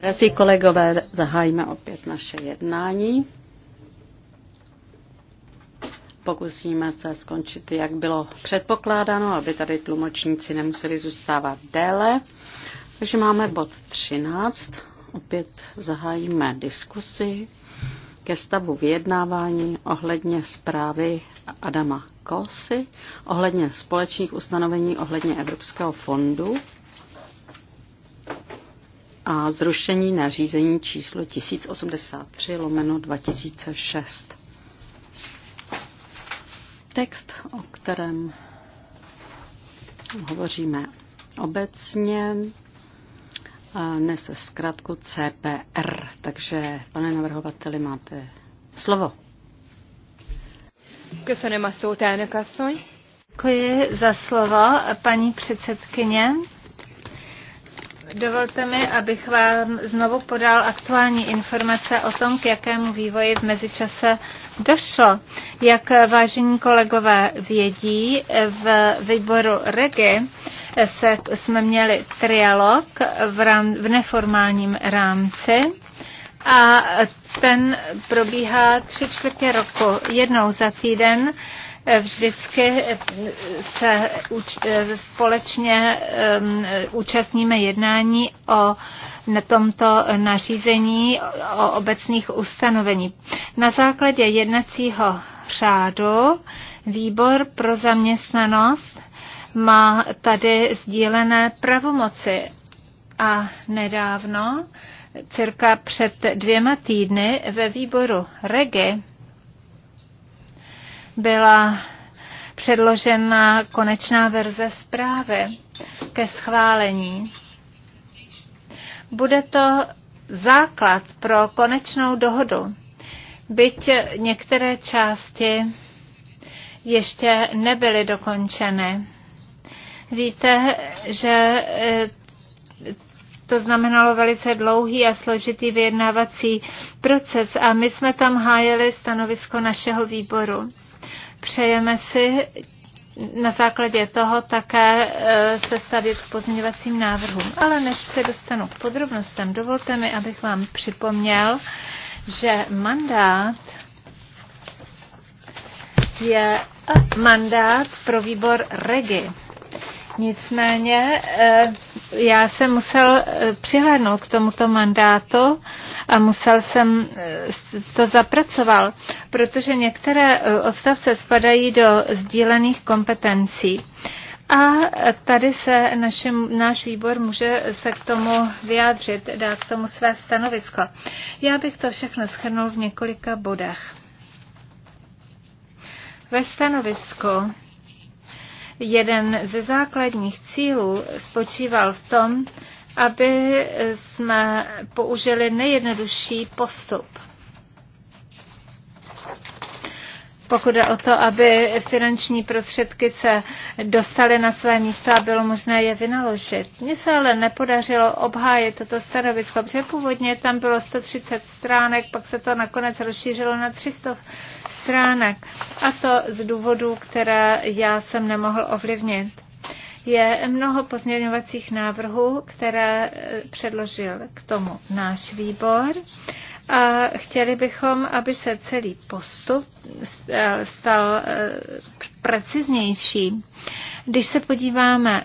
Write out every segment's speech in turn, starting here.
Drazí kolegové, zahájíme opět naše jednání. Pokusíme se skončit, jak bylo předpokládáno, aby tady tlumočníci nemuseli zůstávat déle. Takže máme bod 13. Opět zahájíme diskusi ke stavu vyjednávání ohledně zprávy Adama Kosy, ohledně společných ustanovení ohledně Evropského fondu a zrušení nařízení číslo 1083 lomeno 2006. Text, o kterém hovoříme obecně, nese zkrátku CPR. Takže, pane navrhovateli, máte slovo. Děkuji za slovo, paní předsedkyně. Dovolte mi, abych vám znovu podal aktuální informace o tom, k jakému vývoji v mezičase došlo. Jak vážení kolegové vědí, v výboru REGI se, jsme měli trialog v, rám, v neformálním rámci a ten probíhá tři čtvrtě roku, jednou za týden vždycky se společně účastníme jednání o na tomto nařízení o obecných ustanovení. Na základě jednacího řádu výbor pro zaměstnanost má tady sdílené pravomoci a nedávno, cirka před dvěma týdny ve výboru REGI, byla předložena konečná verze zprávy ke schválení. Bude to základ pro konečnou dohodu, byť některé části ještě nebyly dokončeny. Víte, že e, to znamenalo velice dlouhý a složitý vyjednávací proces a my jsme tam hájili stanovisko našeho výboru. Přejeme si na základě toho také eh, se stavět k pozměňovacím návrhům. Ale než se dostanu k podrobnostem, dovolte mi, abych vám připomněl, že mandát je eh, mandát pro výbor REGI. Nicméně eh, já jsem musel eh, přihlédnout k tomuto mandátu a musel jsem eh, to zapracoval, protože některé odstavce spadají do sdílených kompetencí. A tady se naši, náš výbor může se k tomu vyjádřit, dát k tomu své stanovisko. Já bych to všechno schrnul v několika bodech. Ve stanovisku Jeden ze základních cílů spočíval v tom, aby jsme použili nejjednodušší postup. pokud je o to, aby finanční prostředky se dostaly na své místo a bylo možné je vynaložit. Mně se ale nepodařilo obhájit toto stanovisko, protože původně tam bylo 130 stránek, pak se to nakonec rozšířilo na 300 stránek. A to z důvodů, které já jsem nemohl ovlivnit. Je mnoho pozměňovacích návrhů, které eh, předložil k tomu náš výbor a chtěli bychom, aby se celý postup eh, stal eh, preciznější. Když se podíváme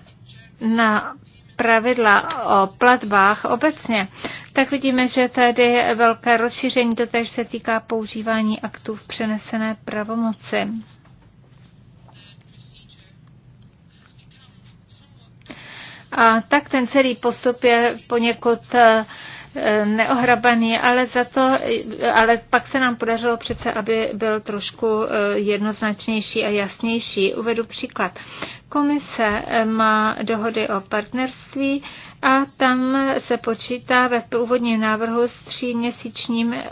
na pravidla o platbách obecně, tak vidíme, že tady je velké rozšíření, to tež se týká používání aktů v přenesené pravomoci. A tak ten celý postup je poněkud eh, neohrabaný, ale, za to, ale pak se nám podařilo přece, aby byl trošku eh, jednoznačnější a jasnější. Uvedu příklad. Komise eh, má dohody o partnerství a tam se počítá ve původním návrhu s tříměsíčním eh,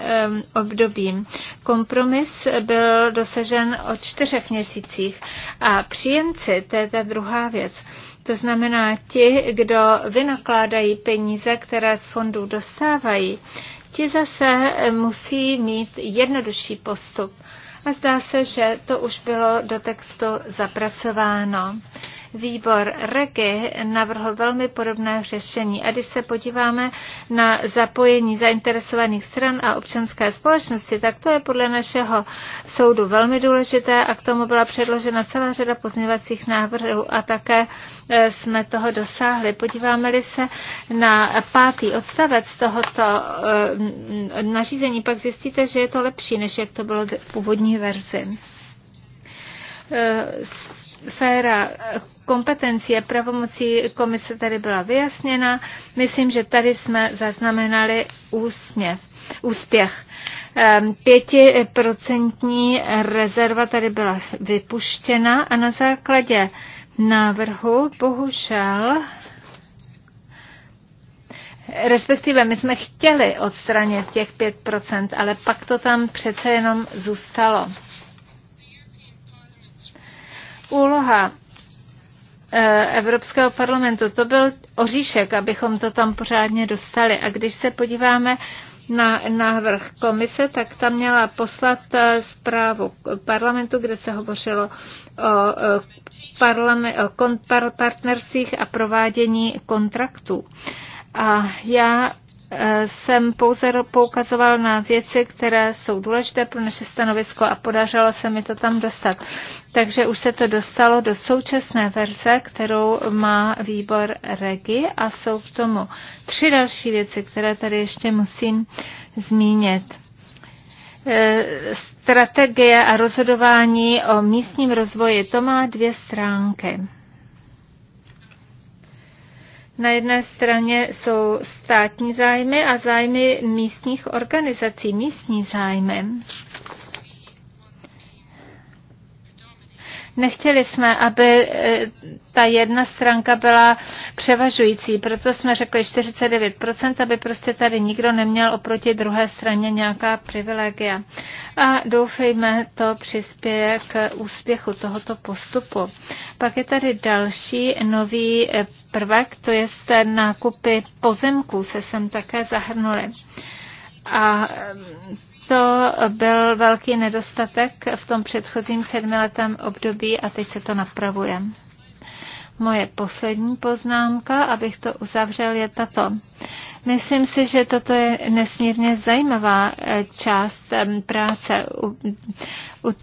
obdobím. Kompromis byl dosažen o čtyřech měsících a příjemci, to je ta druhá věc, to znamená, ti, kdo vynakládají peníze, které z fondů dostávají, ti zase musí mít jednodušší postup. A zdá se, že to už bylo do textu zapracováno. Výbor REGI navrhl velmi podobné řešení. A když se podíváme na zapojení zainteresovaných stran a občanské společnosti, tak to je podle našeho soudu velmi důležité a k tomu byla předložena celá řada pozměvacích návrhů a také eh, jsme toho dosáhli. Podíváme-li se na pátý odstavec tohoto eh, nařízení, pak zjistíte, že je to lepší, než jak to bylo v původní verzi eh, sféra kompetencí a pravomocí komise tady byla vyjasněna. Myslím, že tady jsme zaznamenali úsměv, úspěch. Ehm, pětiprocentní rezerva tady byla vypuštěna a na základě návrhu bohužel Respektive my jsme chtěli odstranit těch 5%, ale pak to tam přece jenom zůstalo úloha eh, Evropského parlamentu. To byl oříšek, abychom to tam pořádně dostali. A když se podíváme na návrh komise, tak tam měla poslat eh, zprávu parlamentu, kde se hovořilo o, eh, o par, partnerstvích a provádění kontraktů. A já jsem pouze poukazoval na věci, které jsou důležité pro naše stanovisko a podařilo se mi to tam dostat. Takže už se to dostalo do současné verze, kterou má výbor REGI a jsou k tomu tři další věci, které tady ještě musím zmínit e, strategie a rozhodování o místním rozvoji, to má dvě stránky. Na jedné straně jsou státní zájmy a zájmy místních organizací, místní zájmy. Nechtěli jsme, aby e, ta jedna stránka byla převažující, proto jsme řekli 49%, aby prostě tady nikdo neměl oproti druhé straně nějaká privilegia. A doufejme, to přispěje k úspěchu tohoto postupu. Pak je tady další nový e, prvek, to je nákupy pozemků se sem také zahrnuli. A to byl velký nedostatek v tom předchozím sedmiletém období a teď se to napravuje. Moje poslední poznámka, abych to uzavřel, je tato. Myslím si, že toto je nesmírně zajímavá eh, část eh, práce. U, u,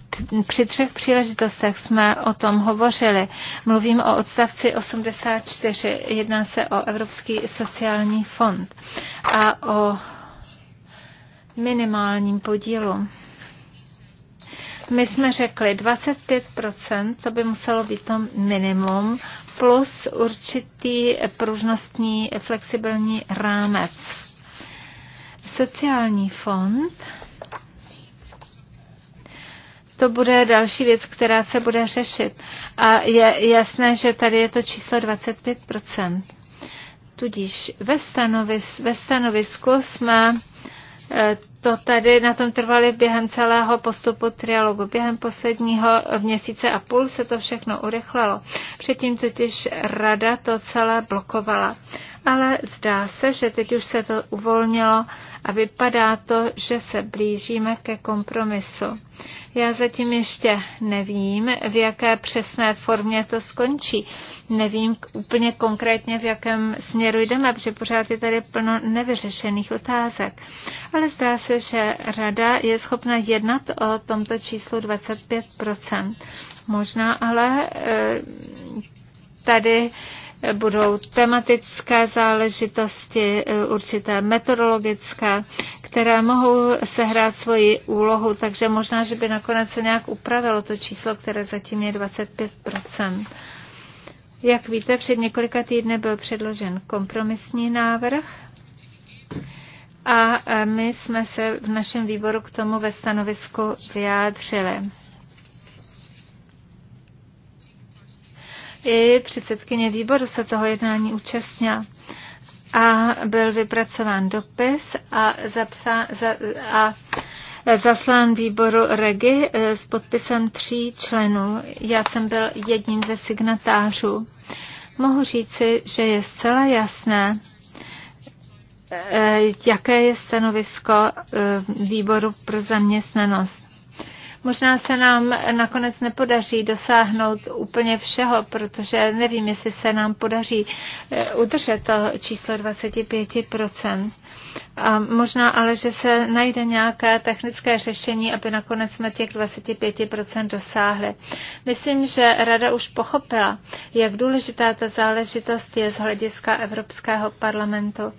při třech příležitostech jsme o tom hovořili. Mluvím o odstavci 84. Jedná se o Evropský sociální fond a o minimálním podílu. My jsme řekli 25%, to by muselo být to minimum, plus určitý pružnostní flexibilní rámec. Sociální fond, to bude další věc, která se bude řešit. A je jasné, že tady je to číslo 25%. Tudíž ve, stanovis, ve stanovisku jsme Eh, to tady na tom trvali během celého postupu trialogu. Během posledního měsíce a půl se to všechno urychlilo. Předtím totiž rada to celé blokovala. Ale zdá se, že teď už se to uvolnilo a vypadá to, že se blížíme ke kompromisu. Já zatím ještě nevím, v jaké přesné formě to skončí. Nevím úplně konkrétně, v jakém směru jdeme, protože pořád je tady plno nevyřešených otázek. Ale zdá se, že rada je schopna jednat o tomto číslu 25 Možná ale eh, tady budou tematické záležitosti, e, určité metodologické, které mohou sehrát svoji úlohu, takže možná, že by nakonec se nějak upravilo to číslo, které zatím je 25 Jak víte, před několika týdny byl předložen kompromisní návrh a e, my jsme se v našem výboru k tomu ve stanovisku vyjádřili. I předsedkyně výboru se toho jednání účastnila a byl vypracován dopis a, zapsán, za, a zaslán výboru Regi eh, s podpisem tří členů. Já jsem byl jedním ze signatářů. Mohu říci, že je zcela jasné, eh, jaké je stanovisko eh, výboru pro zaměstnanost. Možná se nám nakonec nepodaří dosáhnout úplně všeho, protože nevím, jestli se nám podaří eh, udržet to číslo 25%. A možná ale, že se najde nějaké technické řešení, aby nakonec jsme těch 25% dosáhli. Myslím, že Rada už pochopila, jak důležitá ta záležitost je z hlediska Evropského parlamentu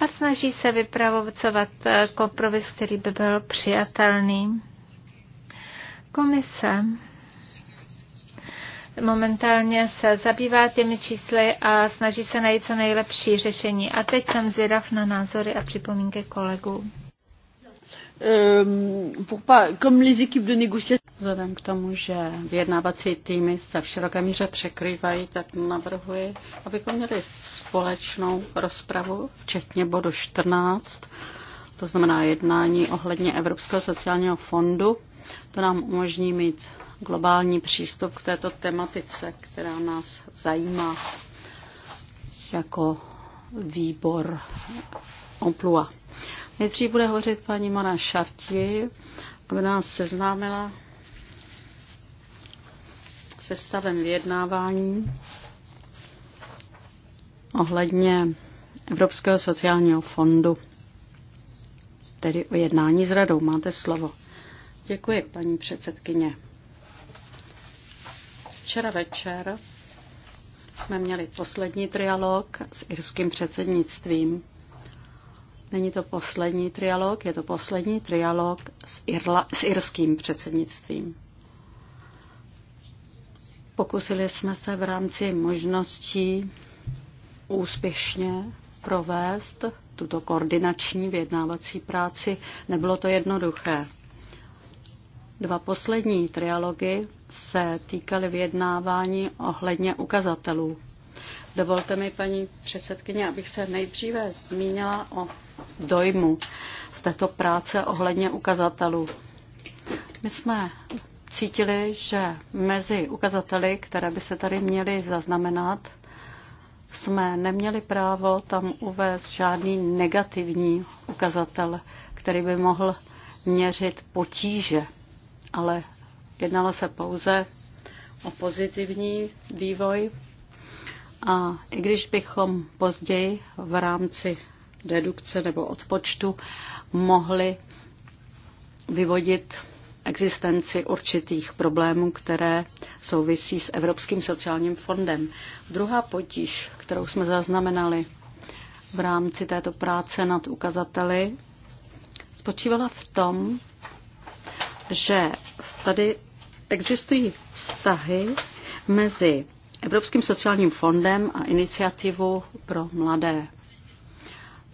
a snaží se vypravovat eh, kompromis, který by byl přijatelný. Komise momentálně se zabývá těmi čísly a snaží se najít co nejlepší řešení. A teď jsem zvědav na názory a připomínky kolegů. Ehm, Vzhledem k tomu, že vyjednávací týmy se v široké míře překrývají, tak navrhuji, abychom měli společnou rozpravu, včetně bodu 14, to znamená jednání ohledně Evropského sociálního fondu to nám umožní mít globální přístup k této tematice, která nás zajímá jako výbor Omplua. Nejdřív bude hovořit paní Mona Šartě, aby nás seznámila se stavem vyjednávání ohledně Evropského sociálního fondu, tedy o jednání s radou. Máte slovo. Děkuji, paní předsedkyně. Včera večer jsme měli poslední trialog s irským předsednictvím. Není to poslední trialog, je to poslední trialog s, Irla, s irským předsednictvím. Pokusili jsme se v rámci možností úspěšně provést tuto koordinační vyjednávací práci. Nebylo to jednoduché. Dva poslední trialogy se týkaly vyjednávání ohledně ukazatelů. Dovolte mi, paní předsedkyně, abych se nejdříve zmínila o dojmu z této práce ohledně ukazatelů. My jsme cítili, že mezi ukazateli, které by se tady měly zaznamenat, jsme neměli právo tam uvést žádný negativní ukazatel, který by mohl měřit potíže ale jednalo se pouze o pozitivní vývoj. A i když bychom později v rámci dedukce nebo odpočtu mohli vyvodit existenci určitých problémů, které souvisí s Evropským sociálním fondem. Druhá potíž, kterou jsme zaznamenali v rámci této práce nad ukazateli, spočívala v tom, že tady existují vztahy mezi Evropským sociálním fondem a iniciativu pro mladé.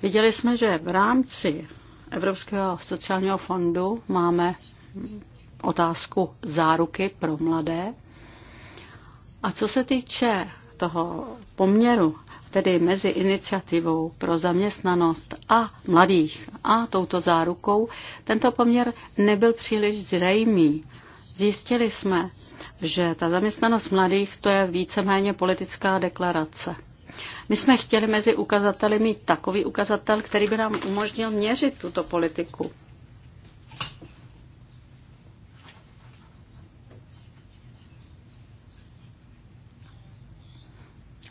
Viděli jsme, že v rámci Evropského sociálního fondu máme otázku záruky pro mladé. A co se týče toho poměru tedy mezi iniciativou pro zaměstnanost a mladých a touto zárukou, tento poměr nebyl příliš zřejmý. Zjistili jsme, že ta zaměstnanost mladých to je víceméně politická deklarace. My jsme chtěli mezi ukazateli mít takový ukazatel, který by nám umožnil měřit tuto politiku.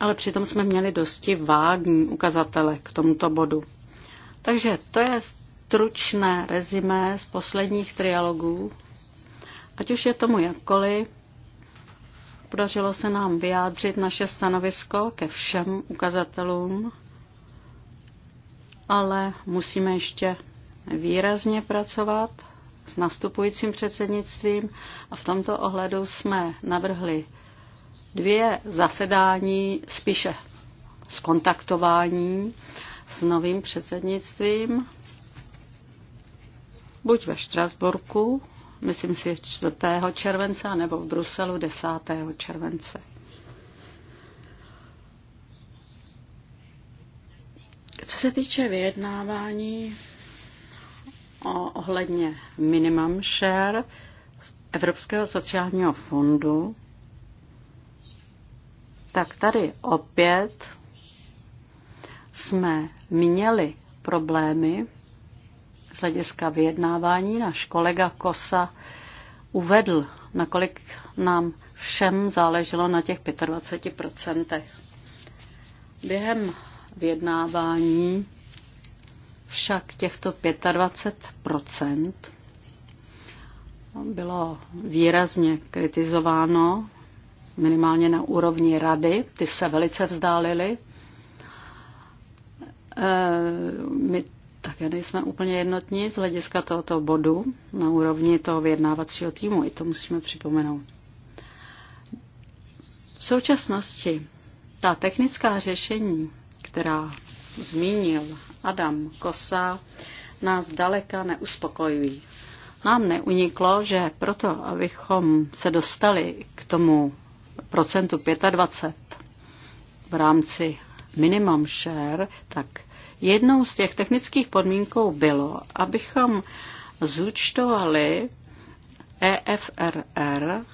ale přitom jsme měli dosti vágní ukazatele k tomuto bodu. Takže to je stručné rezimé z posledních trialogů. Ať už je tomu jakkoliv, podařilo se nám vyjádřit naše stanovisko ke všem ukazatelům, ale musíme ještě výrazně pracovat s nastupujícím předsednictvím a v tomto ohledu jsme navrhli dvě zasedání spíše skontaktování s novým předsednictvím, buď ve Štrasburku, myslím si 4. července, nebo v Bruselu 10. července. Co se týče vyjednávání o, ohledně minimum share Evropského sociálního fondu, tak tady opět jsme měli problémy z hlediska vyjednávání. Náš kolega Kosa uvedl, nakolik nám všem záleželo na těch 25%. Během vyjednávání však těchto 25% bylo výrazně kritizováno minimálně na úrovni rady, ty se velice vzdálily. Eh, my také nejsme úplně jednotní z hlediska tohoto bodu na úrovni toho vyjednávacího týmu, i to musíme připomenout. V současnosti ta technická řešení, která zmínil Adam Kosa, nás daleka neuspokojují. Nám neuniklo, že proto, abychom se dostali k tomu procentu 25 v rámci minimum share, tak jednou z těch technických podmínků bylo, abychom zúčtovali EFRR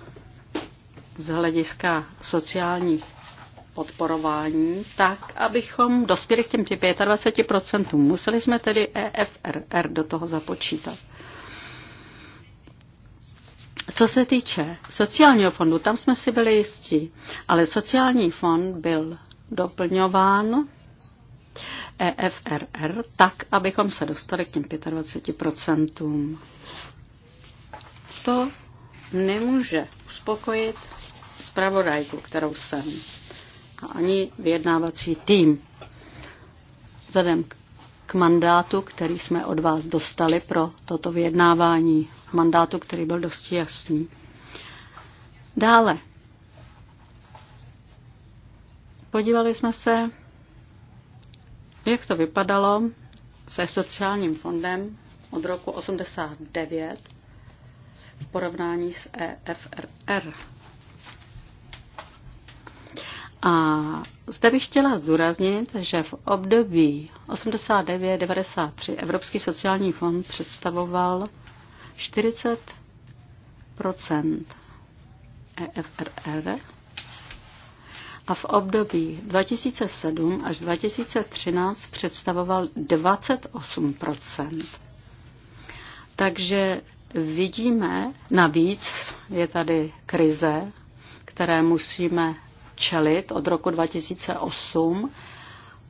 z hlediska sociálních podporování, tak, abychom dospěli k těm 25%. Museli jsme tedy EFRR do toho započítat. Co se týče sociálního fondu, tam jsme si byli jistí, ale sociální fond byl doplňován EFRR tak, abychom se dostali k těm 25%. To nemůže uspokojit zpravodajku, kterou jsem, a ani vyjednávací tým. Vzhledem k mandátu, který jsme od vás dostali pro toto vyjednávání mandátu, který byl dosti jasný. Dále. Podívali jsme se, jak to vypadalo se sociálním fondem od roku 89 v porovnání s EFRR. A zde bych chtěla zdůraznit, že v období 89-93 Evropský sociální fond představoval 40 EFRR e a v období 2007 až 2013 představoval 28 Takže vidíme, navíc je tady krize, které musíme čelit od roku 2008.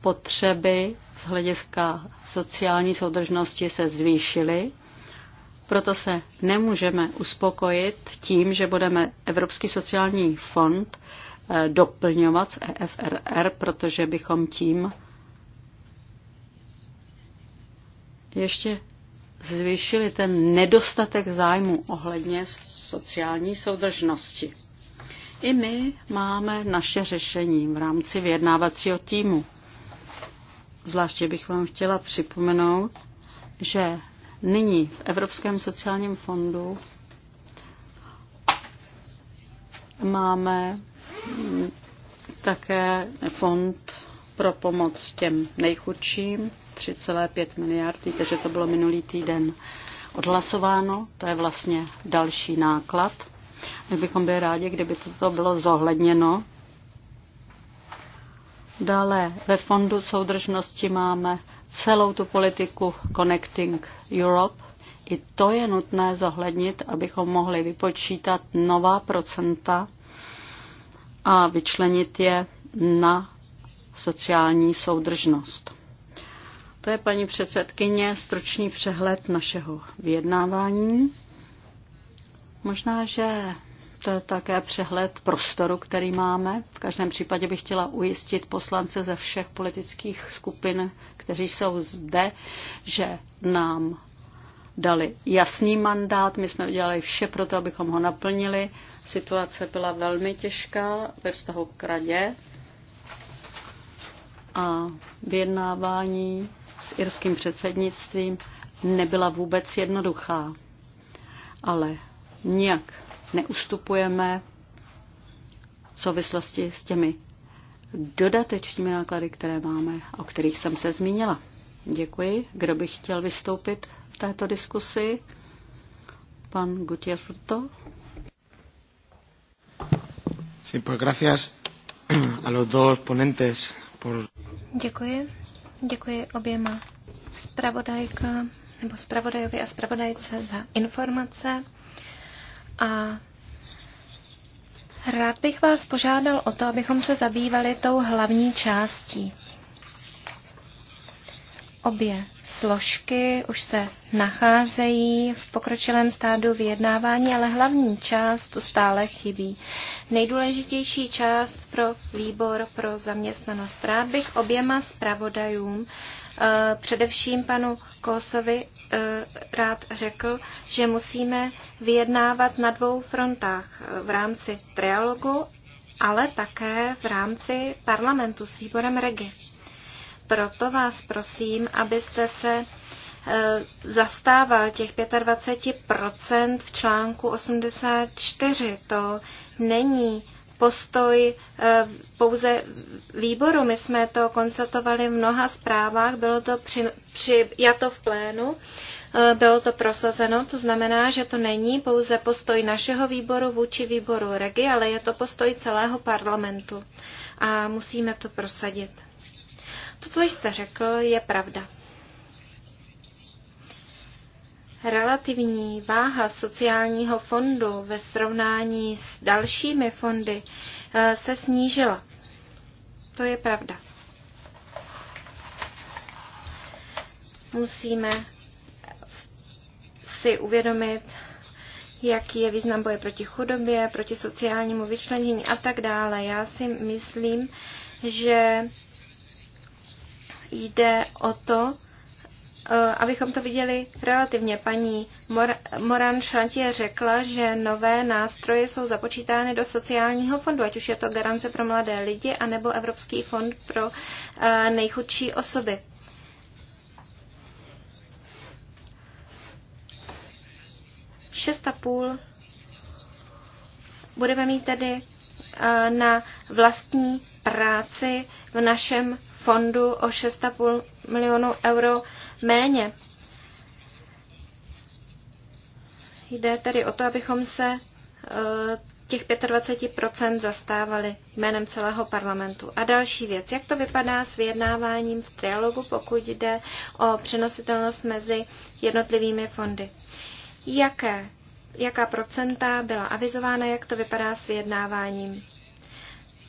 Potřeby z hlediska sociální soudržnosti se zvýšily proto se nemůžeme uspokojit tím, že budeme Evropský sociální fond eh, doplňovat z EFRR, protože bychom tím ještě zvýšili ten nedostatek zájmu ohledně sociální soudržnosti. I my máme naše řešení v rámci vyjednávacího týmu. Zvláště bych vám chtěla připomenout, že Nyní v Evropském sociálním fondu máme také fond pro pomoc těm nejchudším, 3,5 miliardy, takže to bylo minulý týden odhlasováno. To je vlastně další náklad. My bychom byli rádi, kdyby toto bylo zohledněno. Dále ve fondu soudržnosti máme celou tu politiku Connecting Europe. I to je nutné zohlednit, abychom mohli vypočítat nová procenta a vyčlenit je na sociální soudržnost. To je, paní předsedkyně, stručný přehled našeho vyjednávání. Možná, že také přehled prostoru, který máme. V každém případě bych chtěla ujistit poslance ze všech politických skupin, kteří jsou zde, že nám dali jasný mandát, my jsme udělali vše pro to, abychom ho naplnili. Situace byla velmi těžká ve vztahu k radě a vyjednávání s irským předsednictvím nebyla vůbec jednoduchá. Ale nějak neustupujeme v souvislosti s těmi dodatečními náklady, které máme a o kterých jsem se zmínila. Děkuji. Kdo by chtěl vystoupit v této diskusi? Pan Gutiérrez Sí, pues gracias a los dos ponentes por... Děkuji. Děkuji oběma zpravodajka nebo zpravodajovi a zpravodajce za informace. A rád bych vás požádal o to, abychom se zabývali tou hlavní částí. Obě složky už se nacházejí v pokročilém stádu vyjednávání, ale hlavní část tu stále chybí. Nejdůležitější část pro výbor pro zaměstnanost. Rád bych oběma zpravodajům Eh, především panu Kosovi eh, rád řekl, že musíme vyjednávat na dvou frontách eh, v rámci trialogu, ale také v rámci parlamentu s výborem Regi. Proto vás prosím, abyste se zastával těch 25% v článku 84. To není postoj eh, pouze výboru. My jsme to konstatovali v mnoha zprávách, bylo to při, přijato v plénu, eh, bylo to prosazeno, to znamená, že to není pouze postoj našeho výboru vůči výboru Regi, ale je to postoj celého parlamentu a musíme to prosadit. To, co jste řekl, je pravda relativní váha sociálního fondu ve srovnání s dalšími fondy eh, se snížila. To je pravda. Musíme si uvědomit, jaký je význam boje proti chudobě, proti sociálnímu vyčlenění a tak dále. Já si myslím, že jde o to, Eh, abychom to viděli relativně. Paní Mor- Moran Šantě řekla, že nové nástroje jsou započítány do sociálního fondu, ať už je to garance pro mladé lidi, anebo Evropský fond pro eh, nejchudší osoby. Šest a půl budeme mít tedy eh, na vlastní práci v našem fondu o 6,5 milionů euro méně. Jde tedy o to, abychom se eh, těch 25% zastávali jménem celého parlamentu. A další věc, jak to vypadá s vyjednáváním v trialogu, pokud jde o přenositelnost mezi jednotlivými fondy. Jaké, jaká procenta byla avizována, jak to vypadá s vyjednáváním?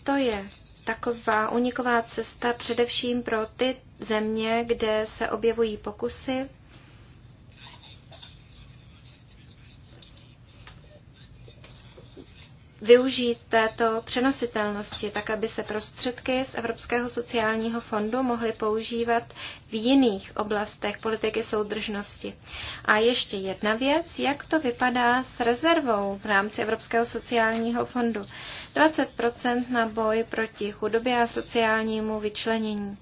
To je taková uniková cesta především pro ty země, kde se objevují pokusy využít této přenositelnosti, tak aby se prostředky z Evropského sociálního fondu mohly používat v jiných oblastech politiky soudržnosti. A ještě jedna věc, jak to vypadá s rezervou v rámci Evropského sociálního fondu. 20 na boj proti chudobě a sociálnímu vyčlenění.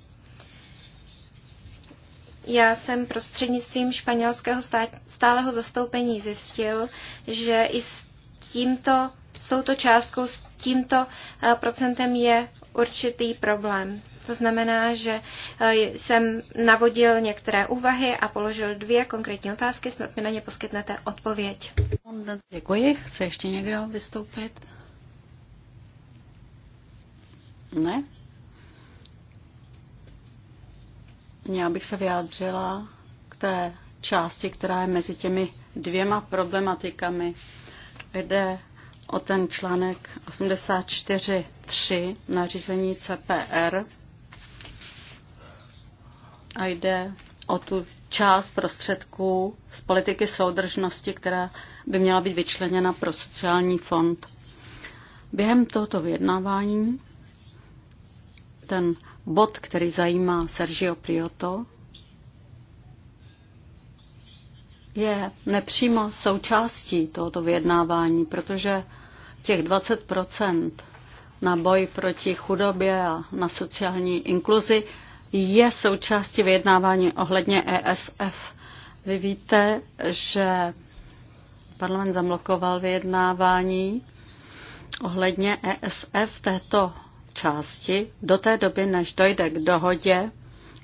Já jsem prostřednictvím španělského stáleho zastoupení zjistil, že i s tímto s touto částkou, s tímto eh, procentem je určitý problém. To znamená, že eh, jsem navodil některé úvahy a položil dvě konkrétní otázky, snad mi na ně poskytnete odpověď. Děkuji. Chce ještě někdo vystoupit? Ne? Já bych se vyjádřila k té části, která je mezi těmi dvěma problematikami, kde o ten článek 84.3 nařízení CPR a jde o tu část prostředků z politiky soudržnosti, která by měla být vyčleněna pro sociální fond. Během tohoto vyjednávání ten bod, který zajímá Sergio Prioto, je nepřímo součástí tohoto vyjednávání, protože těch 20 na boj proti chudobě a na sociální inkluzi je součástí vyjednávání ohledně ESF. Vy víte, že parlament zamlokoval vyjednávání ohledně ESF této části do té doby, než dojde k dohodě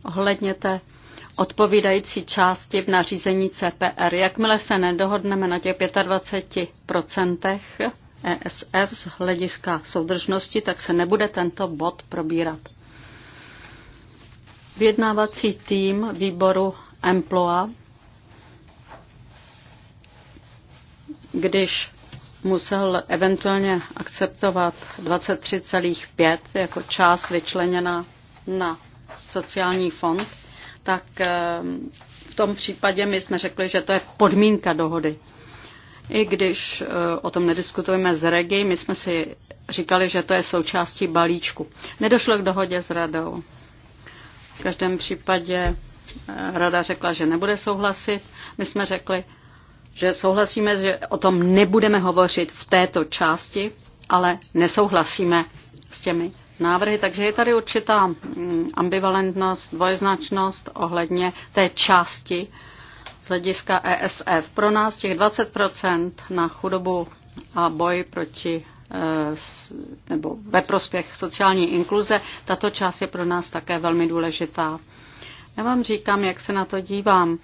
ohledně té odpovídající části v nařízení CPR. Jakmile se nedohodneme na těch 25% ESF z hlediska soudržnosti, tak se nebude tento bod probírat. Vyjednávací tým výboru Emploa, když musel eventuálně akceptovat 23,5 jako část vyčleněna na sociální fond, tak eh, v tom případě my jsme řekli, že to je podmínka dohody. I když eh, o tom nediskutujeme z regi, my jsme si říkali, že to je součástí balíčku. Nedošlo k dohodě s radou. V každém případě eh, rada řekla, že nebude souhlasit. My jsme řekli, že souhlasíme, že o tom nebudeme hovořit v této části, ale nesouhlasíme s těmi návrhy, takže je tady určitá mm, ambivalentnost, dvojznačnost ohledně té části z hlediska ESF. Pro nás těch 20% na chudobu a boj proti eh, nebo ve prospěch sociální inkluze, tato část je pro nás také velmi důležitá. Já vám říkám, jak se na to dívám.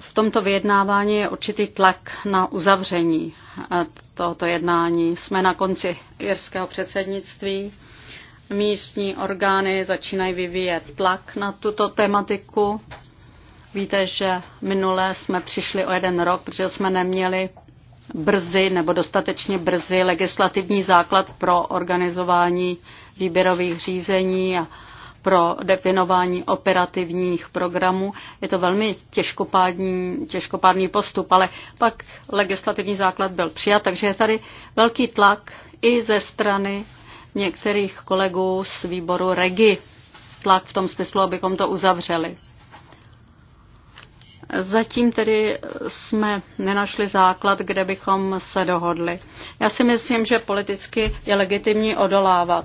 V tomto vyjednávání je určitý tlak na uzavření tohoto jednání. Jsme na konci jirského předsednictví. Místní orgány začínají vyvíjet tlak na tuto tematiku. Víte, že minule jsme přišli o jeden rok, protože jsme neměli brzy nebo dostatečně brzy legislativní základ pro organizování výběrových řízení a pro definování operativních programů. Je to velmi těžkopádní, těžkopádný postup, ale pak legislativní základ byl přijat, takže je tady velký tlak i ze strany některých kolegů z výboru REGI. Tlak v tom smyslu, abychom to uzavřeli. Zatím tedy jsme nenašli základ, kde bychom se dohodli. Já si myslím, že politicky je legitimní odolávat.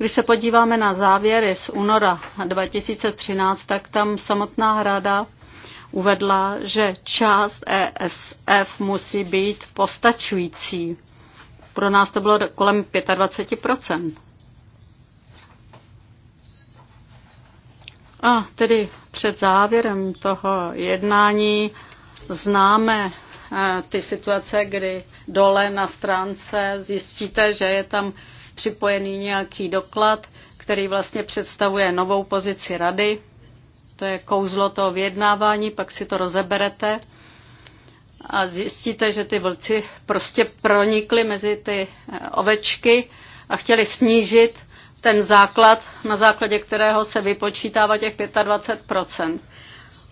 Když se podíváme na závěry z února 2013, tak tam samotná rada uvedla, že část ESF musí být postačující. Pro nás to bylo kolem 25 A tedy před závěrem toho jednání známe eh, ty situace, kdy dole na stránce zjistíte, že je tam připojený nějaký doklad, který vlastně představuje novou pozici rady. To je kouzlo toho vyjednávání, pak si to rozeberete a zjistíte, že ty vlci prostě pronikli mezi ty eh, ovečky a chtěli snížit ten základ, na základě kterého se vypočítává těch 25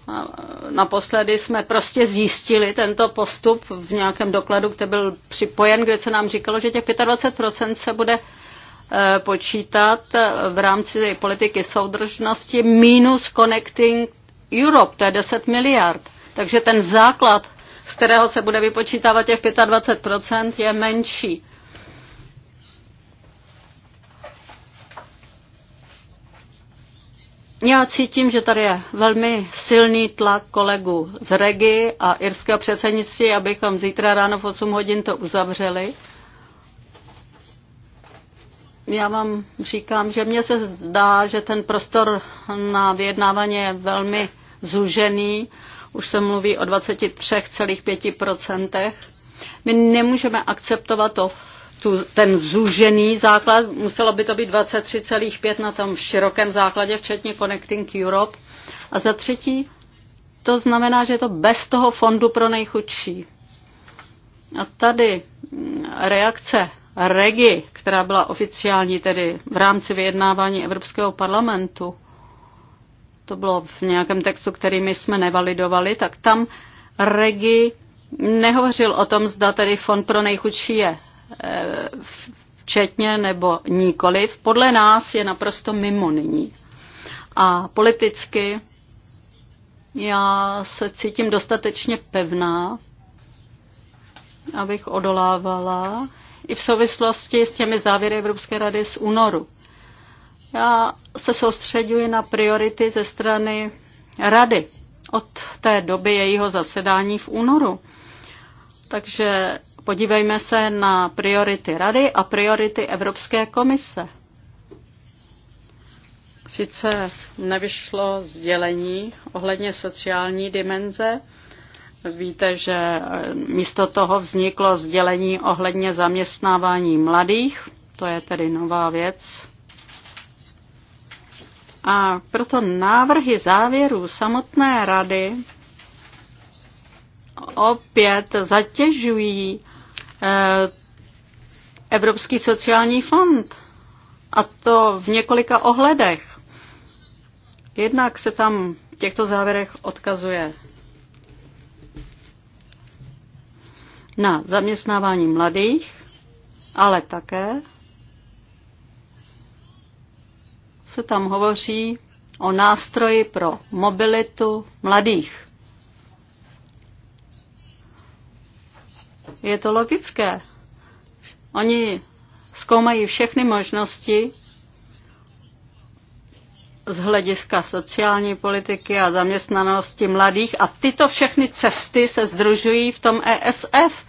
E, naposledy jsme prostě zjistili tento postup v nějakém dokladu, který byl připojen, kde se nám říkalo, že těch 25% se bude e, počítat e, v rámci politiky soudržnosti minus Connecting Europe, to je 10 miliard. Takže ten základ, z kterého se bude vypočítávat těch 25%, je menší. Já cítím, že tady je velmi silný tlak kolegů z Regi a irského předsednictví, abychom zítra ráno v 8 hodin to uzavřeli. Já vám říkám, že mně se zdá, že ten prostor na vyjednávání je velmi zužený. Už se mluví o 23,5%. My nemůžeme akceptovat to tu, ten zúžený základ, muselo by to být 23,5 na tom širokém základě, včetně Connecting Europe. A za třetí, to znamená, že je to bez toho fondu pro nejchudší. A tady mm, reakce Regi, která byla oficiální tedy v rámci vyjednávání Evropského parlamentu, to bylo v nějakém textu, který my jsme nevalidovali, tak tam Regi nehovořil o tom, zda tedy fond pro nejchudší je včetně nebo nikoliv, podle nás je naprosto mimo nyní. A politicky já se cítím dostatečně pevná, abych odolávala i v souvislosti s těmi závěry Evropské rady z únoru. Já se soustředuji na priority ze strany rady od té doby jejího zasedání v únoru. Takže Podívejme se na priority Rady a priority Evropské komise. Sice nevyšlo sdělení ohledně sociální dimenze, Víte, že místo toho vzniklo sdělení ohledně zaměstnávání mladých, to je tedy nová věc. A proto návrhy závěrů samotné rady opět zatěžují Eh, Evropský sociální fond. A to v několika ohledech. Jednak se tam v těchto závěrech odkazuje na zaměstnávání mladých, ale také se tam hovoří o nástroji pro mobilitu mladých. je to logické. Oni zkoumají všechny možnosti z hlediska sociální politiky a zaměstnanosti mladých a tyto všechny cesty se združují v tom ESF.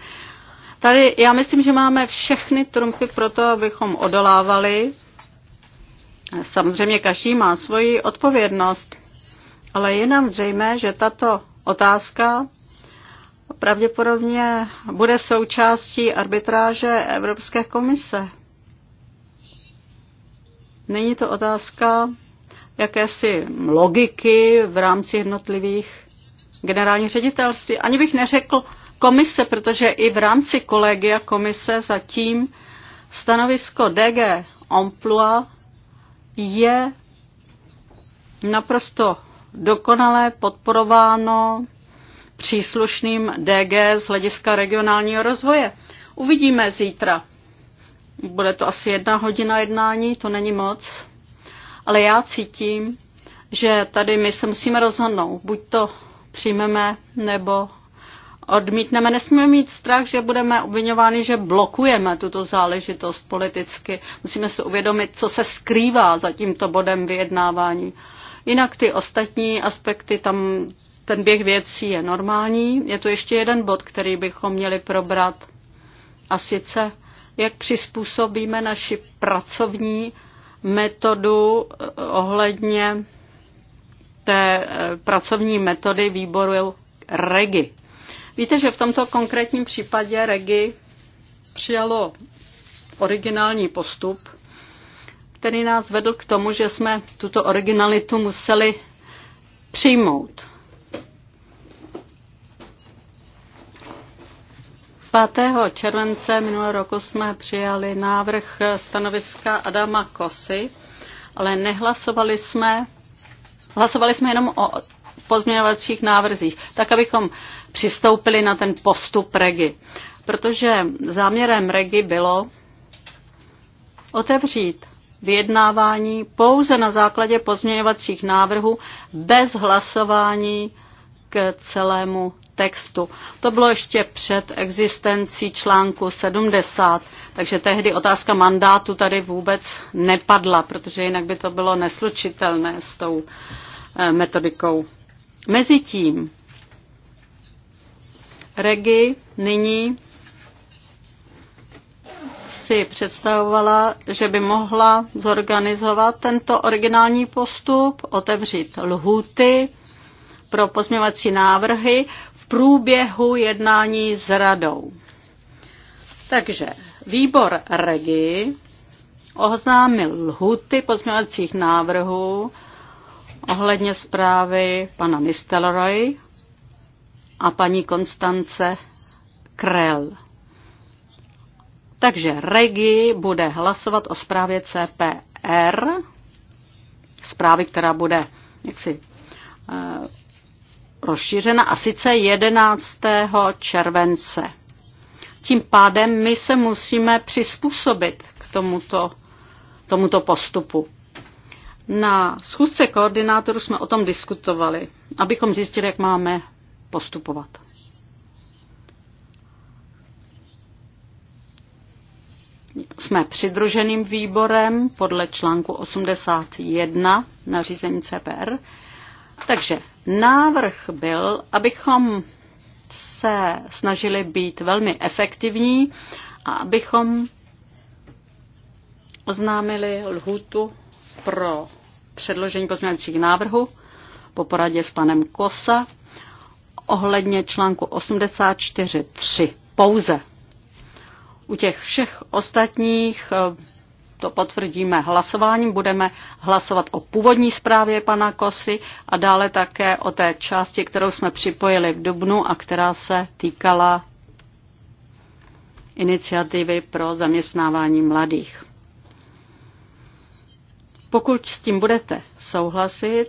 Tady já myslím, že máme všechny trumfy pro to, abychom odolávali. Samozřejmě každý má svoji odpovědnost, ale je nám zřejmé, že tato otázka pravděpodobně bude součástí arbitráže Evropské komise. Není to otázka jakési logiky v rámci jednotlivých generálních ředitelství. Ani bych neřekl komise, protože i v rámci kolegia komise zatím stanovisko DG Omplua je naprosto dokonale podporováno příslušným DG z hlediska regionálního rozvoje. Uvidíme zítra. Bude to asi jedna hodina jednání, to není moc. Ale já cítím, že tady my se musíme rozhodnout. Buď to přijmeme, nebo odmítneme. Nesmíme mít strach, že budeme obvinováni, že blokujeme tuto záležitost politicky. Musíme si uvědomit, co se skrývá za tímto bodem vyjednávání. Jinak ty ostatní aspekty tam ten běh věcí je normální. Je tu ještě jeden bod, který bychom měli probrat. A sice, jak přizpůsobíme naši pracovní metodu eh, ohledně té eh, pracovní metody výboru REGI. Víte, že v tomto konkrétním případě REGI přijalo originální postup, který nás vedl k tomu, že jsme tuto originalitu museli přijmout. 5. července minulého roku jsme přijali návrh stanoviska Adama Kosy, ale nehlasovali jsme, hlasovali jsme jenom o pozměňovacích návrzích, tak abychom přistoupili na ten postup REGI. Protože záměrem REGI bylo otevřít vyjednávání pouze na základě pozměňovacích návrhů bez hlasování k celému textu. To bylo ještě před existencí článku 70, takže tehdy otázka mandátu tady vůbec nepadla, protože jinak by to bylo neslučitelné s tou eh, metodikou. Mezitím Regi nyní si představovala, že by mohla zorganizovat tento originální postup, otevřít lhuty pro pozměvací návrhy, průběhu jednání s radou. Takže výbor Regi oznámil lhuty pozměňovacích návrhů ohledně zprávy pana Nistelroy a paní Konstance Krell. Takže Regi bude hlasovat o zprávě CPR, zprávy, která bude jaksi eh, rozšířena a sice 11. července. Tím pádem my se musíme přizpůsobit k tomuto, tomuto postupu. Na schůzce koordinátorů jsme o tom diskutovali, abychom zjistili, jak máme postupovat. Jsme přidruženým výborem podle článku 81 nařízení CPR takže návrh byl, abychom se snažili být velmi efektivní a abychom oznámili lhůtu pro předložení pozměňovacích návrhů po poradě s panem Kosa ohledně článku 84.3 pouze. U těch všech ostatních to potvrdíme hlasováním. Budeme hlasovat o původní zprávě pana Kosy a dále také o té části, kterou jsme připojili v Dubnu a která se týkala iniciativy pro zaměstnávání mladých. Pokud s tím budete souhlasit,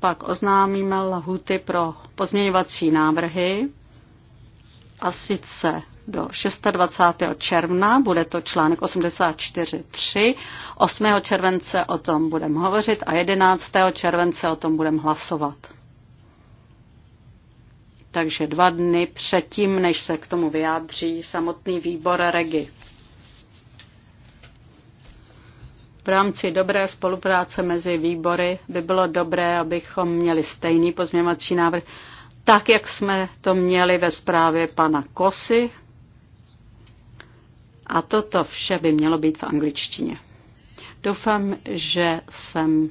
pak oznámíme lhuty pro pozměňovací návrhy a sice do 26. června, bude to článek 84.3, 8. července o tom budeme hovořit a 11. července o tom budeme hlasovat. Takže dva dny předtím, než se k tomu vyjádří samotný výbor REGI. V rámci dobré spolupráce mezi výbory by bylo dobré, abychom měli stejný pozměňovací návrh, tak, jak jsme to měli ve zprávě pana Kosy a toto vše by mělo být v angličtině. Doufám, že jsem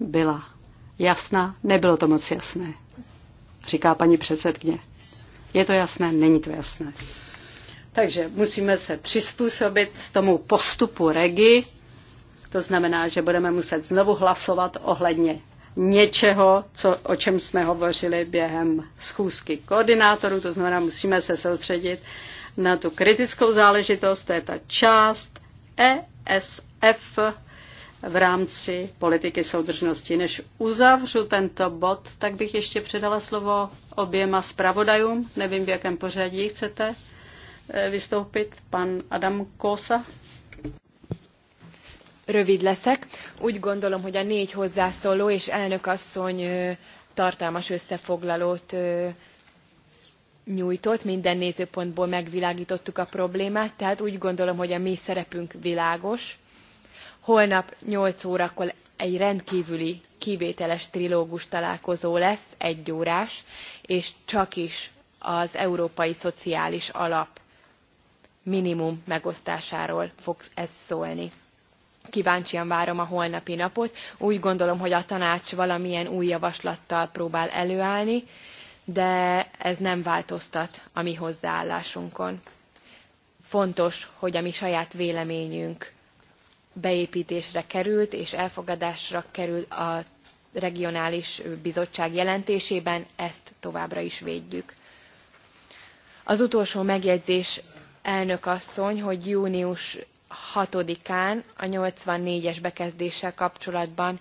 byla jasná. Nebylo to moc jasné, říká paní předsedkyně. Je to jasné? Není to jasné. Takže musíme se přizpůsobit tomu postupu regi. To znamená, že budeme muset znovu hlasovat ohledně něčeho, co, o čem jsme hovořili během schůzky koordinátorů. To znamená, musíme se soustředit na tu kritickou záležitost, to je ta část ESF v rámci politiky soudržnosti. Než uzavřu tento bod, tak bych ještě předala slovo oběma zpravodajům. Nevím, v jakém pořadí chcete eh, vystoupit. Pan Adam Kosa. Rövid leszek. Úgy gondolom, hogy a négy hozzászóló és elnök asszony tartalmas összefoglalót nyújtott, minden nézőpontból megvilágítottuk a problémát, tehát úgy gondolom, hogy a mi szerepünk világos. Holnap 8 órakor egy rendkívüli, kivételes trilógus találkozó lesz, egy órás, és csak is az Európai Szociális Alap minimum megosztásáról fog ez szólni. Kíváncsian várom a holnapi napot. Úgy gondolom, hogy a tanács valamilyen új javaslattal próbál előállni, de ez nem változtat a mi hozzáállásunkon. Fontos, hogy a mi saját véleményünk beépítésre került és elfogadásra került a regionális bizottság jelentésében, ezt továbbra is védjük. Az utolsó megjegyzés elnök asszony, hogy június 6-án a 84-es bekezdéssel kapcsolatban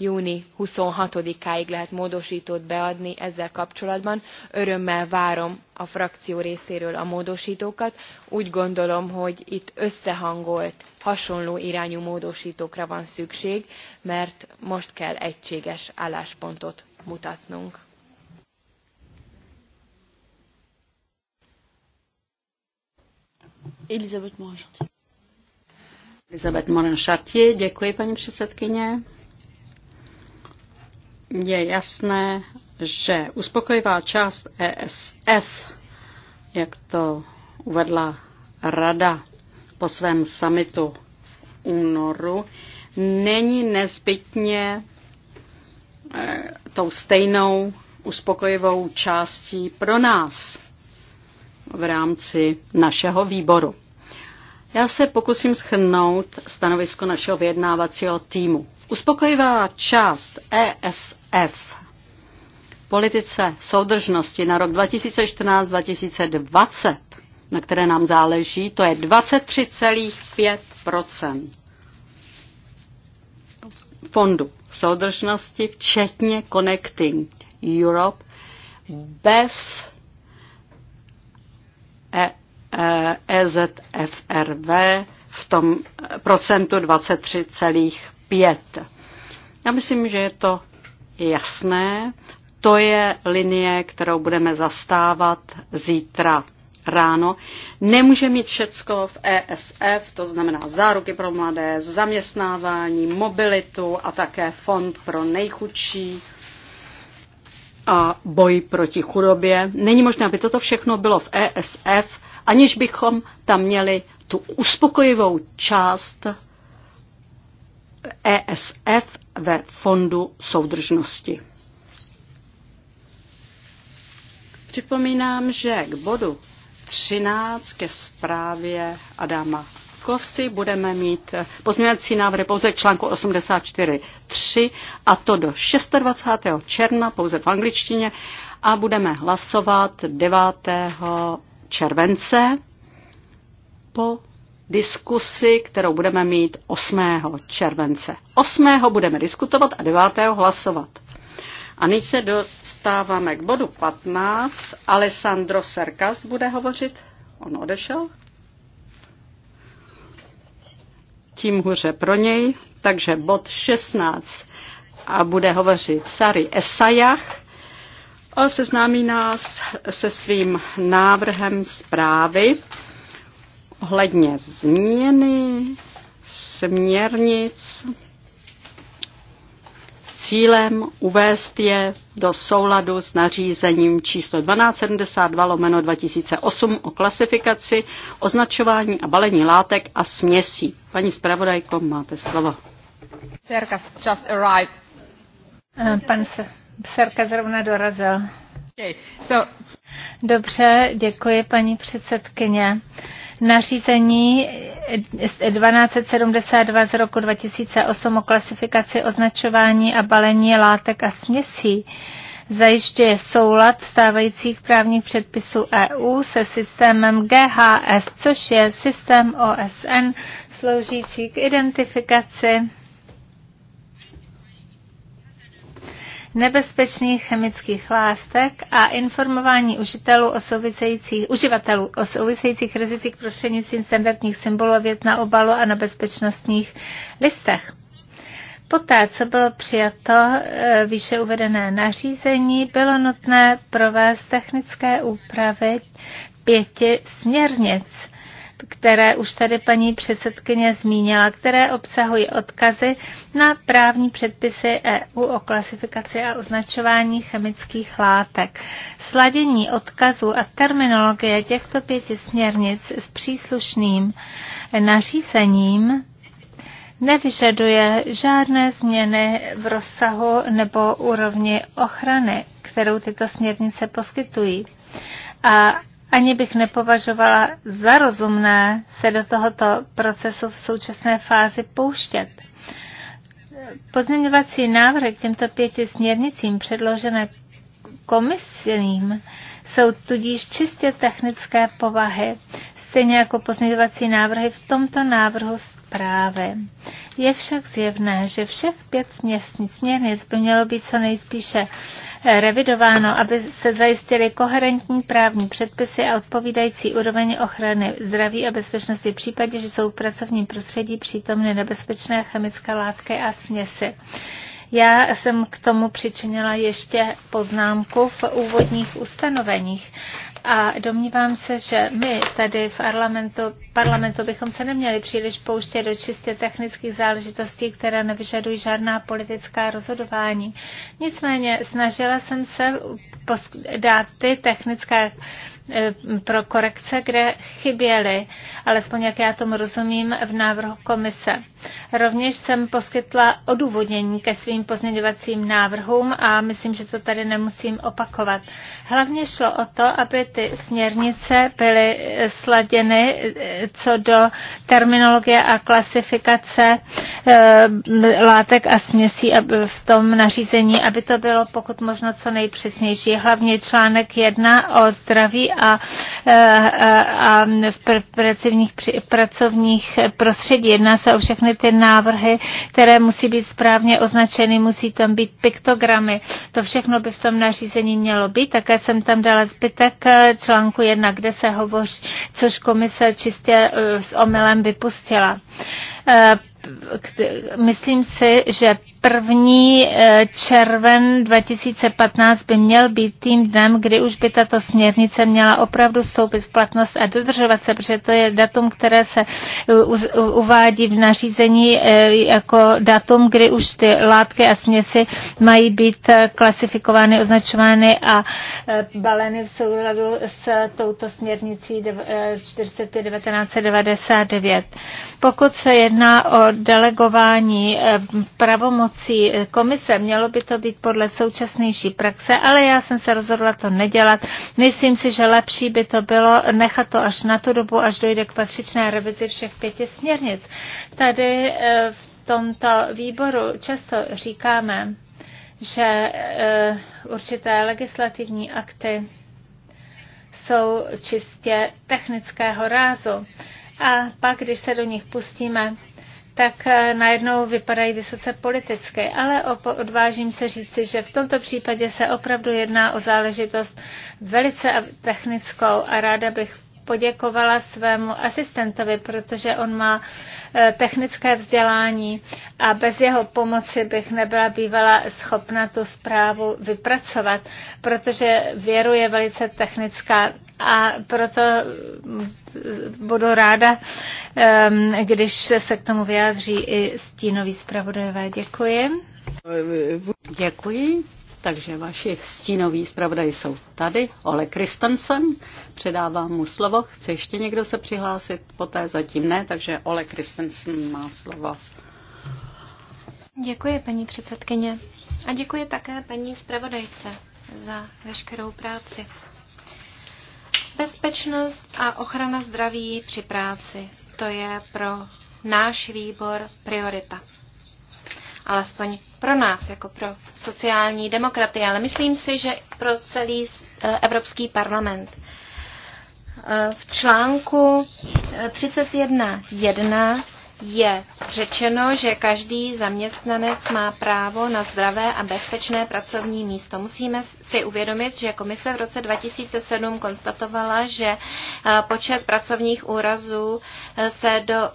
júni 26-áig lehet módosítót beadni ezzel kapcsolatban. Örömmel várom a frakció részéről a módosítókat. Úgy gondolom, hogy itt összehangolt, hasonló irányú módosítókra van szükség, mert most kell egységes álláspontot mutatnunk. Elizabeth Morin Elizabeth Morin Chartier, děkuji paní předsedkyně je jasné, že uspokojivá část ESF, jak to uvedla Rada po svém samitu v únoru, není nezbytně eh, tou stejnou uspokojivou částí pro nás v rámci našeho výboru. Já se pokusím schrnout stanovisko našeho vyjednávacího týmu. Uspokojivá část ESF F. Politice soudržnosti na rok 2014-2020, na které nám záleží, to je 23,5 fondu soudržnosti, včetně Connecting Europe, bez e, e, EZFRV v tom procentu 23,5. Já myslím, že je to jasné. To je linie, kterou budeme zastávat zítra ráno. Nemůže mít všecko v ESF, to znamená záruky pro mladé, zaměstnávání, mobilitu a také fond pro nejchudší a boj proti chudobě. Není možné, aby toto všechno bylo v ESF, aniž bychom tam měli tu uspokojivou část ESF ve Fondu soudržnosti. Připomínám, že k bodu 13 ke zprávě Adama Kosy budeme mít pozměňovací návrhy pouze k článku 84.3 a to do 26. června pouze v angličtině a budeme hlasovat 9. července po diskusi, kterou budeme mít 8. července. 8. budeme diskutovat a 9. hlasovat. A nyní se dostáváme k bodu 15. Alessandro Serkas bude hovořit. On odešel. Tím hůře pro něj. Takže bod 16. A bude hovořit Sari Esajach. A seznámí nás se svým návrhem zprávy ohledně změny směrnic cílem uvést je do souladu s nařízením číslo 1272 lomeno 2008 o klasifikaci, označování a balení látek a směsí. Paní zpravodajko, máte slovo. Serka just arrived. Eh, pan Serka zrovna dorazil. Okay, so... Dobře, děkuji paní předsedkyně nařízení 1272 z roku 2008 o klasifikaci označování a balení látek a směsí zajišťuje soulad stávajících právních předpisů EU se systémem GHS, což je systém OSN sloužící k identifikaci nebezpečných chemických látek a informování užitelů o souvisejících, uživatelů o souvisejících rizicích prostřednictvím standardních symbolů věc na obalu a na bezpečnostních listech. Poté, co bylo přijato e, výše uvedené nařízení, bylo nutné provést technické úpravy pěti směrnic které už tady paní předsedkyně zmínila, které obsahují odkazy na právní předpisy EU o klasifikaci a označování chemických látek. Sladění odkazů a terminologie těchto pěti směrnic s příslušným nařízením nevyžaduje žádné změny v rozsahu nebo úrovni ochrany, kterou tyto směrnice poskytují. A ani bych nepovažovala za rozumné se do tohoto procesu v současné fázi pouštět. Pozměňovací návrhy k těmto pěti směrnicím předložené komisím jsou tudíž čistě technické povahy, stejně jako pozměňovací návrhy v tomto návrhu zprávy. Je však zjevné, že všech pět směrnic by mělo být co nejspíše revidováno, aby se zajistily koherentní právní předpisy a odpovídající úroveň ochrany zdraví a bezpečnosti v případě, že jsou v pracovním prostředí přítomné nebezpečné chemické látky a směsi. Já jsem k tomu přičinila ještě poznámku v úvodních ustanoveních a domnívám se, že my tady v parlamentu, parlamentu bychom se neměli příliš pouštět do čistě technických záležitostí, které nevyžadují žádná politická rozhodování. Nicméně snažila jsem se dát ty technické Eh, pro korekce, kde chyběly, alespoň jak já tomu rozumím, v návrhu komise. Rovněž jsem poskytla odůvodnění ke svým pozměňovacím návrhům a myslím, že to tady nemusím opakovat. Hlavně šlo o to, aby ty směrnice byly eh, sladěny eh, co do terminologie a klasifikace látek a směsí v tom nařízení, aby to bylo pokud možno co nejpřesnější. Hlavně článek 1 o zdraví E, a, a v pr- pracovních, pracovních prostředí. Jedná se o všechny ty návrhy, které musí být správně označeny, musí tam být piktogramy. To všechno by v tom nařízení mělo být. Také jsem tam dala zbytek e, článku 1, kde se hovoří, což komise čistě e, s omylem vypustila myslím si, že První eh, červen 2015 by měl být tím dnem, kdy už by tato směrnice měla opravdu vstoupit v platnost a dodržovat se, protože to je datum, které se eh, uvádí v nařízení eh, jako datum, kdy už ty látky a směsi mají být klasifikovány, označovány a baleny v souladu s touto směrnicí 45.1999. Pokud se jedná o delegování pravomocí, pomocí eh, komise. Mělo by to být podle současnější praxe, ale já jsem se rozhodla to nedělat. Myslím si, že lepší by to bylo nechat to až na tu dobu, až dojde k patřičné revizi všech pěti směrnic. Tady eh, v tomto výboru často říkáme, že eh, určité legislativní akty jsou čistě technického rázu. A pak, když se do nich pustíme, tak eh, najednou vypadají vysoce politicky. Ale odvážím se říci, že v tomto případě se opravdu jedná o záležitost velice technickou a ráda bych poděkovala svému asistentovi, protože on má eh, technické vzdělání a bez jeho pomoci bych nebyla bývala schopna tu zprávu vypracovat, protože věru je velice technická a proto mm, budu ráda, ehm, když se k tomu vyjádří i stínový zpravodajové. Děkuji. Děkuji. Takže vaši stínoví zpravodaji jsou tady. Ole Kristensen, předávám mu slovo. Chce ještě někdo se přihlásit? Poté zatím ne, takže Ole Kristensen má slovo. Děkuji, paní předsedkyně. A děkuji také paní zpravodajce za veškerou práci. Bezpečnost a ochrana zdraví při práci, to je pro náš výbor priorita alespoň pro nás, jako pro sociální demokraty, ale myslím si, že pro celý eh, Evropský parlament. Eh, v článku 31.1 eh, je řečeno, že každý zaměstnanec má právo na zdravé a bezpečné pracovní místo. Musíme si uvědomit, že komise v roce 2007 konstatovala, že počet pracovních úrazů se do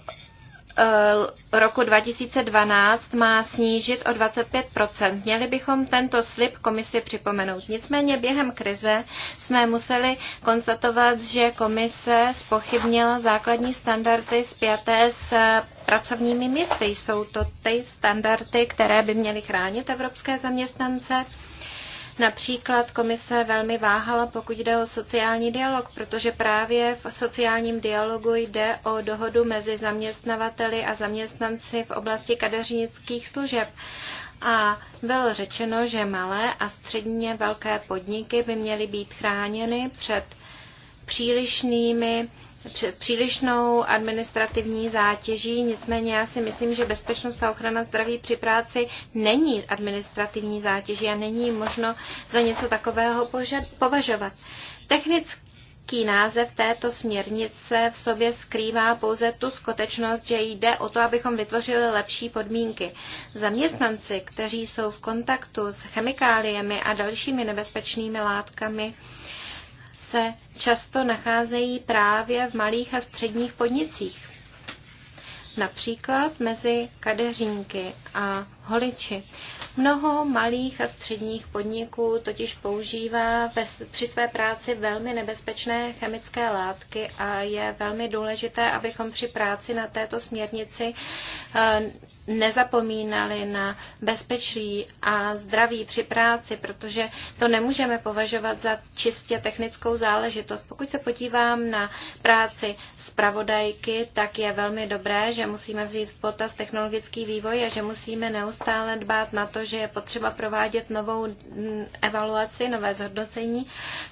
Eh, roku 2012 má snížit o 25 Měli bychom tento slib komisi připomenout. Nicméně během krize jsme museli konstatovat, že komise spochybnila základní standardy zpěté s pracovními místy. Jsou to ty standardy, které by měly chránit evropské zaměstnance. Například komise velmi váhala, pokud jde o sociální dialog, protože právě v sociálním dialogu jde o dohodu mezi zaměstnavateli a zaměstnanci v oblasti kadeřnických služeb a bylo řečeno, že malé a středně velké podniky by měly být chráněny před přílišnými přílišnou administrativní zátěží, nicméně já si myslím, že bezpečnost a ochrana zdraví při práci není administrativní zátěží a není možno za něco takového považovat. Technicky Ký název této směrnice v sobě skrývá pouze tu skutečnost, že jde o to, abychom vytvořili lepší podmínky. Zaměstnanci, kteří jsou v kontaktu s chemikáliemi a dalšími nebezpečnými látkami, se často nacházejí právě v malých a středních podnicích například mezi kadeřínky a holiči. Mnoho malých a středních podniků totiž používá ve, při své práci velmi nebezpečné chemické látky a je velmi důležité, abychom při práci na této směrnici eh, nezapomínali na bezpečí a zdraví při práci, protože to nemůžeme považovat za čistě technickou záležitost. Pokud se podívám na práci zpravodajky, tak je velmi dobré, že musíme vzít v potaz technologický vývoj a že musíme neustále dbát na to, že je potřeba provádět novou mm, evaluaci, nové zhodnocení,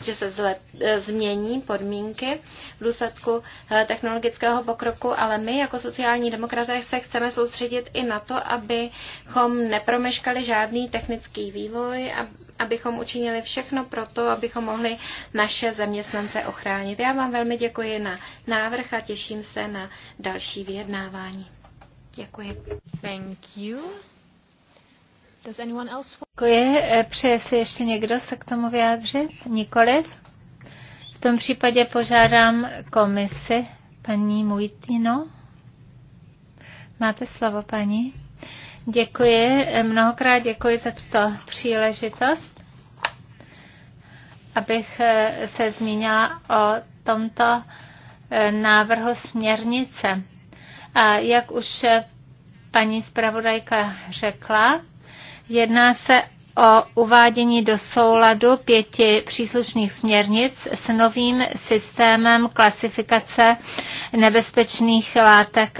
že se zle, e, změní podmínky v důsledku e, technologického pokroku, ale my jako sociální demokraté se chceme soustředit i na to, abychom nepromeškali žádný technický vývoj, abychom učinili všechno pro to, abychom mohli naše zaměstnance ochránit. Já vám velmi děkuji na návrh a těším se na další vyjednávání hlasování. Děkuji. Thank you. Does anyone else want... Děkuji. Eh, přeje si ještě někdo se k tomu vyjádřit? Nikoliv? V tom případě požádám komisi, paní Mujtino. Máte slovo, paní. Děkuji, eh, mnohokrát děkuji za tuto příležitost, abych eh, se zmínila o tomto návrhu směrnice. A jak už paní zpravodajka řekla, jedná se o uvádění do souladu pěti příslušných směrnic s novým systémem klasifikace nebezpečných látek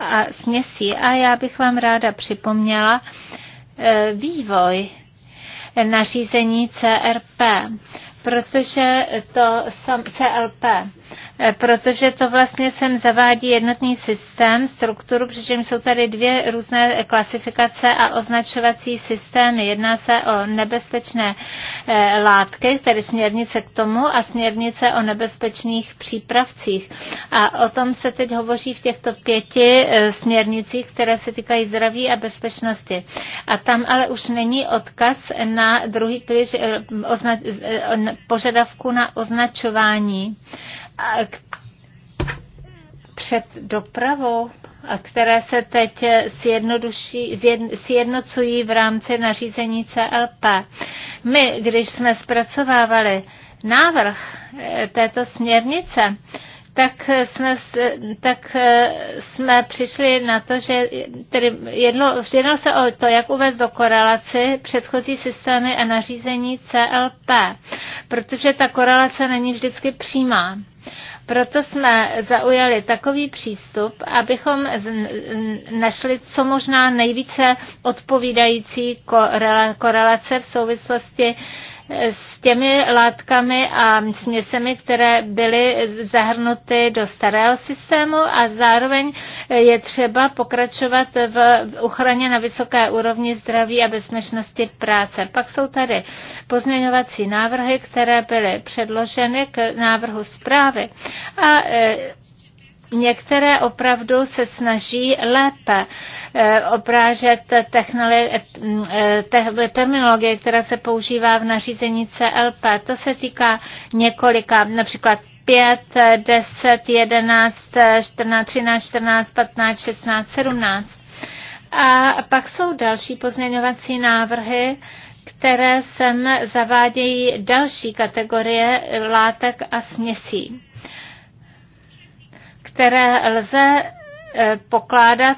a směsí. A já bych vám ráda připomněla e, vývoj nařízení CRP, protože to sam, CLP, Eh, protože to vlastně sem zavádí jednotný systém, strukturu, přičem jsou tady dvě různé eh, klasifikace a označovací systémy. Jedná se o nebezpečné eh, látky, tedy směrnice k tomu a směrnice o nebezpečných přípravcích. A o tom se teď hovoří v těchto pěti směrnicích, které se týkají zdraví a bezpečnosti. A tam ale už není odkaz na druhý pilíř požadavku na označování před dopravou, a které se teď sjednocují v rámci nařízení CLP. My, když jsme zpracovávali návrh eh, této směrnice, tak eh, jsme, eh, tak eh, jsme přišli na to, že tedy jedlo, jednalo se o to, jak uvést do korelaci předchozí systémy a nařízení CLP, protože ta korelace není vždycky přímá. Proto jsme zaujali takový přístup, abychom našli co možná nejvíce odpovídající korelace v souvislosti s těmi látkami a směsemi, které byly zahrnuty do starého systému a zároveň je třeba pokračovat v ochraně na vysoké úrovni zdraví a bezpečnosti práce. Pak jsou tady pozměňovací návrhy, které byly předloženy k návrhu zprávy a e, Některé opravdu se snaží lépe eh, obrážet eh, terminologie, která se používá v nařízení CLP. To se týká několika, například 5, 10, 11, 14, 13, 14, 15, 16, 17. A pak jsou další pozměňovací návrhy, které sem zavádějí další kategorie látek a směsí které lze eh, pokládat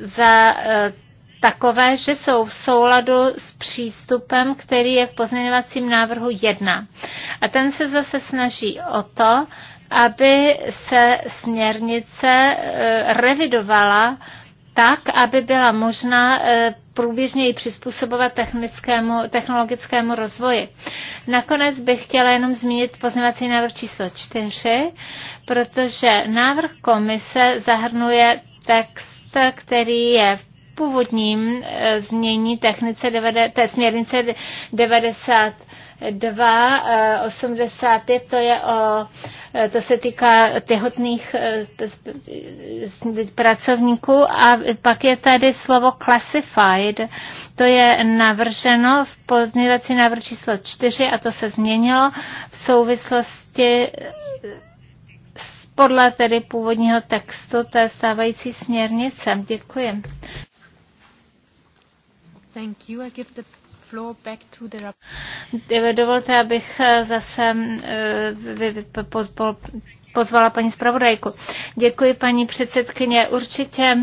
za eh, takové, že jsou v souladu s přístupem, který je v pozměňovacím návrhu 1. A ten se zase snaží o to, aby se směrnice eh, revidovala tak, aby byla možná průběžněji přizpůsobovat technickému, technologickému rozvoji. Nakonec bych chtěla jenom zmínit poznávací návrh číslo 4, protože návrh komise zahrnuje text, který je v původním eh, znění technice 90, té směrnice 90 2.80, eh, to je o, eh, to se týká těhotných pracovníků a pak je tady slovo classified, to je navrženo v pozměňovací návrh číslo 4 a to se změnilo v souvislosti podle tedy původního textu té stávající směrnice. Děkuji. Thank you. I give the floor back to the... Dovolte, abych zase eh, pozvala paní zpravodajku. Děkuji, paní předsedkyně. Určitě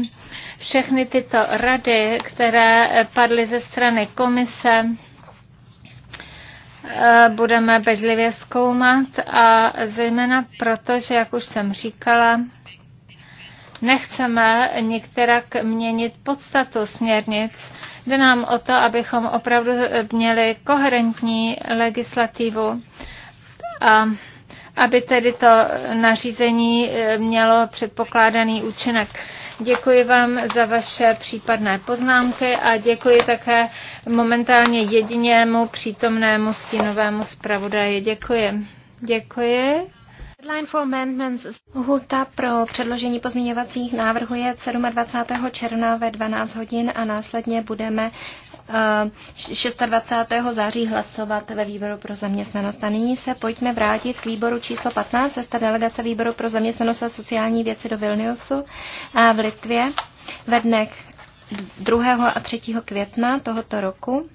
všechny tyto rady, které padly ze strany komise, Eh, budeme bedlivě zkoumat a zejména proto, že, jak už jsem říkala, nechceme některak měnit podstatu směrnic. Jde nám o to, abychom opravdu měli koherentní legislativu a aby tedy to nařízení eh, mělo předpokládaný účinek. Děkuji vám za vaše případné poznámky a děkuji také momentálně jedinému přítomnému stínovému zpravodaji. Děkuji. Děkuji. Huta pro předložení pozměňovacích návrhů je 27. června ve 12 hodin a následně budeme 26. Eh, září hlasovat ve výboru pro zaměstnanost. A nyní se pojďme vrátit k výboru číslo 15, cesta delegace výboru pro zaměstnanost a sociální věci do Vilniusu a v Litvě ve dnech 2. a 3. května tohoto roku.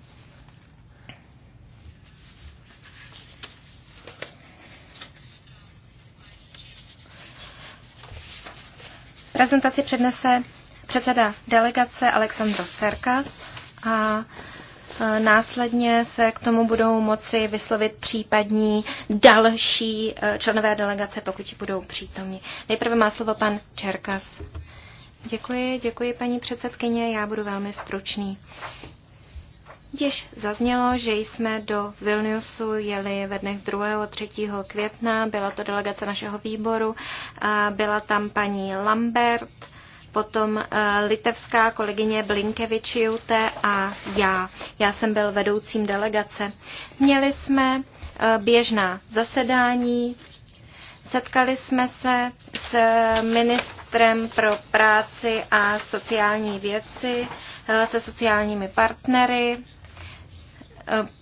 Prezentaci přednese předseda delegace Aleksandro Serkas a Následně se k tomu budou moci vyslovit případní další e, členové delegace, pokud ti budou přítomni. Nejprve má slovo pan Čerkas. Děkuji, děkuji paní předsedkyně, já budu velmi stručný. Již zaznělo, že jsme do Vilniusu jeli ve dnech 2. a 3. května, byla to delegace našeho výboru, a byla tam paní Lambert, potom eh, litevská kolegyně Blinkevičiute a já. Já jsem byl vedoucím delegace. Měli jsme eh, běžná zasedání, setkali jsme se s ministrem pro práci a sociální věci, eh, se sociálními partnery,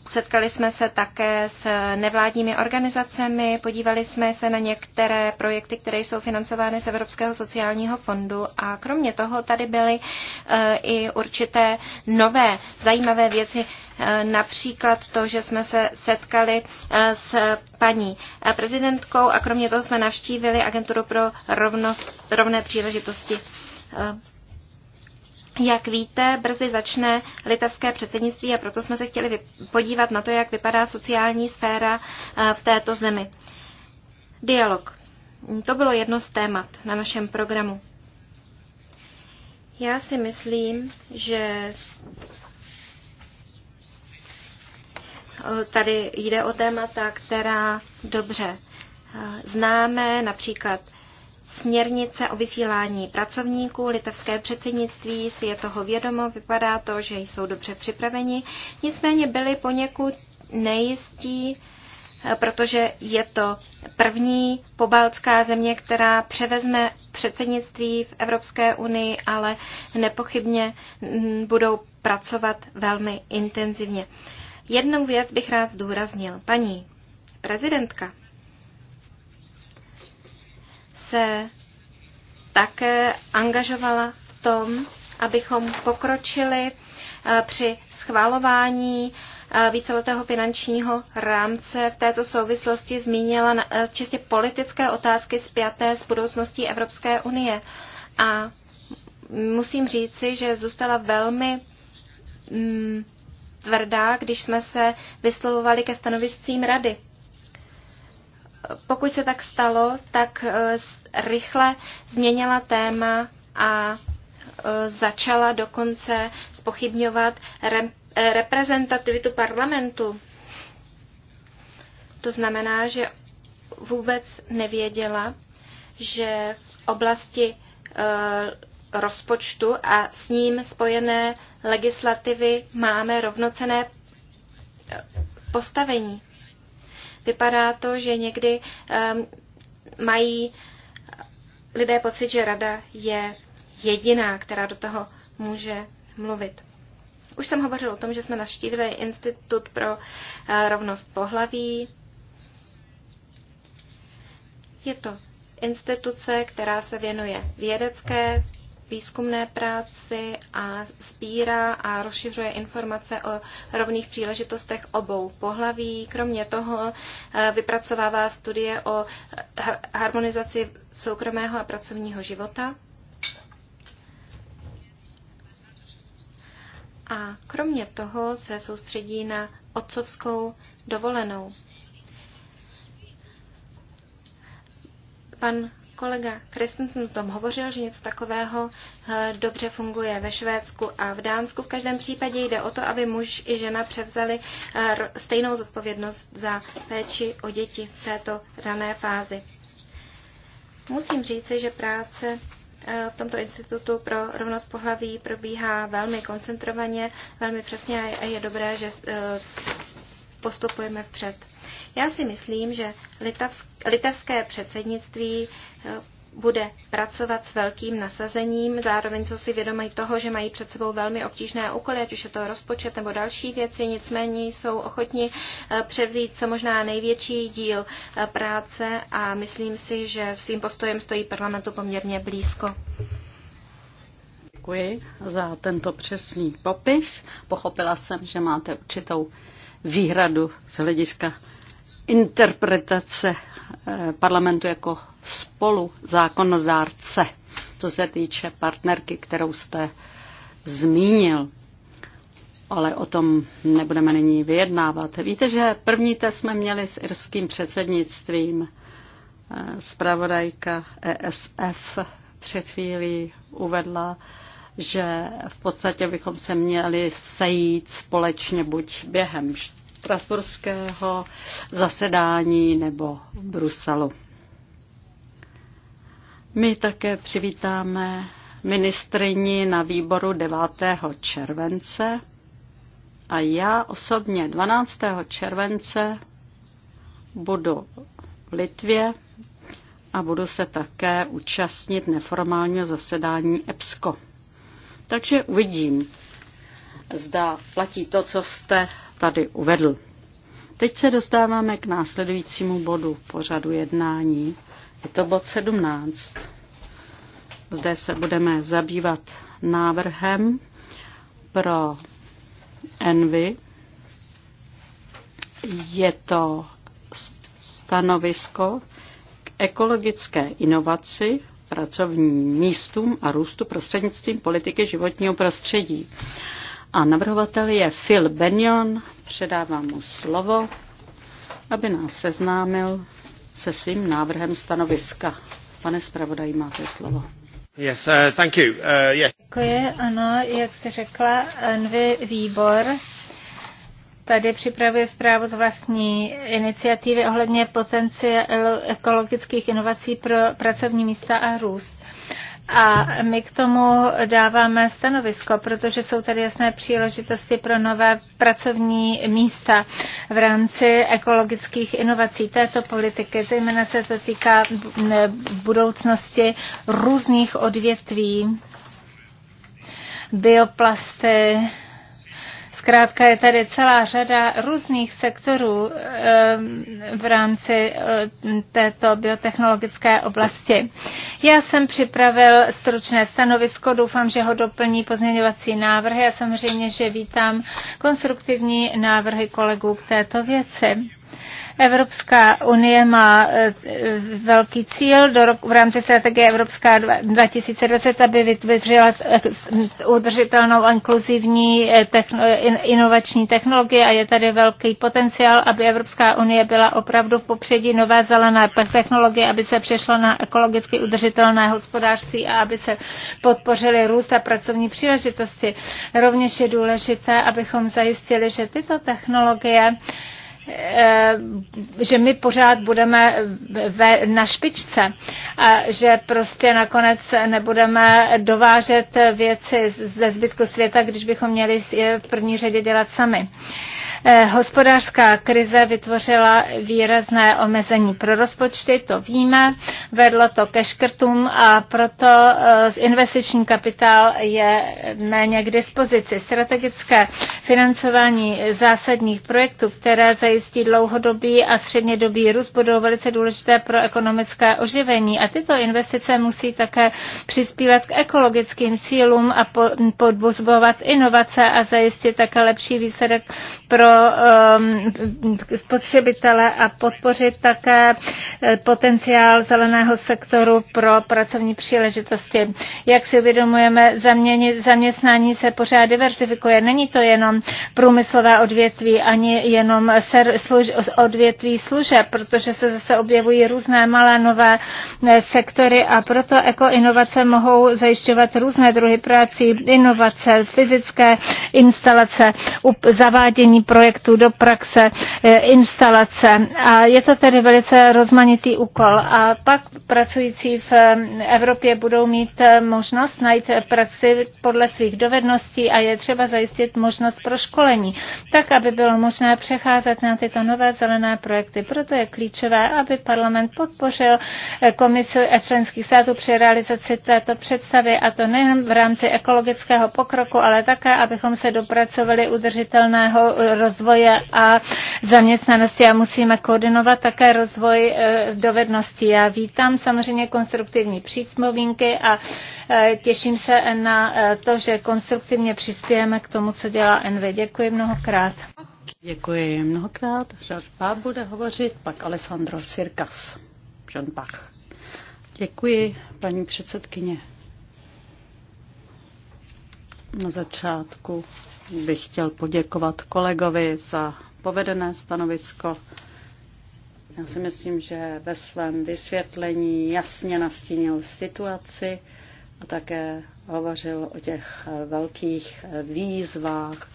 Setkali jsme se také s nevládními organizacemi, podívali jsme se na některé projekty, které jsou financovány z Evropského sociálního fondu a kromě toho tady byly eh, i určité nové zajímavé věci, eh, například to, že jsme se setkali eh, s paní prezidentkou a kromě toho jsme navštívili agenturu pro rovnost, rovné příležitosti jak víte, brzy začne litevské předsednictví a proto jsme se chtěli podívat na to, jak vypadá sociální sféra eh, v této zemi. Dialog. To bylo jedno z témat na našem programu. Já si myslím, že tady jde o témata, která dobře eh, známe, například směrnice o vysílání pracovníků. Litevské předsednictví si je toho vědomo, vypadá to, že jsou dobře připraveni. Nicméně byli poněkud nejistí, protože je to první pobaltská země, která převezme předsednictví v Evropské unii, ale nepochybně budou pracovat velmi intenzivně. Jednou věc bych rád zdůraznil. Paní prezidentka se také angažovala v tom, abychom pokročili eh, při schvalování eh, víceletého finančního rámce. V této souvislosti zmínila eh, čistě politické otázky spjaté s budoucností Evropské unie. A musím říci, že zůstala velmi mm, tvrdá, když jsme se vyslovovali ke stanoviscím rady. Pokud se tak stalo, tak eh, rychle změnila téma a eh, začala dokonce spochybňovat eh, reprezentativitu parlamentu. To znamená, že vůbec nevěděla, že v oblasti rozpočtu a s ním spojené legislativy máme rovnocené postavení. Vypadá to, že někdy ehm, mají lidé pocit, že rada je jediná, která do toho může mluvit. Už jsem hovořil o tom, že jsme naštívili Institut pro eh, rovnost pohlaví. Je to instituce, která se věnuje vědecké výzkumné práci a sbírá a rozšiřuje informace o rovných příležitostech obou pohlaví. Kromě toho eh, vypracovává studie o harmonizaci soukromého a pracovního života. A kromě toho se soustředí na otcovskou dovolenou. Pan Kolega Kristensen o tom hovořil, že něco takového eh, dobře funguje ve Švédsku a v Dánsku. V každém případě jde o to, aby muž i žena převzali eh, stejnou zodpovědnost za péči o děti v této rané fázi. Musím říci, že práce eh, v tomto institutu pro rovnost pohlaví probíhá velmi koncentrovaně, velmi přesně a je dobré, že postupujeme vpřed. Já si myslím, že litevské předsednictví eh, bude pracovat s velkým nasazením, zároveň jsou si vědomi toho, že mají před sebou velmi obtížné úkoly, ať už je to rozpočet nebo další věci, nicméně jsou ochotni eh, převzít co možná největší díl eh, práce a myslím si, že svým postojem stojí parlamentu poměrně blízko. Děkuji za tento přesný popis. Pochopila jsem, že máte určitou výhradu z hlediska interpretace eh, parlamentu jako spolu zákonodárce, co se týče partnerky, kterou jste zmínil. Ale o tom nebudeme nyní vyjednávat. Víte, že první test jsme měli s irským předsednictvím. Spravodajka eh, ESF před chvílí uvedla, že v podstatě bychom se měli sejít společně buď během strasburského zasedání nebo v Bruselu. My také přivítáme ministrini na výboru 9. července a já osobně 12. července budu v Litvě a budu se také účastnit neformálního zasedání EPSCO. Takže uvidím, zda platí to, co jste tady uvedl. Teď se dostáváme k následujícímu bodu pořadu jednání. Je to bod 17. Zde se budeme zabývat návrhem pro Envy. Je to stanovisko k ekologické inovaci, pracovním místům a růstu prostřednictvím politiky životního prostředí. A navrhovatel je Phil Benyon, předávám mu slovo, aby nás seznámil se svým návrhem stanoviska. Pane zpravodaji, máte slovo. Yes, uh, thank you. Uh, yes. Děkuji, ano, jak jste řekla, Envy výbor tady připravuje zprávu z vlastní iniciativy ohledně potenciálu ekologických inovací pro pracovní místa a růst. A my k tomu dáváme stanovisko, protože jsou tady jasné příležitosti pro nové pracovní místa v rámci ekologických inovací této politiky. Zejména se to týká budoucnosti různých odvětví, bioplasty, Zkrátka je tady celá řada různých sektorů eh, v rámci eh, této biotechnologické oblasti. Já jsem připravil stručné stanovisko, doufám, že ho doplní pozměňovací návrhy a samozřejmě, že vítám konstruktivní návrhy kolegů k této věci. Evropská unie má eh, velký cíl do roku, v rámci strategie Evropská 2020, aby vytvořila udržitelnou inkluzivní eh, techno, inovační technologie a je tady velký potenciál, aby Evropská unie byla opravdu v popředí nové zelené technologie, aby se přešlo na ekologicky udržitelné hospodářství a aby se podpořily růst a pracovní příležitosti. Rovněž je důležité, abychom zajistili, že tyto technologie Eh, že my pořád budeme ve, na špičce a že prostě nakonec nebudeme dovážet věci ze zbytku světa, když bychom měli je v první řadě dělat sami. Uh, Eh, hospodářská krize vytvořila výrazné omezení pro rozpočty, to víme, vedlo to ke škrtům a proto eh, investiční kapitál je méně k dispozici. Strategické financování zásadních projektů, které zajistí dlouhodobý a střednědobý růst, budou velice důležité pro ekonomické oživení a tyto investice musí také přispívat k ekologickým cílům a podbuzbovat inovace a zajistit také lepší výsledek pro Ehm, spotřebitele a podpořit také eh, potenciál zeleného sektoru pro pracovní příležitosti. Jak si uvědomujeme, zaměstnání se pořád diversifikuje. Není to jenom průmyslové odvětví, ani jenom ser, služ, odvětví služeb, protože se zase objevují různé malé nové eh, sektory a proto ekoinovace mohou zajišťovat různé druhy prací, inovace, fyzické instalace, zavádění pro projektů do praxe, e, instalace. A je to tedy velice rozmanitý úkol. A pak pracující v e, Evropě budou mít e, možnost najít praxi podle svých dovedností a je třeba zajistit možnost pro školení, tak aby bylo možné přecházet na tyto nové zelené projekty. Proto je klíčové, aby parlament podpořil komisi členských států při realizaci této představy a to nejen v rámci ekologického pokroku, ale také, abychom se dopracovali udržitelného rozvoje rozvoje a zaměstnanosti a musíme koordinovat také rozvoj e, dovedností. Já vítám samozřejmě konstruktivní přísmovinky a e, těším se na e, to, že konstruktivně přispějeme k tomu, co dělá NV. Děkuji mnohokrát. Děkuji mnohokrát. Žan bude hovořit, pak Alessandro Sirkas. Žan Pach. Děkuji, paní předsedkyně. Na začátku bych chtěl poděkovat kolegovi za povedené stanovisko. Já si myslím, že ve svém vysvětlení jasně nastínil situaci a také hovořil o těch velkých výzvách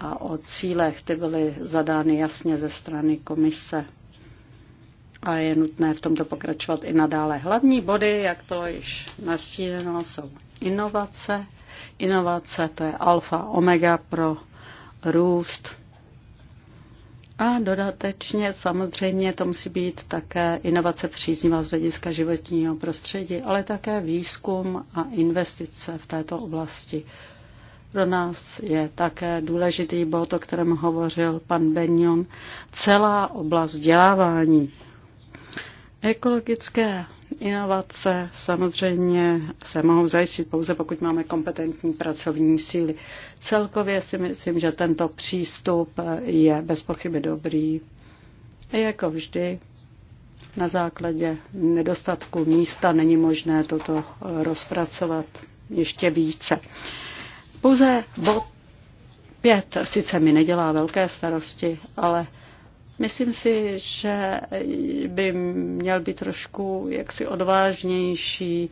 a o cílech. Ty byly zadány jasně ze strany komise a je nutné v tomto pokračovat i nadále. Hlavní body, jak to již nastíněno, jsou inovace, Inovace to je alfa, omega pro růst. A dodatečně samozřejmě to musí být také inovace příznivá z hlediska životního prostředí, ale také výzkum a investice v této oblasti. Pro nás je také důležitý bod, o kterém hovořil pan Benjon, celá oblast vzdělávání. Ekologické inovace samozřejmě se mohou zajistit pouze, pokud máme kompetentní pracovní síly. Celkově si myslím, že tento přístup je bez pochyby dobrý. Jako vždy, na základě nedostatku místa není možné toto rozpracovat ještě více. Pouze bod 5 sice mi nedělá velké starosti, ale Myslím si, že by měl být trošku jaksi odvážnější,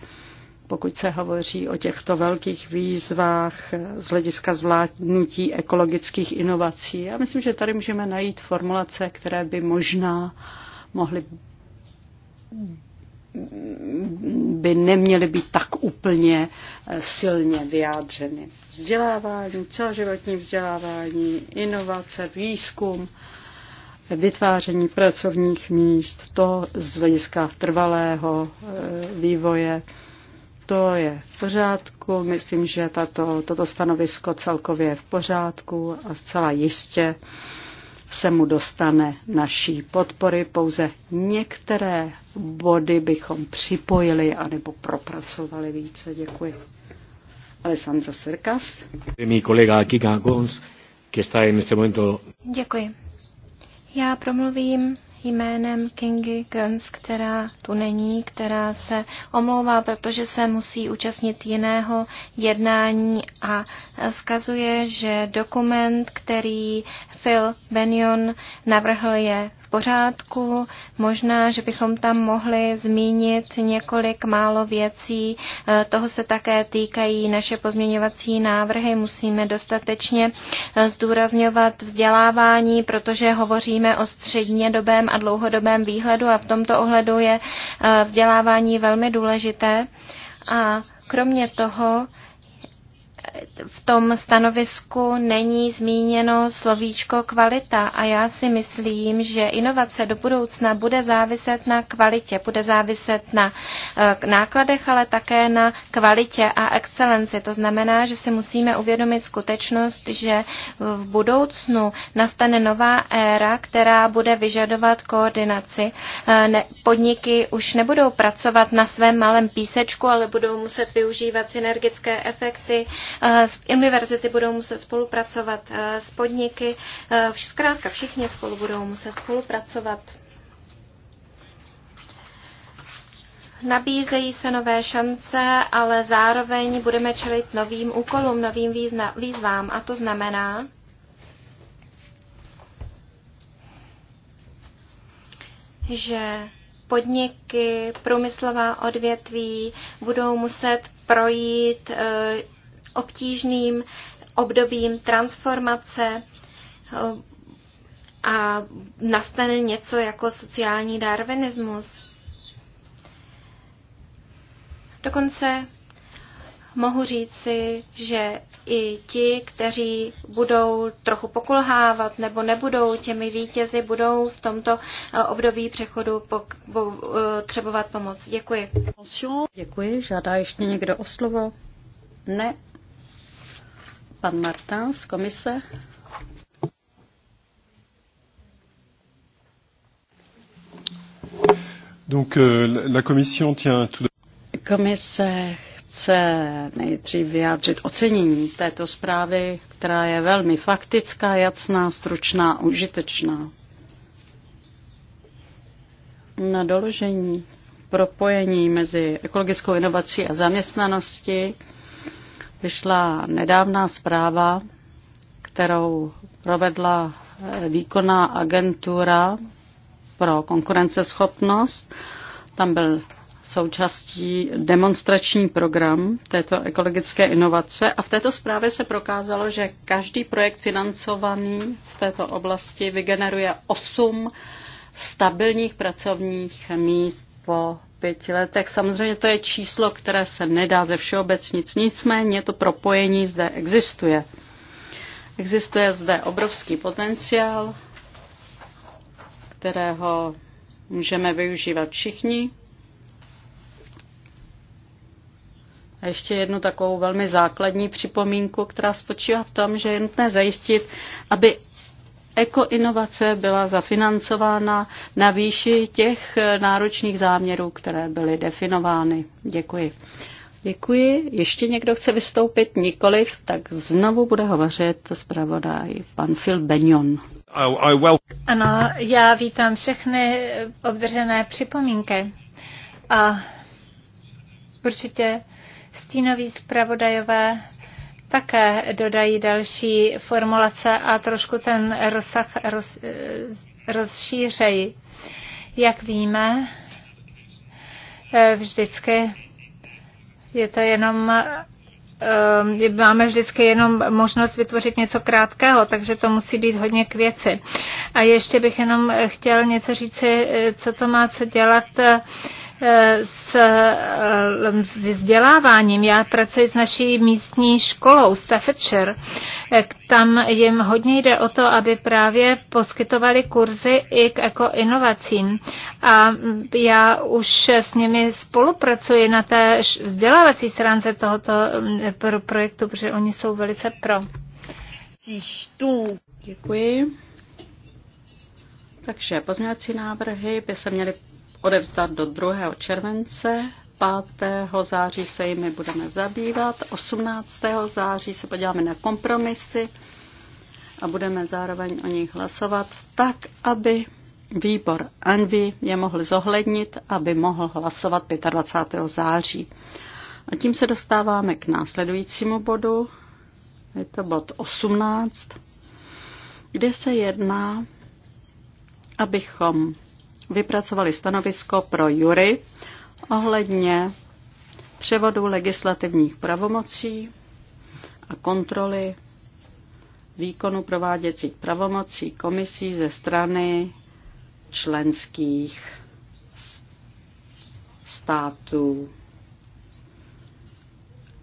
pokud se hovoří o těchto velkých výzvách z hlediska zvládnutí ekologických inovací. Já myslím, že tady můžeme najít formulace, které by možná mohly by neměly být tak úplně silně vyjádřeny. Vzdělávání, celoživotní vzdělávání, inovace, výzkum vytváření pracovních míst, to z hlediska trvalého e, vývoje. To je v pořádku, myslím, že tato, toto stanovisko celkově je v pořádku a zcela jistě se mu dostane naší podpory. Pouze některé body bychom připojili anebo propracovali více. Děkuji. Alessandro Serkas. Mi kolega Kika Gons, que está en este momento... Děkuji. Já promluvím jménem Kingy Guns, která tu není, která se omlouvá, protože se musí účastnit jiného jednání a zkazuje, že dokument, který Phil Benyon navrhl, je pořádku. Možná, že bychom tam mohli zmínit několik málo věcí. Eh, toho se také týkají naše pozměňovací návrhy. Musíme dostatečně eh, zdůrazňovat vzdělávání, protože hovoříme o střednědobém a dlouhodobém výhledu a v tomto ohledu je eh, vzdělávání velmi důležité. A kromě toho, v tom stanovisku není zmíněno slovíčko kvalita a já si myslím, že inovace do budoucna bude záviset na kvalitě, bude záviset na eh, nákladech, ale také na kvalitě a excelenci. To znamená, že si musíme uvědomit skutečnost, že v budoucnu nastane nová éra, která bude vyžadovat koordinaci. Eh, podniky už nebudou pracovat na svém malém písečku, ale budou muset využívat synergické efekty, Eh, univerzity budou muset spolupracovat eh, s podniky, eh, zkrátka všichni spolu budou muset spolupracovat. Nabízejí se nové šance, ale zároveň budeme čelit novým úkolům, novým výzvám. A to znamená, že podniky, průmyslová odvětví budou muset projít obtížným obdobím transformace eh, a nastane něco jako sociální darwinismus. Dokonce mohu říci, že i ti, kteří budou trochu pokulhávat nebo nebudou těmi vítězi, budou v tomto eh, období přechodu potřebovat eh, pomoc. Děkuji. Děkuji. Žádá ještě někdo o slovo? Ne, Pan Martin z komise. Donc, euh, la commission tient tout... Komise chce nejdřív vyjádřit ocenění této zprávy, která je velmi faktická, jasná, stručná, užitečná. Na doložení propojení mezi ekologickou inovací a zaměstnaností vyšla nedávná zpráva, kterou provedla eh, výkonná agentura pro konkurenceschopnost. Tam byl součástí demonstrační program této ekologické inovace a v této zprávě se prokázalo, že každý projekt financovaný v této oblasti vygeneruje 8 stabilních pracovních míst po pěti letech. Samozřejmě to je číslo, které se nedá ze všeobecnic, nicméně to propojení zde existuje. Existuje zde obrovský potenciál, kterého můžeme využívat všichni. A ještě jednu takovou velmi základní připomínku, která spočívá v tom, že je nutné zajistit, aby ekoinovace byla zafinancována na výši těch náročných záměrů, které byly definovány. Děkuji. Děkuji. Ještě někdo chce vystoupit? Nikoliv, tak znovu bude hovořit zpravodaj pan Phil Benyon. Ano, já vítám všechny obdržené připomínky a určitě stínoví zpravodajové také dodají další formulace a trošku ten rozsah roz, eh, rozšířejí. Jak víme, eh, vždycky je to jenom eh, máme vždycky jenom možnost vytvořit něco krátkého, takže to musí být hodně k věci. A ještě bych jenom chtěl něco říci, co to má co dělat Eh, s eh, vzděláváním. Já pracuji s naší místní školou Staffordshire. Eh, tam jim hodně jde o to, aby právě poskytovali kurzy i k ekoinovacím. Jako A já už s nimi spolupracuji na té vzdělávací stránce tohoto mm, projektu, protože oni jsou velice pro. Děkuji. Takže pozměňovací návrhy by se měly odevzdat do 2. července 5. září se jimi budeme zabývat, 18. září se podíváme na kompromisy a budeme zároveň o nich hlasovat tak, aby výbor Anvi je mohl zohlednit, aby mohl hlasovat 25. září. A tím se dostáváme k následujícímu bodu, je to bod 18, kde se jedná, abychom vypracovali stanovisko pro jury ohledně převodu legislativních pravomocí a kontroly výkonu prováděcích pravomocí komisí ze strany členských států.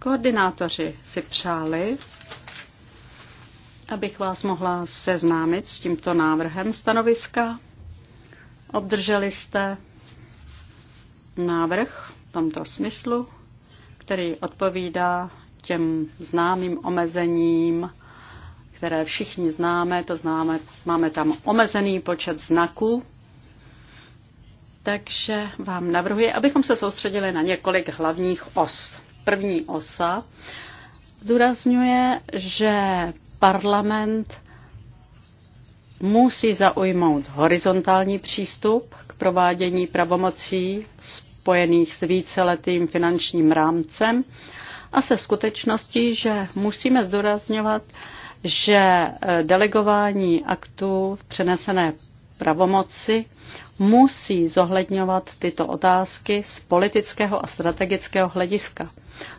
Koordinátoři si přáli, abych vás mohla seznámit s tímto návrhem stanoviska. Obdrželi jste návrh v tomto smyslu, který odpovídá těm známým omezením, které všichni známe, to známe, máme tam omezený počet znaků, takže vám navrhuji, abychom se soustředili na několik hlavních os. První osa zdůrazňuje, že parlament musí zaujmout horizontální přístup k provádění pravomocí spojených s víceletým finančním rámcem a se skutečností, že musíme zdůrazňovat, že eh, delegování aktů v přenesené pravomoci musí zohledňovat tyto otázky z politického a strategického hlediska.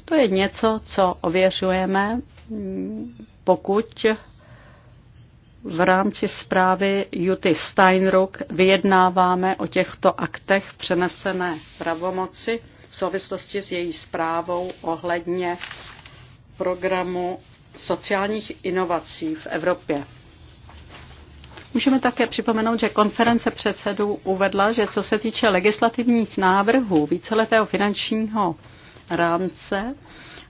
To je něco, co ověřujeme, mm, pokud v rámci zprávy Juty Steinruck vyjednáváme o těchto aktech přenesené pravomoci v souvislosti s její zprávou ohledně programu sociálních inovací v Evropě. Můžeme také připomenout, že konference předsedů uvedla, že co se týče legislativních návrhů víceletého finančního rámce,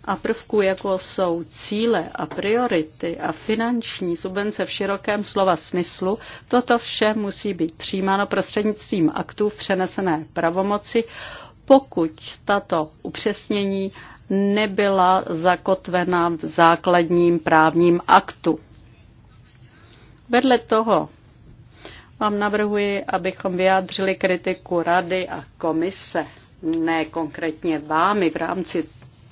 a prvků, jako jsou cíle a priority a finanční subvence v širokém slova smyslu, toto vše musí být přijímáno prostřednictvím aktů v přenesené pravomoci, pokud tato upřesnění nebyla zakotvena v základním právním aktu. Vedle toho vám navrhuji, abychom vyjádřili kritiku Rady a komise, ne konkrétně vámi v rámci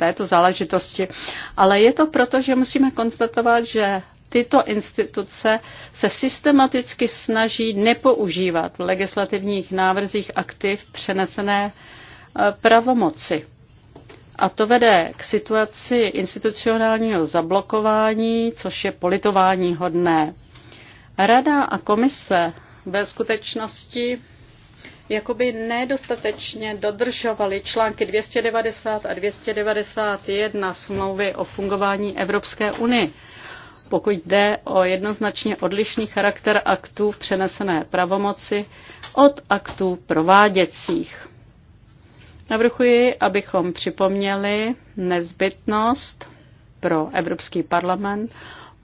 této záležitosti, ale je to proto, že musíme konstatovat, že tyto instituce se systematicky snaží nepoužívat v legislativních návrzích aktiv přenesené e, pravomoci. A to vede k situaci institucionálního zablokování, což je politování hodné. Rada a komise ve skutečnosti jakoby nedostatečně dodržovaly články 290 a 291 smlouvy o fungování Evropské unie, pokud jde o jednoznačně odlišný charakter aktů v přenesené pravomoci od aktů prováděcích. Navrhuji, abychom připomněli nezbytnost pro Evropský parlament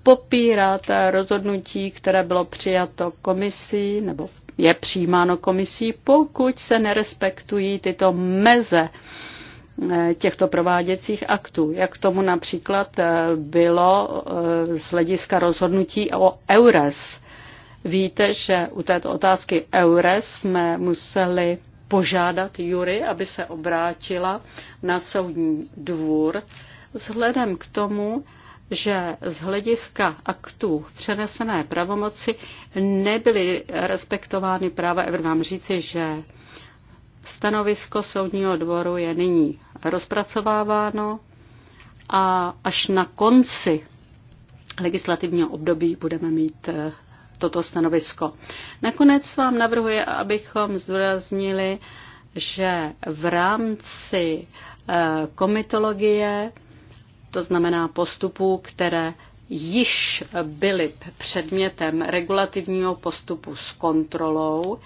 popírat rozhodnutí, které bylo přijato komisí nebo je přijímáno komisí, pokud se nerespektují tyto meze eh, těchto prováděcích aktů, jak tomu například eh, bylo eh, z hlediska rozhodnutí o EURES. Víte, že u této otázky EURES jsme museli požádat jury, aby se obrátila na soudní dvůr, vzhledem k tomu, že z hlediska aktů přenesené pravomoci nebyly respektovány práva. Já vám říci, že stanovisko soudního dvoru je nyní rozpracováváno a až na konci legislativního období budeme mít eh, toto stanovisko. Nakonec vám navrhuji, abychom zdůraznili, že v rámci eh, komitologie to znamená postupů, které již byly předmětem regulativního postupu s kontrolou,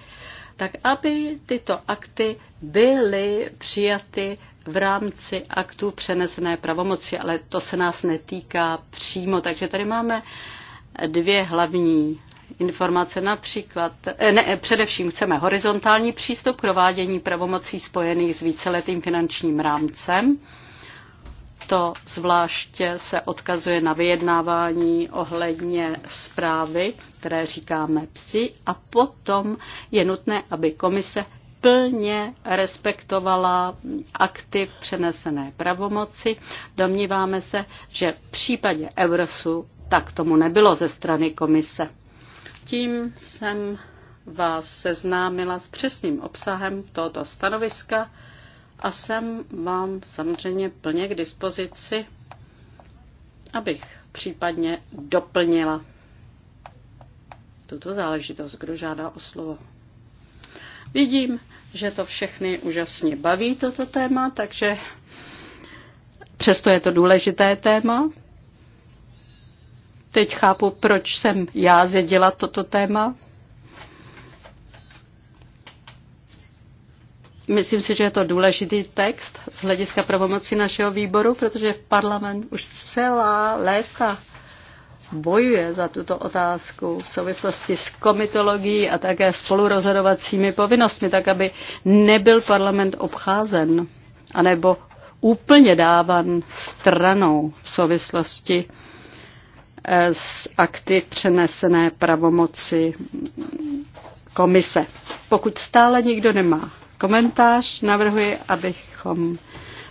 tak aby tyto akty byly přijaty v rámci aktů přenesené pravomoci, ale to se nás netýká přímo. Takže tady máme dvě hlavní informace. Například, eh, ne, především chceme horizontální přístup k provádění pravomocí spojených s víceletým finančním rámcem. To zvláště se odkazuje na vyjednávání ohledně zprávy, které říkáme psi, a potom je nutné, aby komise plně respektovala aktiv přenesené pravomoci. Domníváme se, že v případě Eurosu tak tomu nebylo ze strany komise. Tím jsem vás seznámila s přesným obsahem tohoto stanoviska a jsem vám samozřejmě plně k dispozici, abych případně doplnila tuto záležitost, kdo žádá o slovo. Vidím, že to všechny úžasně baví, toto téma, takže přesto je to důležité téma. Teď chápu, proč jsem já zjedila toto téma, Myslím si, že je to důležitý text z hlediska pravomocí našeho výboru, protože parlament už celá léta bojuje za tuto otázku v souvislosti s komitologií a také spolurozhodovacími povinnostmi, tak aby nebyl parlament obcházen anebo úplně dávan stranou v souvislosti eh, s akty přenesené pravomoci komise. Pokud stále nikdo nemá komentář. Navrhuji, abychom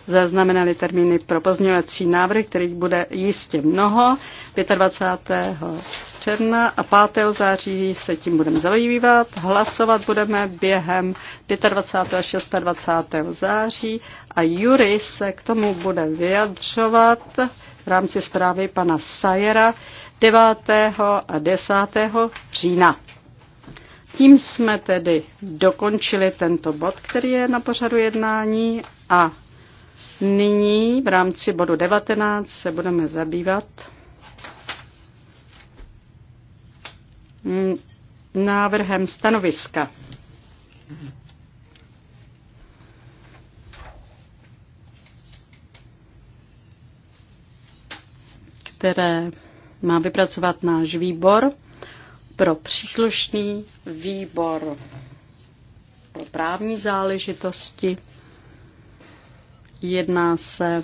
zaznamenali termíny pro pozměňovací návrhy, kterých bude jistě mnoho. 25. června a 5. září se tím budeme zabývat. Hlasovat budeme během 25. a 26. září a Jury se k tomu bude vyjadřovat v rámci zprávy pana Sajera 9. a 10. října. Tím jsme tedy dokončili tento bod, který je na pořadu jednání a nyní v rámci bodu 19 se budeme zabývat mm, návrhem stanoviska. které má vypracovat náš výbor pro příslušný výbor pro právní záležitosti. Jedná se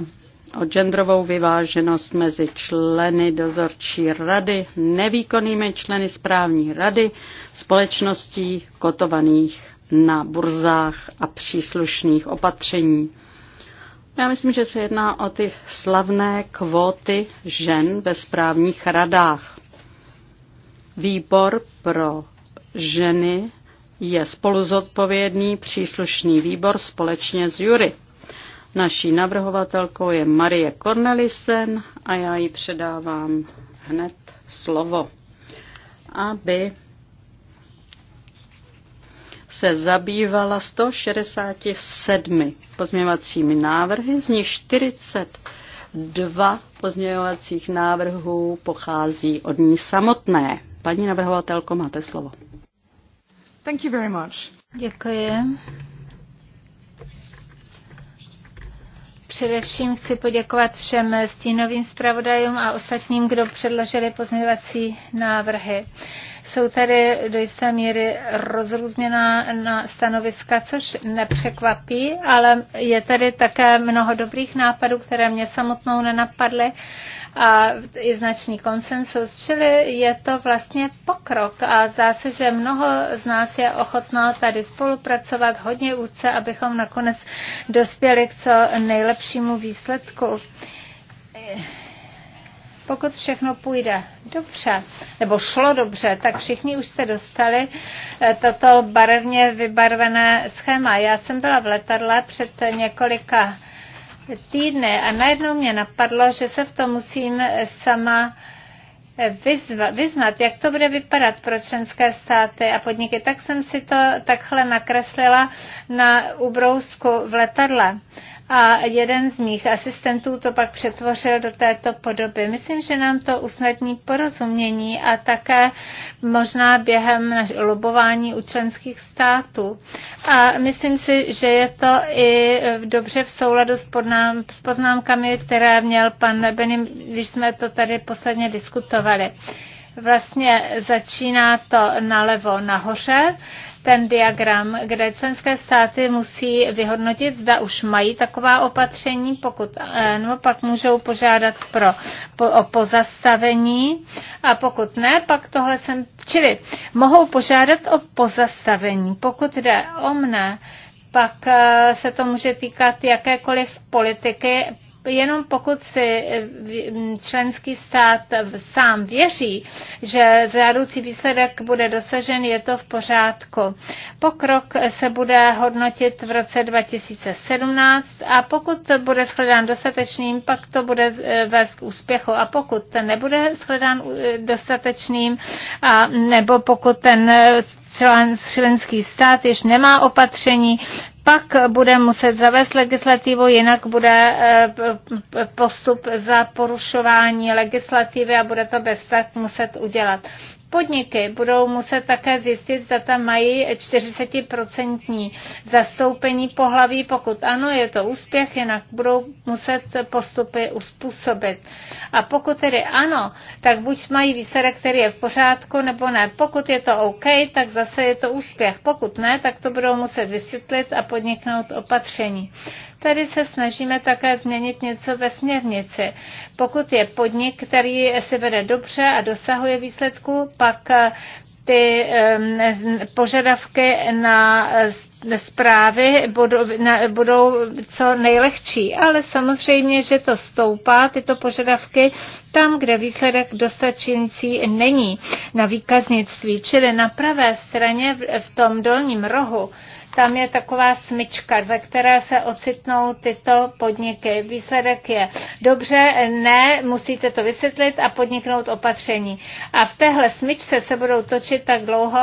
o genderovou vyváženost mezi členy dozorčí rady, nevýkonnými členy správní rady, společností kotovaných na burzách a příslušných opatření. Já myslím, že se jedná o ty slavné kvóty žen ve správních radách. Výbor pro ženy je spoluzodpovědný příslušný výbor společně s jury. Naší navrhovatelkou je Marie Cornelisen a já jí předávám hned slovo, aby se zabývala 167 pozměňovacími návrhy, z nich 42 pozměňovacích návrhů pochází od ní samotné. Paní navrhovatelko, máte slovo. Thank you very much. Děkuji. Především chci poděkovat všem stínovým zpravodajům a ostatním, kdo předložili pozměňovací návrhy. Jsou tady do jisté míry rozrůzněná na stanoviska, což nepřekvapí, ale je tady také mnoho dobrých nápadů, které mě samotnou nenapadly a i značný konsensus, čili je to vlastně pokrok a zdá se, že mnoho z nás je ochotno tady spolupracovat hodně úzce, abychom nakonec dospěli k co nejlepšímu výsledku pokud všechno půjde dobře, nebo šlo dobře, tak všichni už jste dostali eh, toto barevně vybarvené schéma. Já jsem byla v letadle před několika týdny a najednou mě napadlo, že se v tom musím eh, sama eh, vyzva, vyznat, jak to bude vypadat pro členské státy a podniky. Tak jsem si to takhle nakreslila na ubrousku v letadle a jeden z mých asistentů to pak přetvořil do této podoby. Myslím, že nám to usnadní porozumění a také možná během lobování u členských států. A myslím si, že je to i dobře v souladu s, podnám, s poznámkami, které měl pan Benim, když jsme to tady posledně diskutovali. Vlastně začíná to nalevo nahoře, ten diagram, kde členské státy musí vyhodnotit, zda už mají taková opatření, pokud eh, no, pak můžou požádat pro, po, o pozastavení a pokud ne, pak tohle jsem, čili mohou požádat o pozastavení. Pokud jde o mne, pak eh, se to může týkat jakékoliv politiky jenom pokud si eh, členský stát sám věří, že zádoucí výsledek bude dosažen, je to v pořádku. Pokrok se bude hodnotit v roce 2017 a pokud bude shledán dostatečným, pak to bude eh, vést k úspěchu. A pokud nebude shledán eh, dostatečným, a nebo pokud ten členský stát již nemá opatření, pak bude muset zavést legislativu, jinak bude eh, postup za porušování legislativy a bude to bez tak muset udělat. Podniky budou muset také zjistit, zda tam mají 40% zastoupení pohlaví. Pokud ano, je to úspěch, jinak budou muset postupy uspůsobit. A pokud tedy ano, tak buď mají výsledek, který je v pořádku, nebo ne. Pokud je to OK, tak zase je to úspěch. Pokud ne, tak to budou muset vysvětlit a podniknout opatření. Tady se snažíme také změnit něco ve směrnici. Pokud je podnik, který si vede dobře a dosahuje výsledku, pak eh, ty požadavky na zprávy eh, budou, budou co nejlehčí. Ale samozřejmě, že to stoupá, tyto požadavky, tam, kde výsledek dostačující není na výkaznictví, čili na pravé straně v tom dolním rohu tam je taková smyčka, ve které se ocitnou tyto podniky. Výsledek je dobře, ne, musíte to vysvětlit a podniknout opatření. A v téhle smyčce se budou točit tak dlouho,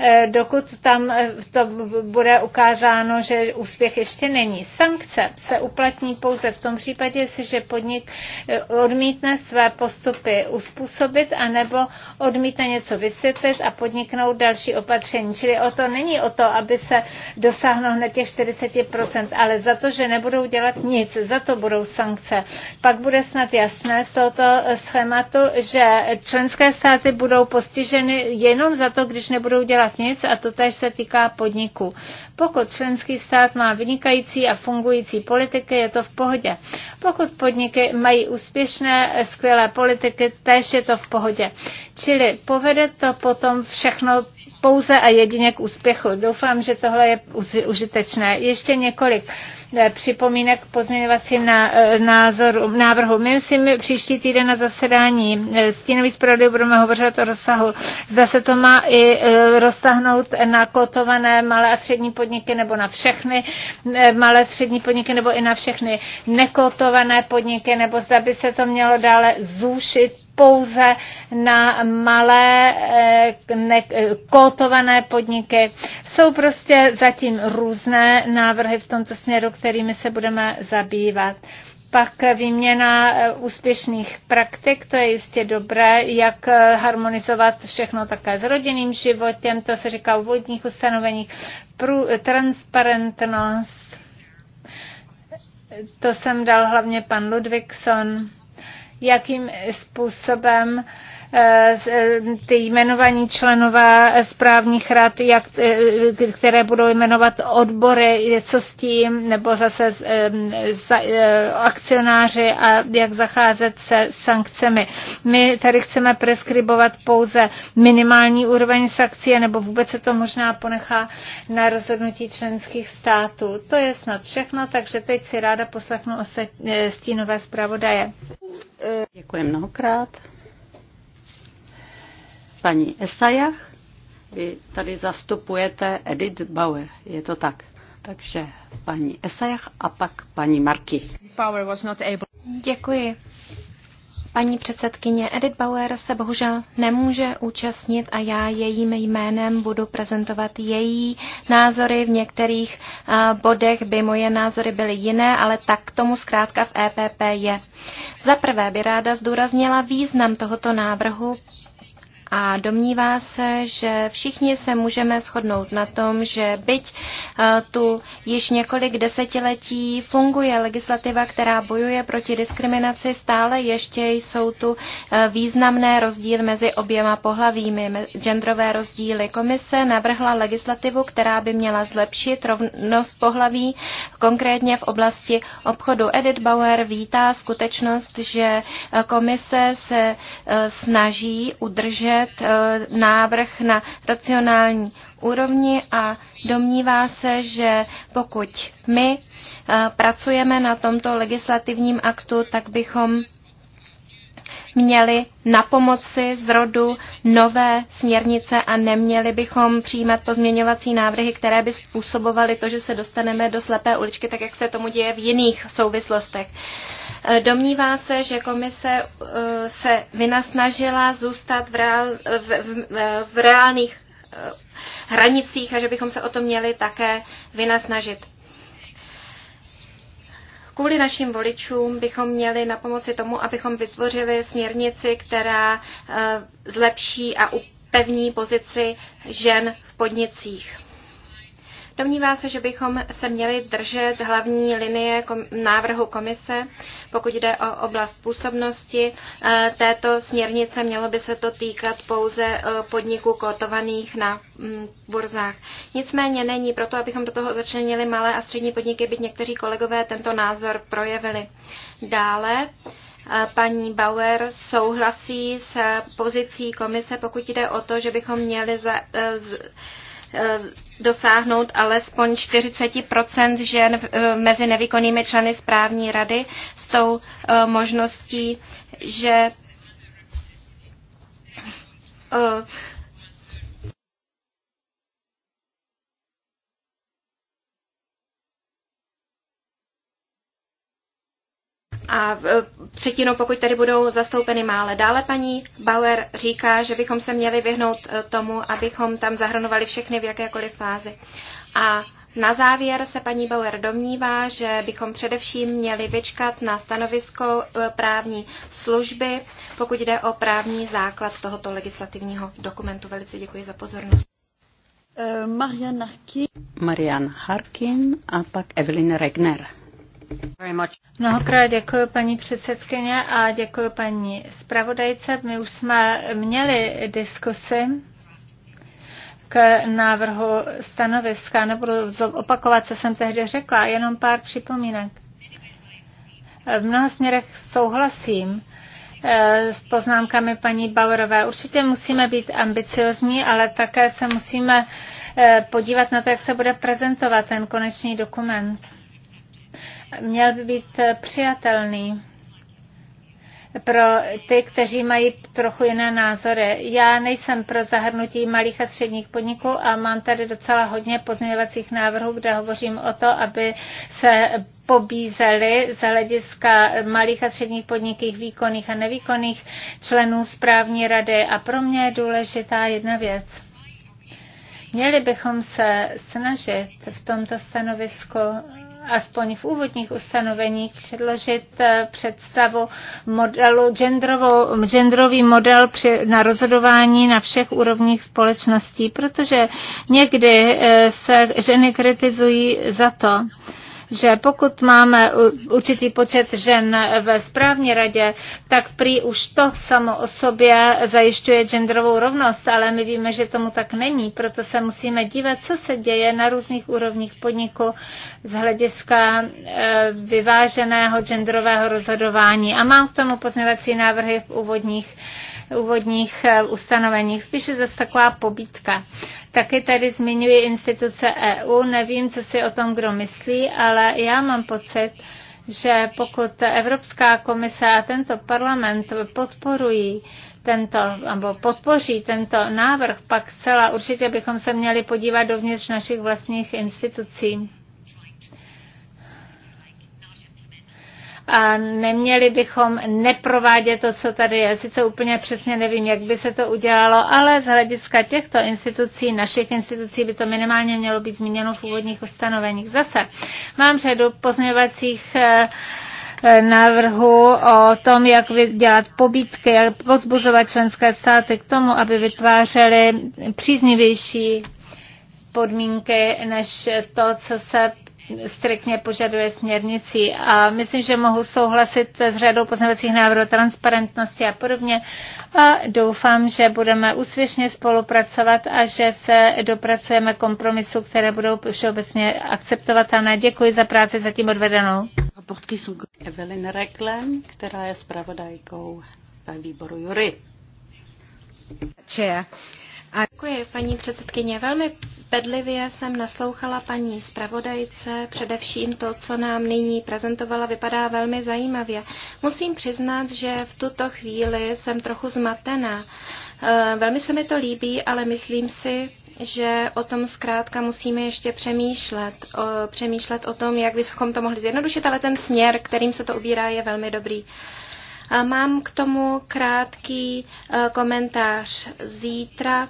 Eh, dokud tam eh, to bude ukázáno, že úspěch ještě není. Sankce se uplatní pouze v tom případě, že podnik eh, odmítne své postupy uspůsobit anebo odmítne něco vysvětlit a podniknout další opatření. Čili o to není o to, aby se dosáhlo hned těch 40%, ale za to, že nebudou dělat nic, za to budou sankce. Pak bude snad jasné z tohoto schématu, že členské státy budou postiženy jenom za to, když nebudou dělat stát nic a to tež se týká podniku. Pokud členský stát má vynikající a fungující politiky, je to v pohodě. Pokud podniky mají úspěšné, skvělé politiky, tež je to v pohodě. Čili povede to potom všechno pouze a jedině k úspěchu. Doufám, že tohle je užitečné. Ještě několik eh, připomínek k pozměňovacím eh, názoru, návrhu. My si my příští týden na zasedání eh, stínový zpravodajů budeme hovořit o rozsahu. Zda se to má i roztahnout na kotované malé a střední podniky nebo na všechny malé střední podniky nebo i na všechny nekotované podniky, nebo zda by se to mělo dále zúšit pouze na malé eh, ne, kótované podniky. Jsou prostě zatím různé návrhy v tomto směru, kterými se budeme zabývat. Pak výměna eh, úspěšných praktik, to je jistě dobré, jak eh, harmonizovat všechno také s rodinným životem, to se říká v vodních ustanoveních, transparentnost, to jsem dal hlavně pan Ludvíkson jakým způsobem Eh, ty jmenovaní členové správních rad, jak, eh, které budou jmenovat odbory, co s tím, nebo zase z, eh, z, akcionáři a jak zacházet se sankcemi. My tady chceme preskribovat pouze minimální úroveň sankcí, nebo vůbec se to možná ponechá na rozhodnutí členských států. To je snad všechno, takže teď si ráda poslechnu o stínové zpravodaje. Děkuji mnohokrát. Paní Esajach, vy tady zastupujete Edith Bauer, je to tak? Takže paní Esajach a pak paní Marky. Děkuji. Paní předsedkyně Edith Bauer se bohužel nemůže účastnit a já jejím jménem budu prezentovat její názory. V některých bodech by moje názory byly jiné, ale tak tomu zkrátka v EPP je. Za prvé by ráda zdůraznila význam tohoto návrhu a domnívá se, že všichni se můžeme shodnout na tom, že byť eh, tu již několik desetiletí funguje legislativa, která bojuje proti diskriminaci, stále ještě jsou tu eh, významné rozdíly mezi oběma pohlavími, genderové rozdíly. Komise navrhla legislativu, která by měla zlepšit rovnost pohlaví, konkrétně v oblasti obchodu. Edith Bauer vítá skutečnost, že eh, komise se snaží udržet opět eh, návrh na racionální úrovni a domnívá se, že pokud my eh, pracujeme na tomto legislativním aktu, tak bychom měli na pomoci zrodu nové směrnice a neměli bychom přijímat pozměňovací návrhy, které by způsobovaly to, že se dostaneme do slepé uličky, tak jak se tomu děje v jiných souvislostech. Eh, domnívá se, že komise eh, se vynasnažila zůstat v, reál, v, v, v reálných eh, hranicích a že bychom se o to měli také vynasnažit. Kvůli našim voličům bychom měli na pomoci tomu, abychom vytvořili směrnici, která eh, zlepší a upevní pozici žen v podnicích. Domnívá se, že bychom se měli držet hlavní linie návrhu komise, pokud jde o oblast působnosti eh, této směrnice, mělo by se to týkat pouze eh, podniků kotovaných na mm, burzách. Nicméně není proto, abychom do toho začlenili malé a střední podniky, byť někteří kolegové tento názor projevili. Dále eh, paní Bauer souhlasí s pozicí komise, pokud jde o to, že bychom měli za, z, Eh, dosáhnout alespoň 40 žen eh, mezi nevykonnými členy správní rady s tou eh, možností, že a e, třetinu, pokud tady budou zastoupeny mále. Dále paní Bauer říká, že bychom se měli vyhnout e, tomu, abychom tam zahrnovali všechny v jakékoliv fázi. A na závěr se paní Bauer domnívá, že bychom především měli vyčkat na stanovisko e, právní služby, pokud jde o právní základ tohoto legislativního dokumentu. Velice děkuji za pozornost. Marian Harkin a pak Evelyn Regner. Mnohokrát děkuji paní předsedkyně a děkuji paní zpravodajce. My už jsme měli diskusy k návrhu stanoviska. Nebudu opakovat, co jsem tehdy řekla, jenom pár připomínek. V mnoha směrech souhlasím eh, s poznámkami paní Bauerové. Určitě musíme být ambiciozní, ale také se musíme eh, podívat na to, jak se bude prezentovat ten konečný dokument měl by být přijatelný pro ty, kteří mají trochu jiné názory. Já nejsem pro zahrnutí malých a středních podniků a mám tady docela hodně pozměňovacích návrhů, kde hovořím o to, aby se pobízeli z hlediska malých a středních podniků výkonných a nevýkonných členů správní rady. A pro mě je důležitá jedna věc. Měli bychom se snažit v tomto stanovisku aspoň v úvodních ustanoveních předložit eh, představu modelu, genderovou, genderový model při, na rozhodování na všech úrovních společností, protože někdy eh, se ženy kritizují za to, že pokud máme určitý počet žen ve správní radě, tak prý už to samo o sobě zajišťuje genderovou rovnost, ale my víme, že tomu tak není, proto se musíme dívat, co se děje na různých úrovních podniku z hlediska e, vyváženého genderového rozhodování. A mám k tomu pozměvací návrhy v úvodních úvodních eh, ustanoveních, spíše zase taková pobítka. Taky tady zmiňuji instituce EU, nevím, co si o tom kdo myslí, ale já mám pocit, že pokud Evropská komise a tento parlament podporují tento, nebo podpoří tento návrh, pak zcela určitě bychom se měli podívat dovnitř našich vlastních institucí. a neměli bychom neprovádět to, co tady je. Sice úplně přesně nevím, jak by se to udělalo, ale z hlediska těchto institucí, našich institucí, by to minimálně mělo být zmíněno v úvodních ustanoveních. Zase mám řadu pozměňovacích eh, eh, návrhu o tom, jak dělat pobítky, jak pozbuzovat členské státy k tomu, aby vytvářely příznivější podmínky než to, co se striktně požaduje směrnicí. A myslím, že mohu souhlasit s řadou poznavacích návrhů transparentnosti a podobně. A doufám, že budeme úspěšně spolupracovat a že se dopracujeme kompromisu, které budou všeobecně akceptovatelné. Děkuji za práci zatím odvedenou. Raportky jsou Evelyn Reklen, která je zpravodajkou ve výboru Jury. Děkuji, paní předsedkyně. Velmi Bedlivě jsem naslouchala paní zpravodajce, především to, co nám nyní prezentovala, vypadá velmi zajímavě. Musím přiznat, že v tuto chvíli jsem trochu zmatená. Eh, velmi se mi to líbí, ale myslím si, že o tom zkrátka musíme ještě přemýšlet. O, přemýšlet o tom, jak bychom to mohli zjednodušit, ale ten směr, kterým se to ubírá, je velmi dobrý. A mám k tomu krátký eh, komentář zítra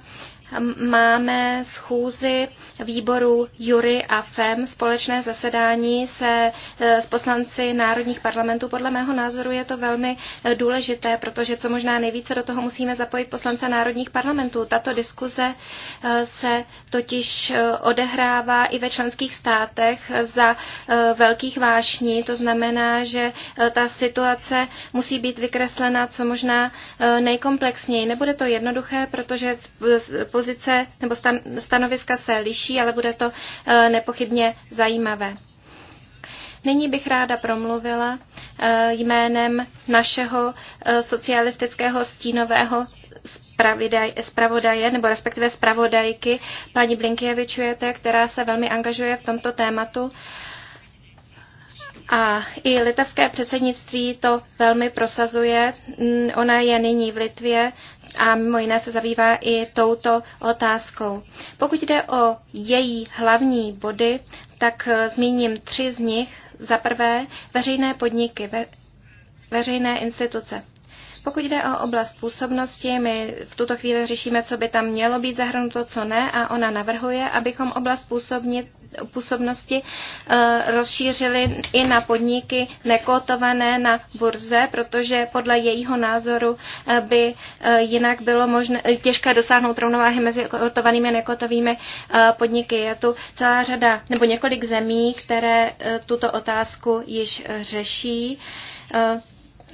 máme schůzi výboru Jury a FEM. Společné zasedání se e, s poslanci národních parlamentů. Podle mého názoru je to velmi e, důležité, protože co možná nejvíce do toho musíme zapojit poslance národních parlamentů. Tato diskuze e, se totiž odehrává i ve členských státech za velkých vášní. To znamená, že ta situace musí být vykreslena co možná nejkomplexněji. Nebude to jednoduché, protože pozice nebo stan, stanoviska se liší, ale bude to eh, nepochybně zajímavé. Nyní bych ráda promluvila eh, jménem našeho eh, socialistického stínového zpravodaje, nebo respektive zpravodajky, paní Blinkievičujete, která se velmi angažuje v tomto tématu. A i litevské předsednictví to velmi prosazuje. Mm, ona je nyní v Litvě a mimo jiné se zabývá i touto otázkou. Pokud jde o její hlavní body, tak eh, zmíním tři z nich. Za prvé, veřejné podniky, ve, veřejné instituce. Pokud jde o oblast působnosti, my v tuto chvíli řešíme, co by tam mělo být zahrnuto, co ne, a ona navrhuje, abychom oblast působnit, působnosti e, rozšířili i na podniky nekotované na burze, protože podle jejího názoru e, by e, jinak bylo možné, těžké dosáhnout rovnováhy mezi kotovanými a nekotovými podniky. Je tu celá řada nebo několik zemí, které tuto otázku již řeší.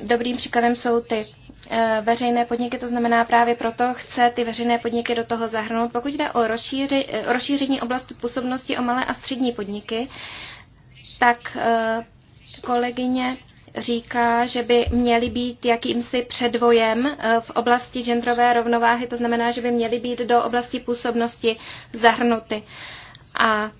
Dobrým příkladem jsou ty Eh, veřejné podniky, to znamená právě proto chce ty veřejné podniky do toho zahrnout. Pokud jde o rozšíři, eh, rozšíření oblasti působnosti o malé a střední podniky, tak eh, kolegyně říká, že by měly být jakýmsi předvojem v oblasti genderové rovnováhy, to znamená, že by měly být do oblasti působnosti zahrnuty. A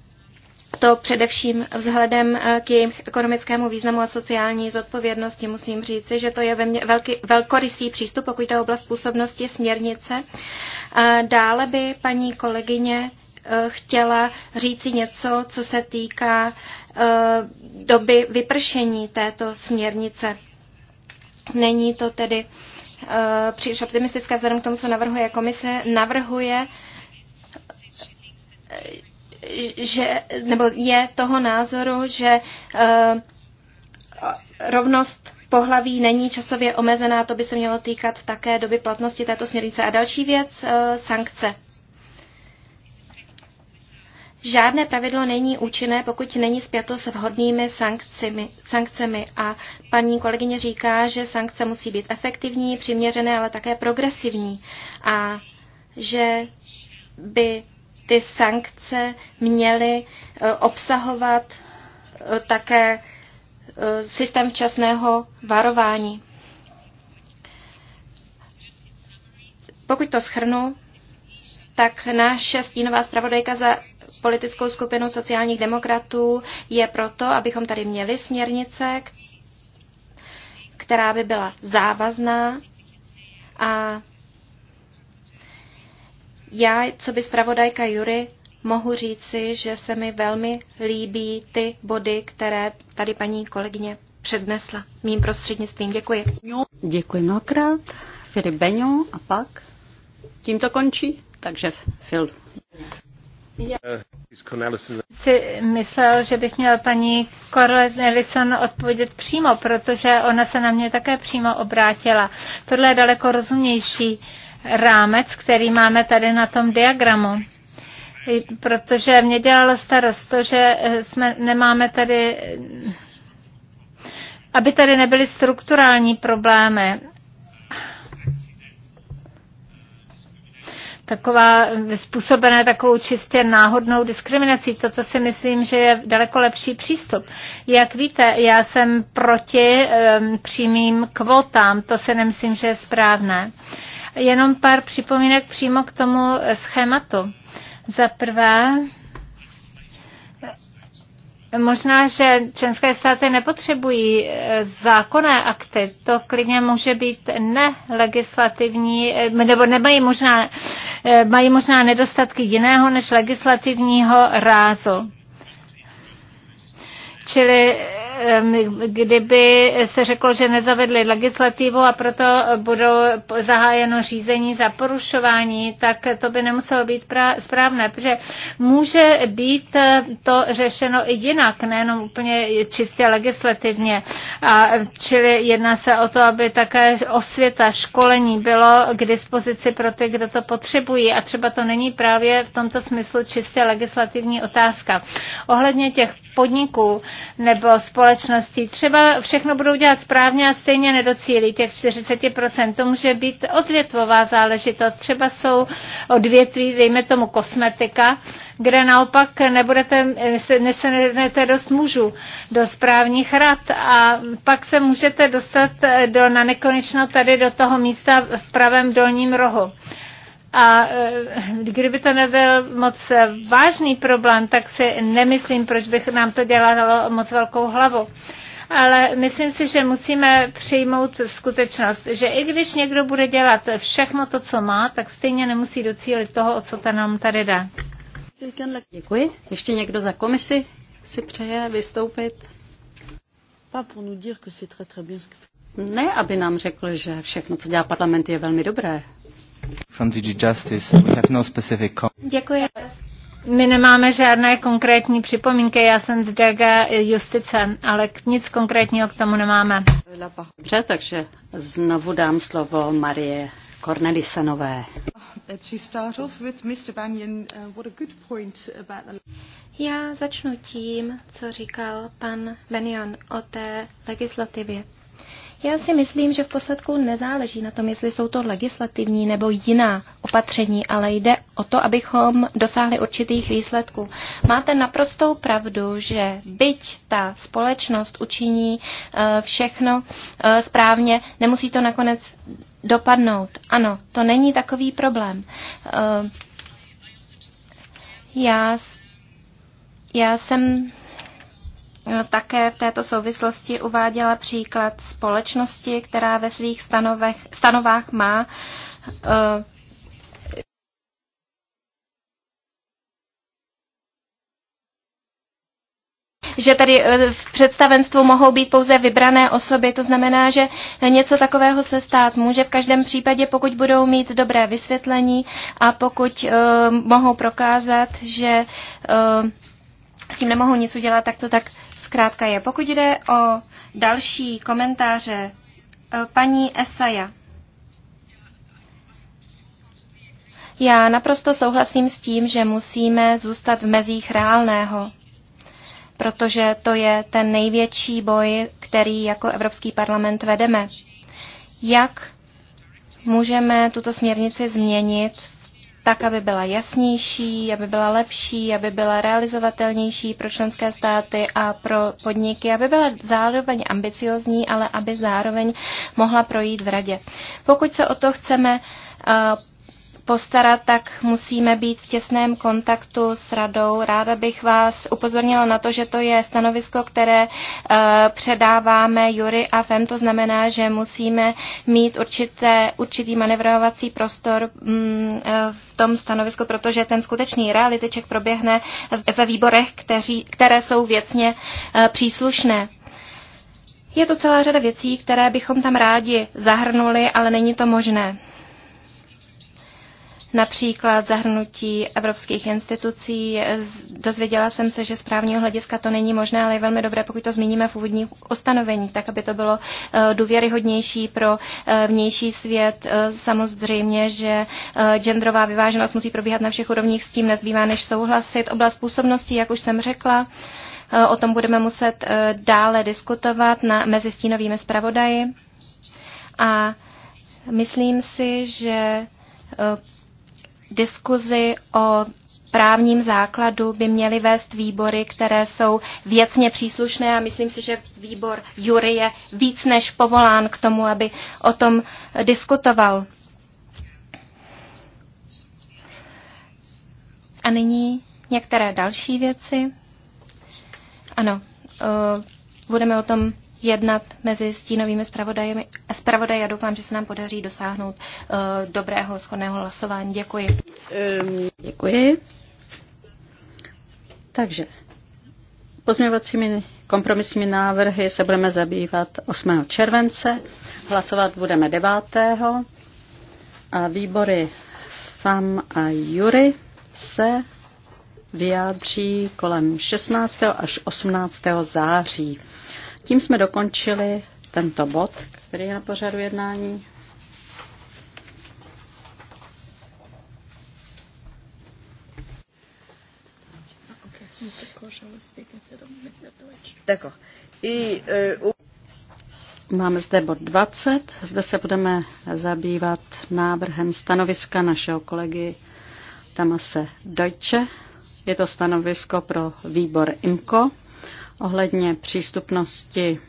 to především vzhledem eh, k jejich ekonomickému významu a sociální zodpovědnosti musím říci, že to je ve mně velký, velkorysý přístup, pokud jde o oblast působnosti směrnice. Eh, dále by paní kolegyně eh, chtěla říci něco, co se týká doby vypršení této směrnice. Není to tedy příliš optimistické vzhledem k tomu, co navrhuje komise. Navrhuje že, nebo je toho názoru, že eh, rovnost pohlaví není časově omezená, to by se mělo týkat také doby platnosti této směrnice. A další věc, eh, sankce. Žádné pravidlo není účinné, pokud není spjato s vhodnými sankcemi, sankcemi. A paní kolegyně říká, že sankce musí být efektivní, přiměřené, ale také progresivní. A že by ty sankce měly e, obsahovat e, také e, systém včasného varování. Pokud to schrnu, tak naše stínová zpravodajka za politickou skupinu sociálních demokratů je proto, abychom tady měli směrnice, která by byla závazná a já, co by zpravodajka Jury, mohu říci, že se mi velmi líbí ty body, které tady paní kolegyně přednesla. Mým prostřednictvím děkuji. Děkuji mnohokrát. Filip Beňo a pak tím to končí, takže Fil. Já eh, si myslel, že bych měl paní Cornelison odpovědět přímo, protože ona se na mě také přímo obrátila. Tohle je daleko rozumnější rámec, který máme tady na tom diagramu. Protože mě dělalo starost to, že eh, jsme, nemáme tady, aby tady nebyly strukturální problémy. taková eh, způsobené takovou čistě náhodnou diskriminací. Toto si myslím, že je daleko lepší přístup. Jak víte, já jsem proti um, přímým kvotám, to si nemyslím, že je správné. Uh, Jenom pár připomínek přímo k tomu schématu. Za prvé, Možná, že členské státy nepotřebují eh, zákonné akty. To klidně může být nelegislativní, eh, nebo nemají možná, eh, mají možná nedostatky jiného než legislativního rázu. Čili kdyby se řeklo, že nezavedli legislativu a proto budou zahájeno řízení za porušování, tak to by nemuselo být správné, protože může být to řešeno i jinak, nejenom úplně čistě legislativně. A, čili jedná se o to, aby také osvěta, školení bylo k dispozici pro ty, kdo to potřebují. A třeba to není právě v tomto smyslu čistě legislativní otázka. Ohledně těch podniků nebo společností. Třeba všechno budou dělat správně a stejně nedocílí těch 40%. To může být odvětvová záležitost. Třeba jsou odvětví, dejme tomu kosmetika, kde naopak nebudete, nesenete dost mužů do správních rad a pak se můžete dostat do, na nekonečno tady do toho místa v pravém dolním rohu. A eh, kdyby to nebyl moc vážný problém, tak si nemyslím, proč bych nám to dělalo moc velkou hlavu ale myslím si, že musíme přijmout skutečnost, že i když někdo bude dělat všechno to, co má, tak stejně nemusí docílit toho, o co ta nám tady jde. Děkuji. Ještě někdo za komisi si přeje vystoupit? Ne, aby nám řekl, že všechno, co dělá parlament, je velmi dobré. From DG Justice, we have no specific... Děkuji. My nemáme žádné konkrétní připomínky, já jsem z DG Justice, ale nic konkrétního k tomu nemáme. Dobře, takže znovu dám slovo Marie Cornelisenové. Já začnu tím, co říkal pan Benyon o té legislativě. Já si myslím, že v posledku nezáleží na tom, jestli jsou to legislativní nebo jiná opatření, ale jde o to, abychom dosáhli určitých výsledků. Máte naprostou pravdu, že byť ta společnost učiní eh, všechno eh, správně, nemusí to nakonec dopadnout. Ano, to není takový problém. Eh, já, já jsem také v této souvislosti uváděla příklad společnosti, která ve svých stanovech, stanovách má eh, že tady eh, v představenstvu mohou být pouze vybrané osoby. To znamená, že něco takového se stát může v každém případě, pokud budou mít dobré vysvětlení a pokud uh, mohou prokázat, že uh, s tím nemohou nic udělat, tak to tak zkrátka je. Pokud jde o další komentáře eh, paní Esaja. Já naprosto souhlasím s tím, že musíme zůstat v mezích reálného, protože to je ten největší boj, který jako Evropský parlament vedeme. Jak můžeme tuto směrnici změnit v tak, aby byla jasnější, aby byla lepší, aby byla realizovatelnější pro členské státy a pro podniky, aby byla zároveň ambiciozní, ale aby zároveň mohla projít v radě. Pokud se o to chceme eh, postarat, tak musíme být v těsném kontaktu s radou. Ráda bych vás upozornila na to, že to je stanovisko, které eh, předáváme Jury a FEM, to znamená, že musíme mít určité, určitý manevrovací prostor mm, eh, v tom stanovisku, protože ten skutečný realityček proběhne ve výborech, kteří, které jsou věcně eh, příslušné. Je to celá řada věcí, které bychom tam rádi zahrnuli, ale není to možné například zahrnutí evropských institucí. Dozvěděla jsem se, že z právního hlediska to není možné, ale je velmi dobré, pokud to zmíníme v úvodních ustanovení, tak aby to bylo eh, důvěryhodnější pro eh, vnější svět. Eh, samozřejmě, že genderová vyváženost musí probíhat na všech úrovních, s tím nezbývá než souhlasit. Oblast působnosti, jak už jsem řekla, O tom budeme muset dále diskutovat na, mezi stínovými zpravodaji. A myslím si, že Diskuzi o právním základu by měly vést výbory, které jsou věcně příslušné a myslím si, že výbor Jury je víc než povolán k tomu, aby o tom diskutoval. A nyní některé další věci. Ano, eh, budeme o tom jednat mezi stínovými zpravodaji a doufám, že se nám podaří dosáhnout uh, dobrého schodného hlasování. Děkuji. Ehm. Děkuji. Takže pozměňovacími kompromisními návrhy se budeme zabývat 8. července, hlasovat budeme 9. a výbory FAM a JURY se vyjádří kolem 16. až 18. září. Tím jsme dokončili tento bod, který je na pořadu jednání. E, Máme zde bod 20. Zde se budeme zabývat návrhem stanoviska našeho kolegy Tamase Deutsche. Je to stanovisko pro výbor IMCO ohledně přístupnosti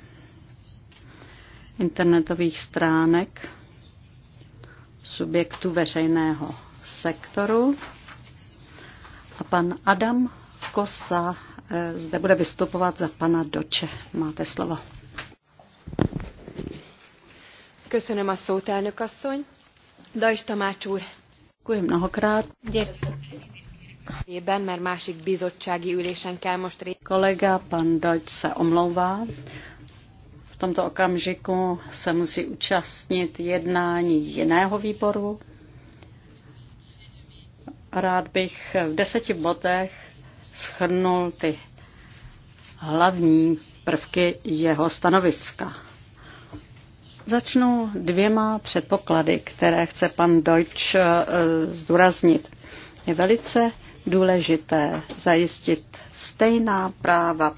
internetových stránek subjektu veřejného sektoru. A pan Adam Kosa eh, zde bude vystupovat za pana Doče. Máte slovo. Köszönöm a szót, elnök asszony. Dajs Tamács úr. Köszönöm mnohokrát. Děkuji. Kolega pan Deutsch se omlouvá. V tomto okamžiku se musí účastnit jednání jiného výboru. Rád bych v deseti bodech schrnul ty hlavní prvky jeho stanoviska. Začnu dvěma předpoklady, které chce pan Deutsch eh, zdůraznit. Je velice důležité zajistit stejná práva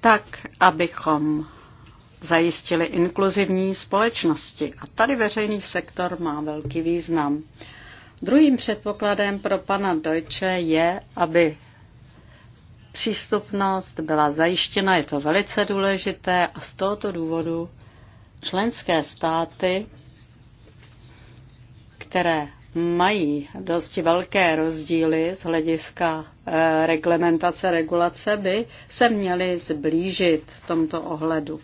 tak, abychom zajistili inkluzivní společnosti. A tady veřejný sektor má velký význam. Druhým předpokladem pro pana Deutsche je, aby přístupnost byla zajištěna, je to velice důležité a z tohoto důvodu členské státy, které mají dosti velké rozdíly z hlediska eh, reglementace, regulace, by se měly zblížit v tomto ohledu.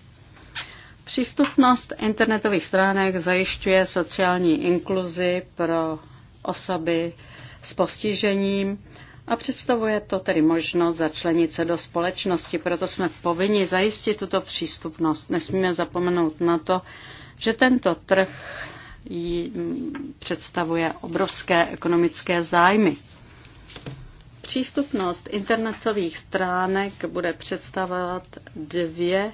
Přístupnost internetových stránek zajišťuje sociální inkluzi pro osoby s postižením a představuje to tedy možnost začlenit se do společnosti. Proto jsme povinni zajistit tuto přístupnost. Nesmíme zapomenout na to, že tento trh Mm, představuje obrovské ekonomické zájmy. Přístupnost internetových stránek bude představovat 2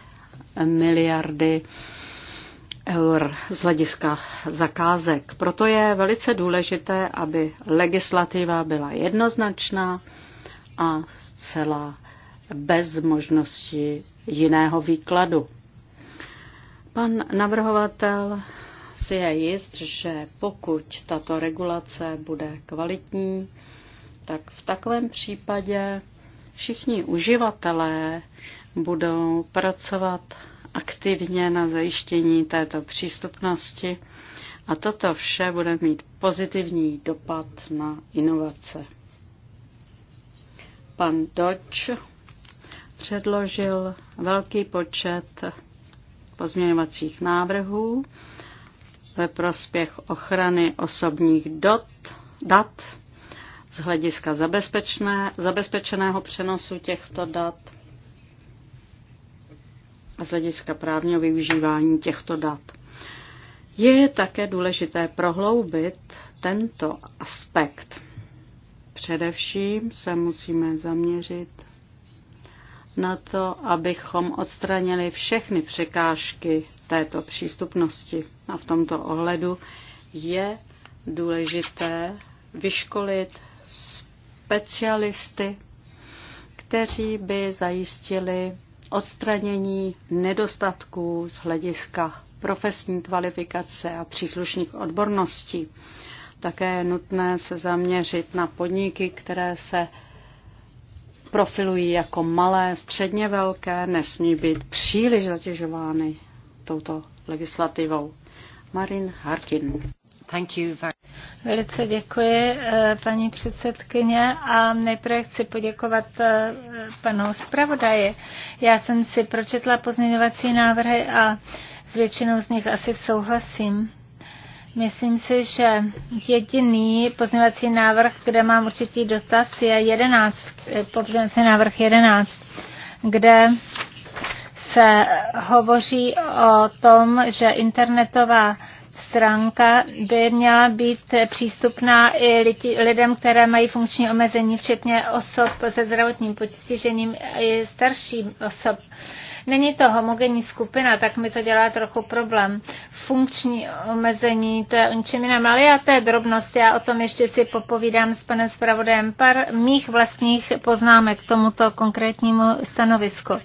miliardy eur z hlediska zakázek. Proto je velice důležité, aby legislativa byla jednoznačná a zcela bez možnosti jiného výkladu. Pan navrhovatel si je jist, že pokud tato regulace bude kvalitní, tak v takovém případě všichni uživatelé budou pracovat aktivně na zajištění této přístupnosti a toto vše bude mít pozitivní dopad na inovace. Pan Dodge předložil velký počet pozměňovacích návrhů ve prospěch ochrany osobních dot, dat z hlediska zabezpečné, zabezpečeného přenosu těchto dat a z hlediska právního využívání těchto dat. Je také důležité prohloubit tento aspekt. Především se musíme zaměřit na to, abychom odstranili všechny překážky této přístupnosti. A v tomto ohledu je důležité vyškolit specialisty, kteří by zajistili odstranění nedostatků z hlediska profesní kvalifikace a příslušných odborností. Také je nutné se zaměřit na podniky, které se profilují jako malé, středně velké, nesmí být příliš zatěžovány touto legislativou. Marin Harkin. Thank you very... Velice děkuji, eh, paní předsedkyně, a nejprve chci poděkovat eh, panu zpravodaji. Já jsem si pročetla pozměňovací návrhy a s většinou z nich asi souhlasím. Myslím si, že jediný pozměňovací návrh, kde mám určitý dotaz, je 11, eh, pozměňovací návrh 11, kde se hovoří o tom, že internetová stránka by měla být přístupná i lidi, lidem, které mají funkční omezení, včetně osob se zdravotním postižením i starším osob. Není to homogenní skupina, tak mi to dělá trochu problém. Funkční omezení, to je o ničem jiném, ale já to je drobnost, já o tom ještě si popovídám s panem zpravodajem pár mých vlastních poznámek k tomuto konkrétnímu stanovisku. Uh,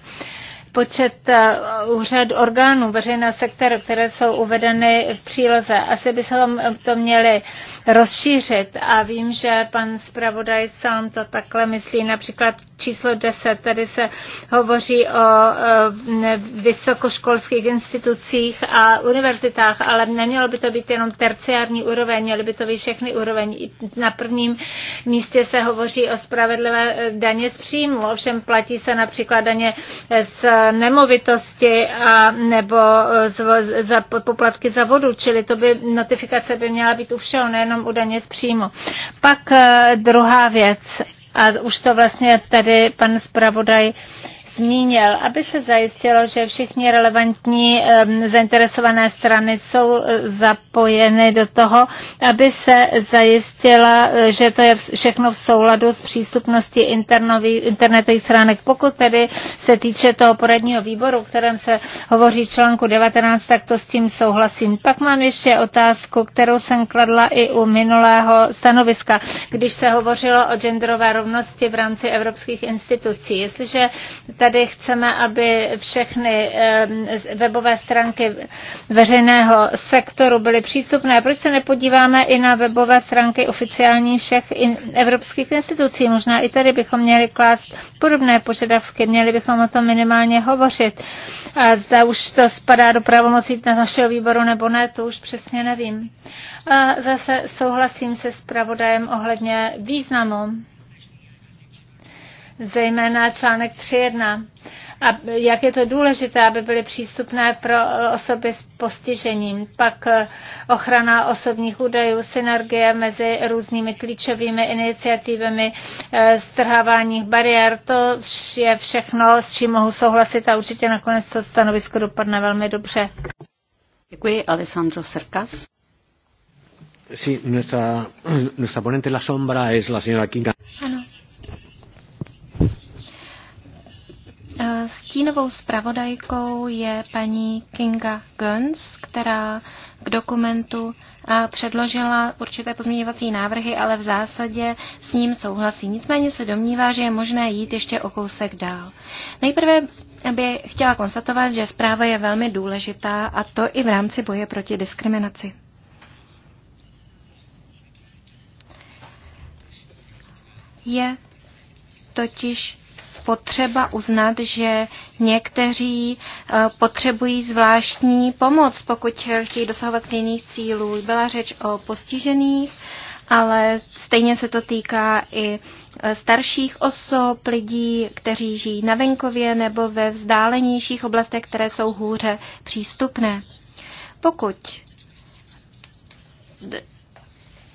počet eh, úřad orgánů veřejného sektoru, které jsou uvedeny v příloze. Asi bychom to měli rozšířit. A vím, že pan zpravodaj sám to takhle myslí. Například číslo 10, tady se hovoří o e, vysokoškolských institucích a univerzitách, ale nemělo by to být jenom terciární úroveň, měly by to být všechny úroveň. Na prvním místě se hovoří o spravedlivé e, daně z příjmu, ovšem platí se například daně z nemovitosti a nebo z, za poplatky za vodu, čili to by notifikace by měla být u všeho, nejenom jenom u daně z příjmu. Pak eh, druhá věc, a už to vlastně tady pan zpravodaj zmínil, aby se zajistilo, že všichni relevantní zainteresované strany jsou e, zapojeny do toho, aby se zajistila, e, že to je všechno v souladu s přístupností internetových stránek. Pokud tedy se týče toho poradního výboru, kterém se hovoří v článku 19, tak to s tím souhlasím. Pak mám ještě otázku, kterou jsem kladla i u minulého stanoviska, když se hovořilo o genderové rovnosti v rámci evropských institucí. Jestliže ta tady chceme, aby všechny webové stránky veřejného sektoru byly přístupné. Proč se nepodíváme i na webové stránky oficiální všech evropských institucí? Možná i tady bychom měli klást podobné požadavky, měli bychom o tom minimálně hovořit. A zda už to spadá do pravomocí na našeho výboru nebo ne, to už přesně nevím. A zase souhlasím se s pravodajem ohledně významu zejména článek 3.1 a jak je to důležité, aby byly přístupné pro e, osoby s postižením. Pak e, ochrana osobních údajů, synergie mezi různými klíčovými iniciativami, e, strhávání bariér, to je všechno, s čím mohu souhlasit a určitě nakonec to stanovisko dopadne velmi dobře. Děkuji, Alessandro Serkas. Sí, nuestra, nuestra ponente la sombra es la señora Quinta. Ano. Eh, stínovou zpravodajkou je paní Kinga Guns, která k dokumentu eh, předložila určité pozměňovací návrhy, ale v zásadě s ním souhlasí. Nicméně se domnívá, že je možné jít ještě o kousek dál. Nejprve by chtěla konstatovat, že zpráva je velmi důležitá a to i v rámci boje proti diskriminaci. Je totiž potřeba uznat, že někteří eh, potřebují zvláštní pomoc, pokud chtějí dosahovat stejných cílů. Byla řeč o postižených, ale stejně se to týká i eh, starších osob, lidí, kteří žijí na venkově nebo ve vzdálenějších oblastech, které jsou hůře přístupné. Pokud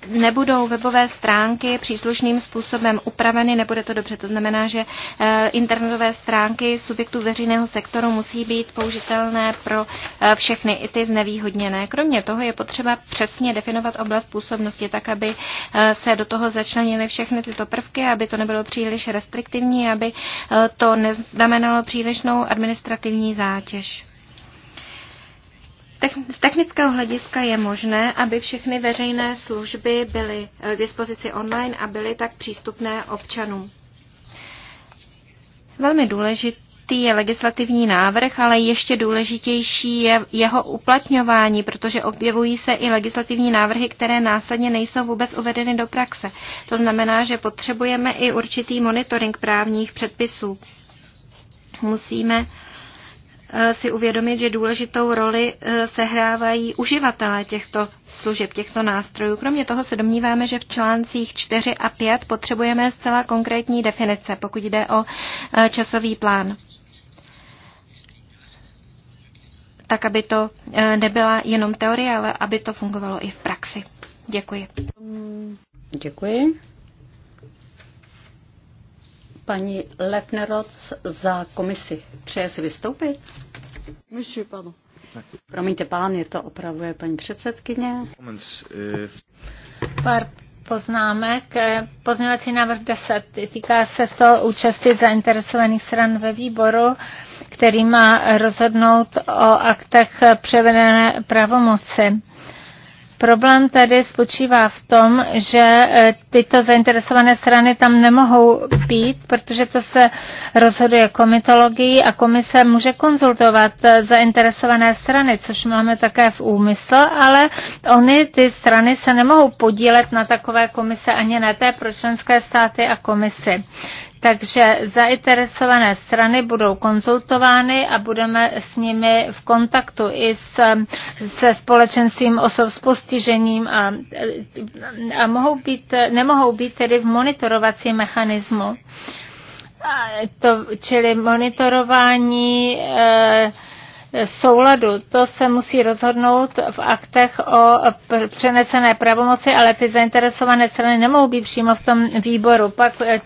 nebudou webové stránky příslušným způsobem upraveny, nebude to dobře. To znamená, že eh, internetové stránky subjektů veřejného sektoru musí být použitelné pro eh, všechny i ty znevýhodněné. Kromě toho je potřeba přesně definovat oblast působnosti tak, aby eh, se do toho začlenily všechny tyto prvky, aby to nebylo příliš restriktivní, aby to neznamenalo přílišnou administrativní zátěž. Z technického hlediska je možné, aby všechny veřejné služby byly eh, k dispozici online a byly tak přístupné občanům. Velmi důležitý je legislativní návrh, ale ještě důležitější je jeho uplatňování, protože objevují se i legislativní návrhy, které následně nejsou vůbec uvedeny do praxe. To znamená, že potřebujeme i určitý monitoring právních předpisů. Musíme si uvědomit, že důležitou roli e, sehrávají uživatelé těchto služeb, těchto nástrojů. Kromě toho se domníváme, že v článcích 4 a 5 potřebujeme zcela konkrétní definice, pokud jde o e, časový plán. Tak, aby to e, nebyla jenom teorie, ale aby to fungovalo i v praxi. Děkuji. Děkuji. Paní Lefneroc za komisi. Přeje si vystoupit? Monsieur, pardon. Promiňte, pán, je to opravuje paní předsedkyně. Eh, Pár poznámek. Poznávací návrh 10 týká se to účasti zainteresovaných stran ve výboru, který má rozhodnout o aktech převedené pravomoci. Problém tedy spočívá v tom, že e, tyto zainteresované strany tam nemohou být, protože to se rozhoduje komitologií a komise může konzultovat e, zainteresované strany, což máme také v úmysl, ale oni, ty strany, se nemohou podílet na takové komise ani na té pro členské státy a komisi. Takže zainteresované strany budou konzultovány a budeme s nimi v kontaktu i s, se společenstvím osob s postižením a, a mohou být, nemohou být tedy v monitorovacím mechanismu. To, čili monitorování e, souladu. To se musí rozhodnout v aktech o přenesené pravomoci, ale ty zainteresované strany nemohou být přímo v tom výboru. Pak eh,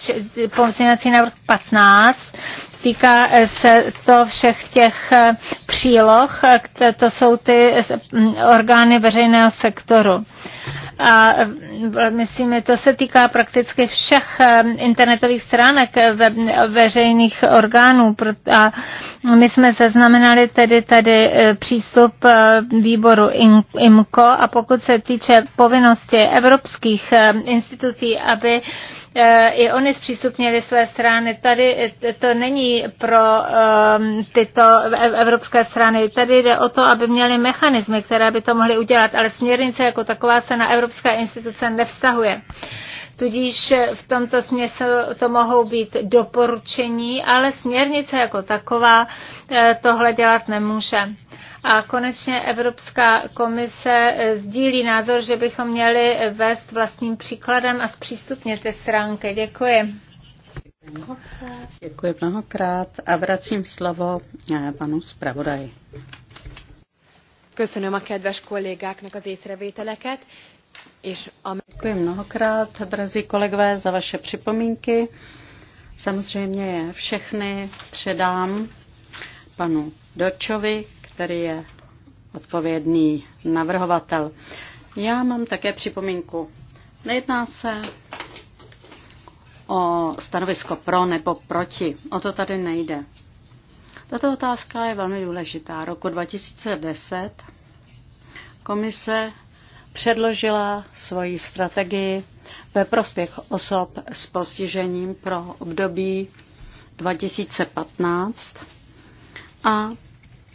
pozměňovací návrh 15 týká eh, se to všech těch eh, příloh, to jsou ty orgány veřejného sektoru. A myslím, to se týká prakticky všech internetových stránek eh, ve, veřejných orgánů. A my jsme zaznamenali tedy tady eh, přístup eh, výboru IMCO a pokud se týče povinnosti evropských institucí, aby Eh, i oni zpřístupnili své strany. Tady eh, to není pro ehm, tyto evropské strany. Tady jde o to, aby měli mechanismy, které by to mohly udělat, ale směrnice jako taková se na evropské instituce nevztahuje. Tudíž v tomto směsu to mohou být doporučení, ale směrnice jako taková eh, tohle dělat nemůže. A konečně Evropská komise sdílí názor, že bychom měli vést vlastním příkladem a zpřístupnit ty stránky. Děkuji. Děkuji mnohokrát a vracím slovo eh, panu zpravodaji. Köszönöm a kedves kollégáknak az észrevételeket. És a... Děkuji mnohokrát, drazí kolegové, za vaše připomínky. Samozřejmě je všechny předám panu Dočovi, který je odpovědný navrhovatel. Já mám také připomínku. Nejedná se o stanovisko pro nebo proti. O to tady nejde. Tato otázka je velmi důležitá. Roku 2010 komise předložila svoji strategii ve prospěch osob s postižením pro období 2015 a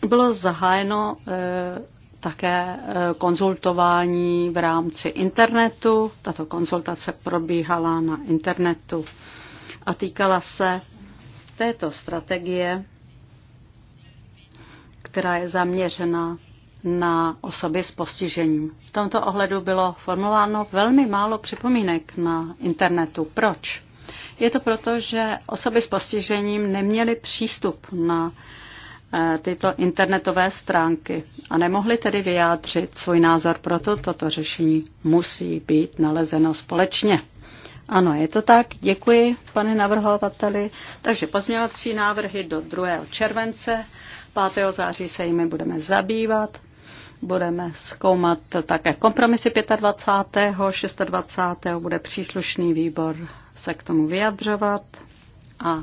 bylo zahájeno eh, také eh, konzultování v rámci internetu. Tato konzultace probíhala na internetu a týkala se této strategie, která je zaměřena na osoby s postižením. V tomto ohledu bylo formulováno velmi málo připomínek na internetu. Proč? Je to proto, že osoby s postižením neměly přístup na Eh, tyto internetové stránky a nemohli tedy vyjádřit svůj názor, proto toto řešení musí být nalezeno společně. Ano, je to tak. Děkuji, pane navrhovateli. Takže pozměňovací návrhy do 2. července. 5. září se jimi budeme zabývat. Budeme zkoumat také kompromisy 25. 26. bude příslušný výbor se k tomu vyjadřovat a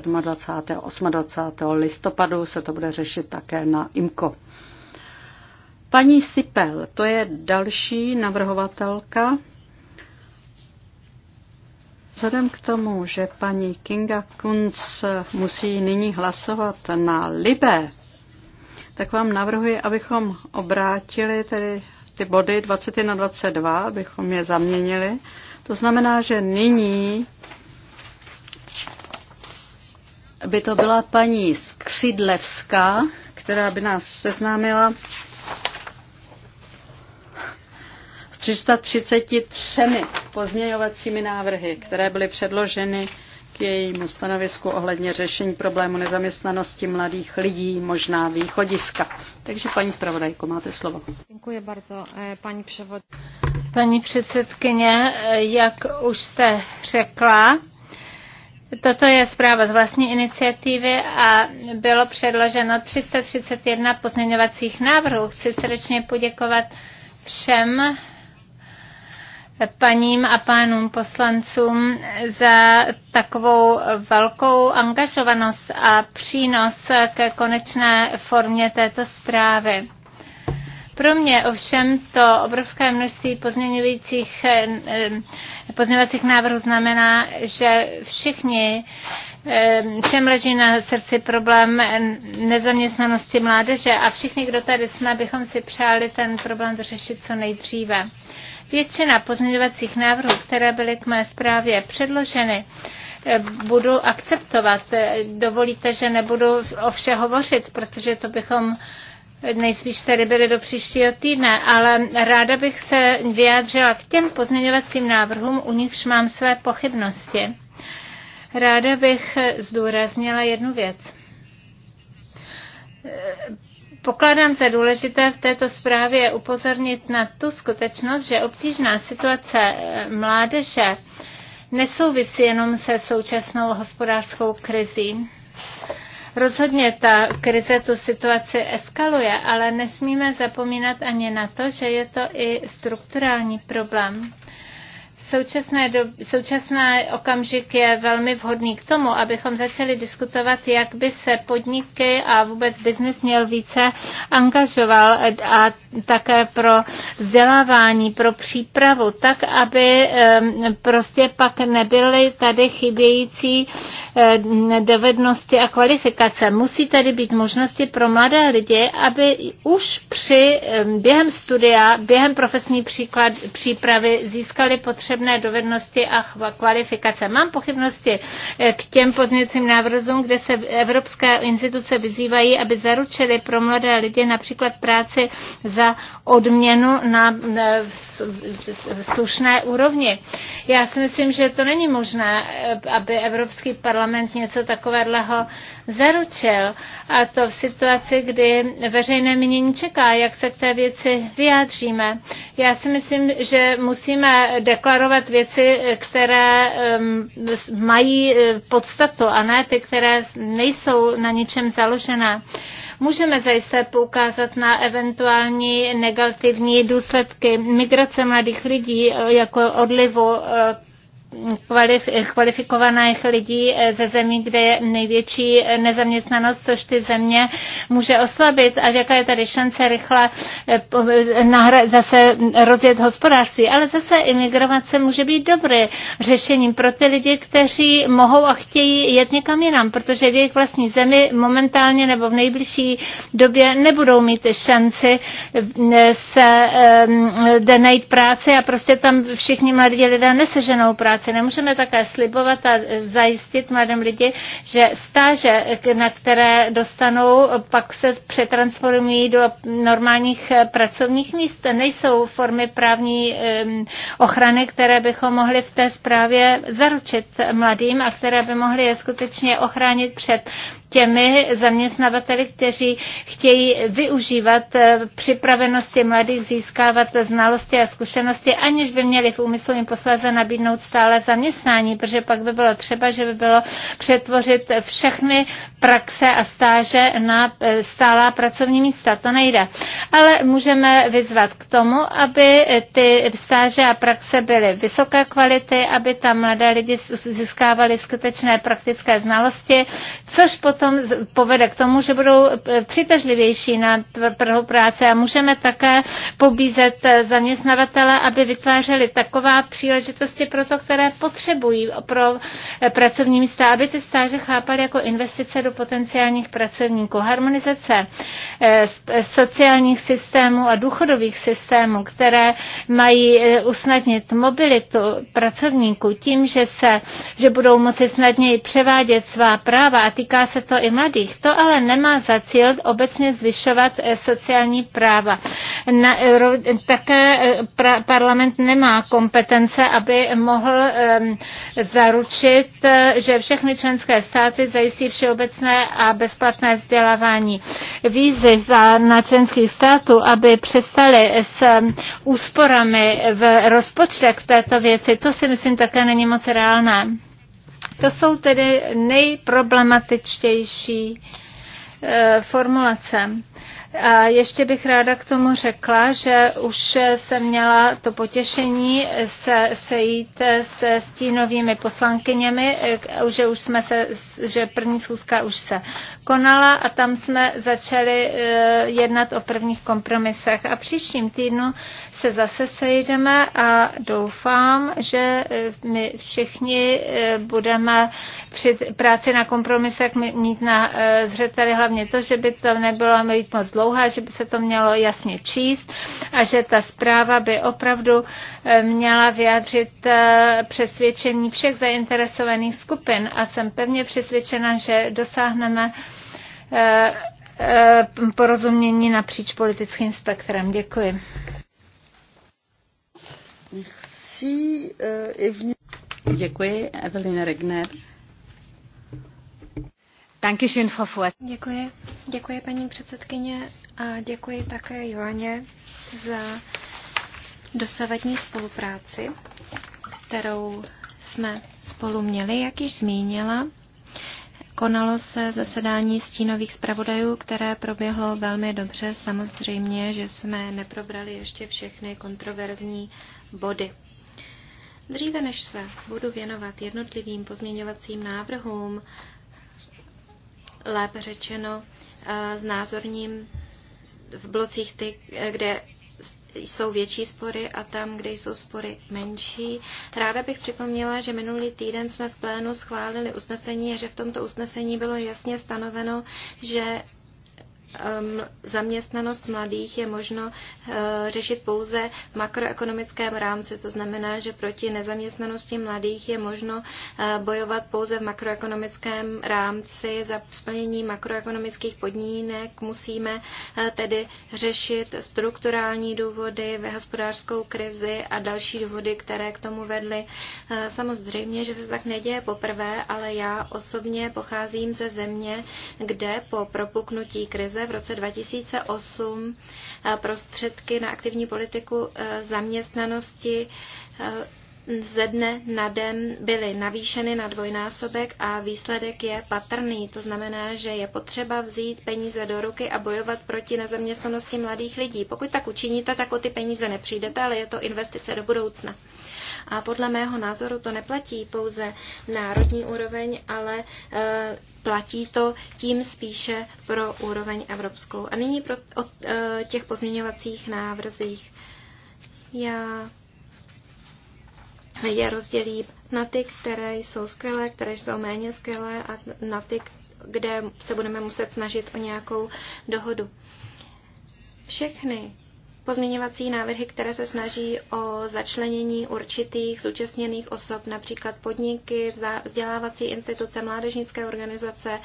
27. 28. listopadu se to bude řešit také na IMCO. Paní Sipel, to je další navrhovatelka. Vzhledem k tomu, že paní Kinga Kunz musí nyní hlasovat na Libé, tak vám navrhuji, abychom obrátili tedy ty body 21 na 22, abychom je zaměnili. To znamená, že nyní by to byla paní Skřidlevská, která by nás seznámila s 333 pozměňovacími návrhy, které byly předloženy k jejímu stanovisku ohledně řešení problému nezaměstnanosti mladých lidí, možná východiska. Takže paní zpravodajko, máte slovo. Děkuji bardzo, eh, paní převod. Paní předsedkyně, eh, jak už jste řekla, Toto je zpráva z vlastní iniciativy a bylo předloženo 331 pozměňovacích návrhů. Chci srdečně poděkovat všem paním a pánům poslancům za takovou velkou angažovanost a přínos ke konečné formě této zprávy. Pro mě ovšem to obrovské množství pozměňovacích, eh, eh, pozměňovacích návrhů znamená, že všichni eh, všem leží na srdci problém nezaměstnanosti mládeže a všichni, kdo tady jsme, bychom si přáli ten problém řešit co nejdříve. Většina pozměňovacích návrhů, které byly k mé zprávě předloženy, budu akceptovat. Dovolíte, že nebudu o vše hovořit, protože to bychom nejspíš tady byly do příštího týdne, ale ráda bych se vyjádřila k těm pozměňovacím návrhům, u nichž mám své pochybnosti. Ráda bych zdůraznila jednu věc. Pokládám za důležité v této zprávě upozornit na tu skutečnost, že obtížná situace mládeže nesouvisí jenom se současnou hospodářskou krizí, Rozhodně ta krize tu situaci eskaluje, ale nesmíme zapomínat ani na to, že je to i strukturální problém. Současné do, současný okamžik je velmi vhodný k tomu, abychom začali diskutovat, jak by se podniky a vůbec biznis měl více angažoval a také pro vzdělávání, pro přípravu, tak, aby um, prostě pak nebyly tady chybějící dovednosti a kvalifikace. Musí tady být možnosti pro mladé lidi, aby už při během studia, během profesní příklad, přípravy získali potřebné dovednosti a kvalifikace. Mám pochybnosti eh, k těm podněcím návrhům, kde se evropské instituce vyzývají, aby zaručili pro mladé lidi například práci za odměnu na eh, slušné úrovni. Já si myslím, že to není možné, eh, aby Evropský parlament parlament něco takového zaručil. A to v situaci, kdy veřejné mínění čeká, jak se k té věci vyjádříme. Já si myslím, že musíme deklarovat věci, které mají eh, podstatu a ne ty, které nejsou na ničem založené můžeme zajisté poukázat na eventuální negativní důsledky migrace mladých lidí eh, jako odlivu eh, kvalifikovaných lidí eh, ze zemí, kde je největší eh, nezaměstnanost, což ty země může oslabit a jaká je tady šance rychle eh, zase rozjet hospodářství. Ale zase imigrace může být dobré řešením pro ty lidi, kteří mohou a chtějí jet někam jinam, protože v jejich vlastní zemi momentálně nebo v nejbližší době nebudou mít šanci se najít práci a prostě tam všichni mladí lidé neseženou práci práci. Nemůžeme také slibovat a zajistit mladým lidi, že stáže, na které dostanou, pak se přetransformují do normálních pracovních míst. Nejsou formy právní ochrany, které bychom mohli v té zprávě zaručit mladým a které by mohly je skutečně ochránit před těmi zaměstnavateli, kteří chtějí využívat eh, připravenosti mladých získávat znalosti a zkušenosti, aniž by měli v úmyslu jim posléze nabídnout stále zaměstnání, protože pak by bylo třeba, že by bylo přetvořit všechny praxe a stáže na eh, stálá pracovní místa. To nejde. Ale můžeme vyzvat k tomu, aby ty stáže a praxe byly vysoké kvality, aby tam mladé lidi získávali skutečné praktické znalosti, což potom potom povede k tomu, že budou eh, přitažlivější na trhu práce a můžeme také pobízet eh, zaměstnavatele, aby vytvářeli taková příležitosti pro to, které potřebují pro eh, pracovní místa, aby ty stáže chápali jako investice do potenciálních pracovníků. Harmonizace sociálních systémů a důchodových systémů, které mají usnadnit mobilitu pracovníků tím, že, se, že budou moci snadněji převádět svá práva a týká se to to i mladých. To ale nemá za cíl obecně zvyšovat eh, sociální práva. Na, eh, také eh, pra, parlament nemá kompetence, aby mohl um, zaručit, že všechny členské státy zajistí všeobecné a bezplatné vzdělávání. Výzvy za, na členských států, aby přestali s ehm, úsporami v rozpočtech v této věci, to si myslím také není moc reálné. To jsou tedy nejproblematičtější eh, formulace. A ještě bych ráda k tomu řekla, že už jsem měla to potěšení se sejít se stínovými poslankyněmi, eh, že už jsme se, že první schůzka už se konala a tam jsme začali eh, jednat o prvních kompromisech. A příštím týdnu se zase sejdeme a doufám, že e, my všichni e, budeme při práci na kompromisech mít na e, zřeteli hlavně to, že by to nebylo mít moc dlouhé, že by se to mělo jasně číst a že ta zpráva by opravdu měla vyjádřit přesvědčení všech zainteresovaných skupin a jsem pevně přesvědčena, že dosáhneme porozumění napříč politickým spektrem. Děkuji. Eh, děkuji, Evelina Regner. Frau Děkuji. Děkuji, paní předsedkyně, a děkuji také Joaně za dosavadní spolupráci, kterou jsme spolu měli, jak již zmínila. Konalo se zasedání stínových zpravodajů, které proběhlo velmi dobře. Samozřejmě, že jsme neprobrali ještě všechny kontroverzní body. Dříve než se budu věnovat jednotlivým pozměňovacím návrhům, lépe řečeno eh, názorním v blocích ty, eh, kde jsou větší spory a tam, kde jsou spory menší. Ráda bych připomněla, že minulý týden jsme v plénu schválili usnesení a že v tomto usnesení bylo jasně stanoveno, že Um, zaměstnanost mladých je možno uh, řešit pouze v makroekonomickém rámci. To znamená, že proti nezaměstnanosti mladých je možno uh, bojovat pouze v makroekonomickém rámci. Za splnění makroekonomických podmínek musíme uh, tedy řešit strukturální důvody, hospodářskou krizi a další důvody, které k tomu vedly. Samozřejmě, že se tak neděje poprvé, ale já osobně pocházím ze země, kde po propuknutí krize v roce 2008 eh, prostředky na aktivní politiku eh, zaměstnanosti eh, ze dne na den byly navýšeny na dvojnásobek a výsledek je patrný. To znamená, že je potřeba vzít peníze do ruky a bojovat proti nezaměstnanosti mladých lidí. Pokud tak učiníte, tak o ty peníze nepřijdete, ale je to investice do budoucna. A podle mého názoru to neplatí pouze národní úroveň, ale eh, platí to tím spíše pro úroveň evropskou. A nyní pro, o eh, těch pozměňovacích návrzích. Já je rozdělí na ty, které jsou skvělé, které jsou méně skvělé a na ty, kde se budeme muset snažit o nějakou dohodu. Všechny pozměňovací návrhy, které se snaží o začlenění určitých zúčastněných osob, například podniky, vzdělávací instituce, mládežnické organizace,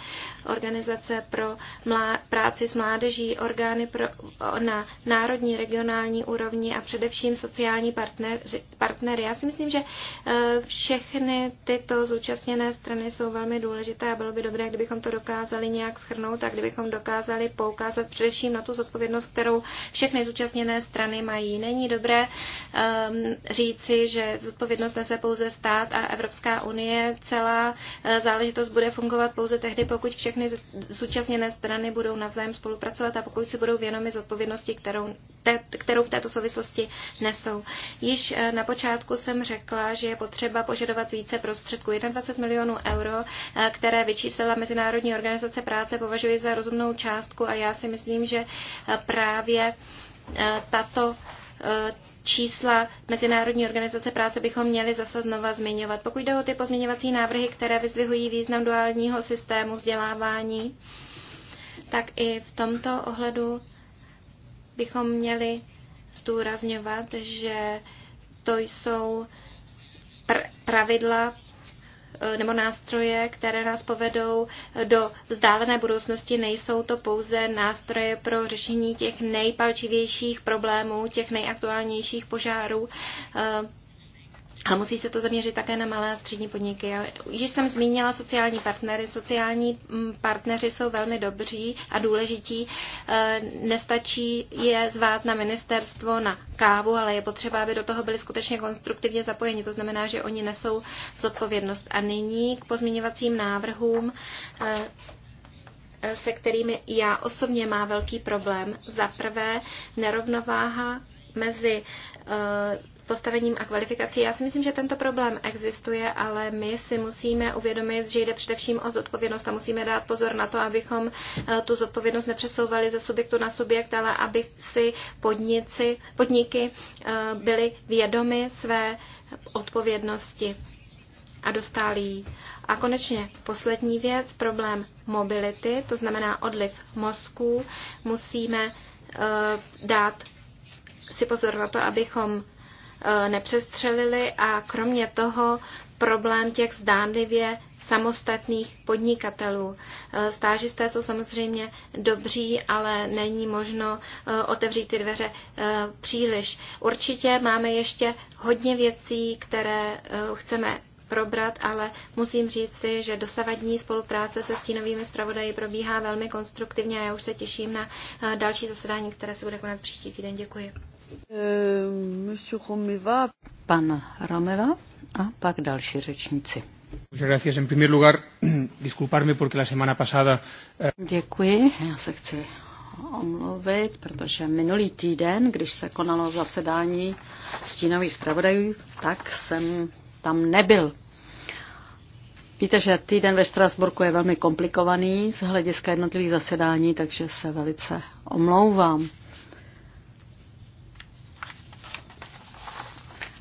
organizace pro mlá, práci s mládeží, orgány pro, na národní, regionální úrovni a především sociální partner, partnery. Já si myslím, že eh, všechny tyto zúčastněné strany jsou velmi důležité a bylo by dobré, kdybychom to dokázali nějak schrnout a kdybychom dokázali poukázat především na tu zodpovědnost, kterou všechny zúčastněné Jedné strany mají. Není dobré um, říci, že zodpovědnost nese pouze stát a Evropská unie. Celá eh, záležitost bude fungovat pouze tehdy, pokud všechny zúčastněné strany budou navzájem spolupracovat a pokud si budou vědomi zodpovědnosti, kterou, te, kterou v této souvislosti nesou. Již eh, na počátku jsem řekla, že je potřeba požadovat více prostředků. 21 milionů euro, eh, které vyčíslila Mezinárodní organizace práce, považuji za rozumnou částku a já si myslím, že právě Eh, tato eh, čísla Mezinárodní organizace práce bychom měli zase znova zmiňovat. Pokud jde o ty pozměňovací návrhy, které vyzdvihují význam duálního systému vzdělávání, tak i v tomto ohledu bychom měli zdůrazňovat, že to jsou pravidla Eh, nebo nástroje, které nás povedou eh, do vzdálené budoucnosti, nejsou to pouze nástroje pro řešení těch nejpalčivějších problémů, těch nejaktuálnějších požárů. Eh, a musí se to zaměřit také na malé a střední podniky. Již jsem zmínila sociální partnery. Sociální mm, partneři jsou velmi dobří a důležití. E, nestačí je zvát na ministerstvo, na kávu, ale je potřeba, aby do toho byli skutečně konstruktivně zapojeni. To znamená, že oni nesou zodpovědnost. A nyní k pozměňovacím návrhům e, e, se kterými já osobně má velký problém. Za prvé nerovnováha mezi postavením a kvalifikací. Já si myslím, že tento problém existuje, ale my si musíme uvědomit, že jde především o zodpovědnost a musíme dát pozor na to, abychom eh, tu zodpovědnost nepřesouvali ze subjektu na subjekt, ale aby si podnici, podniky eh, byly vědomy své odpovědnosti a dostali. jí. A konečně poslední věc, problém mobility, to znamená odliv mozku. Musíme eh, dát si pozor na to, abychom Eh, nepřestřelili a kromě toho problém těch zdánlivě samostatných podnikatelů. Eh, stážisté jsou samozřejmě dobří, ale není možno eh, otevřít ty dveře příliš. Určitě máme ještě hodně věcí, které chceme probrat, ale musím říct si, že dosavadní spolupráce se stínovými zpravodaji probíhá velmi konstruktivně a já už se těším na další zasedání, které se bude konat příští týden. Děkuji. Eh, Pan Romeva a pak další řečníci. Eh, Děkuji, já se chci omluvit, protože minulý týden, když se konalo zasedání stínových zpravodajů, tak jsem tam nebyl. Víte, že týden ve Štrasburku je velmi komplikovaný z hlediska jednotlivých zasedání, takže se velice omlouvám.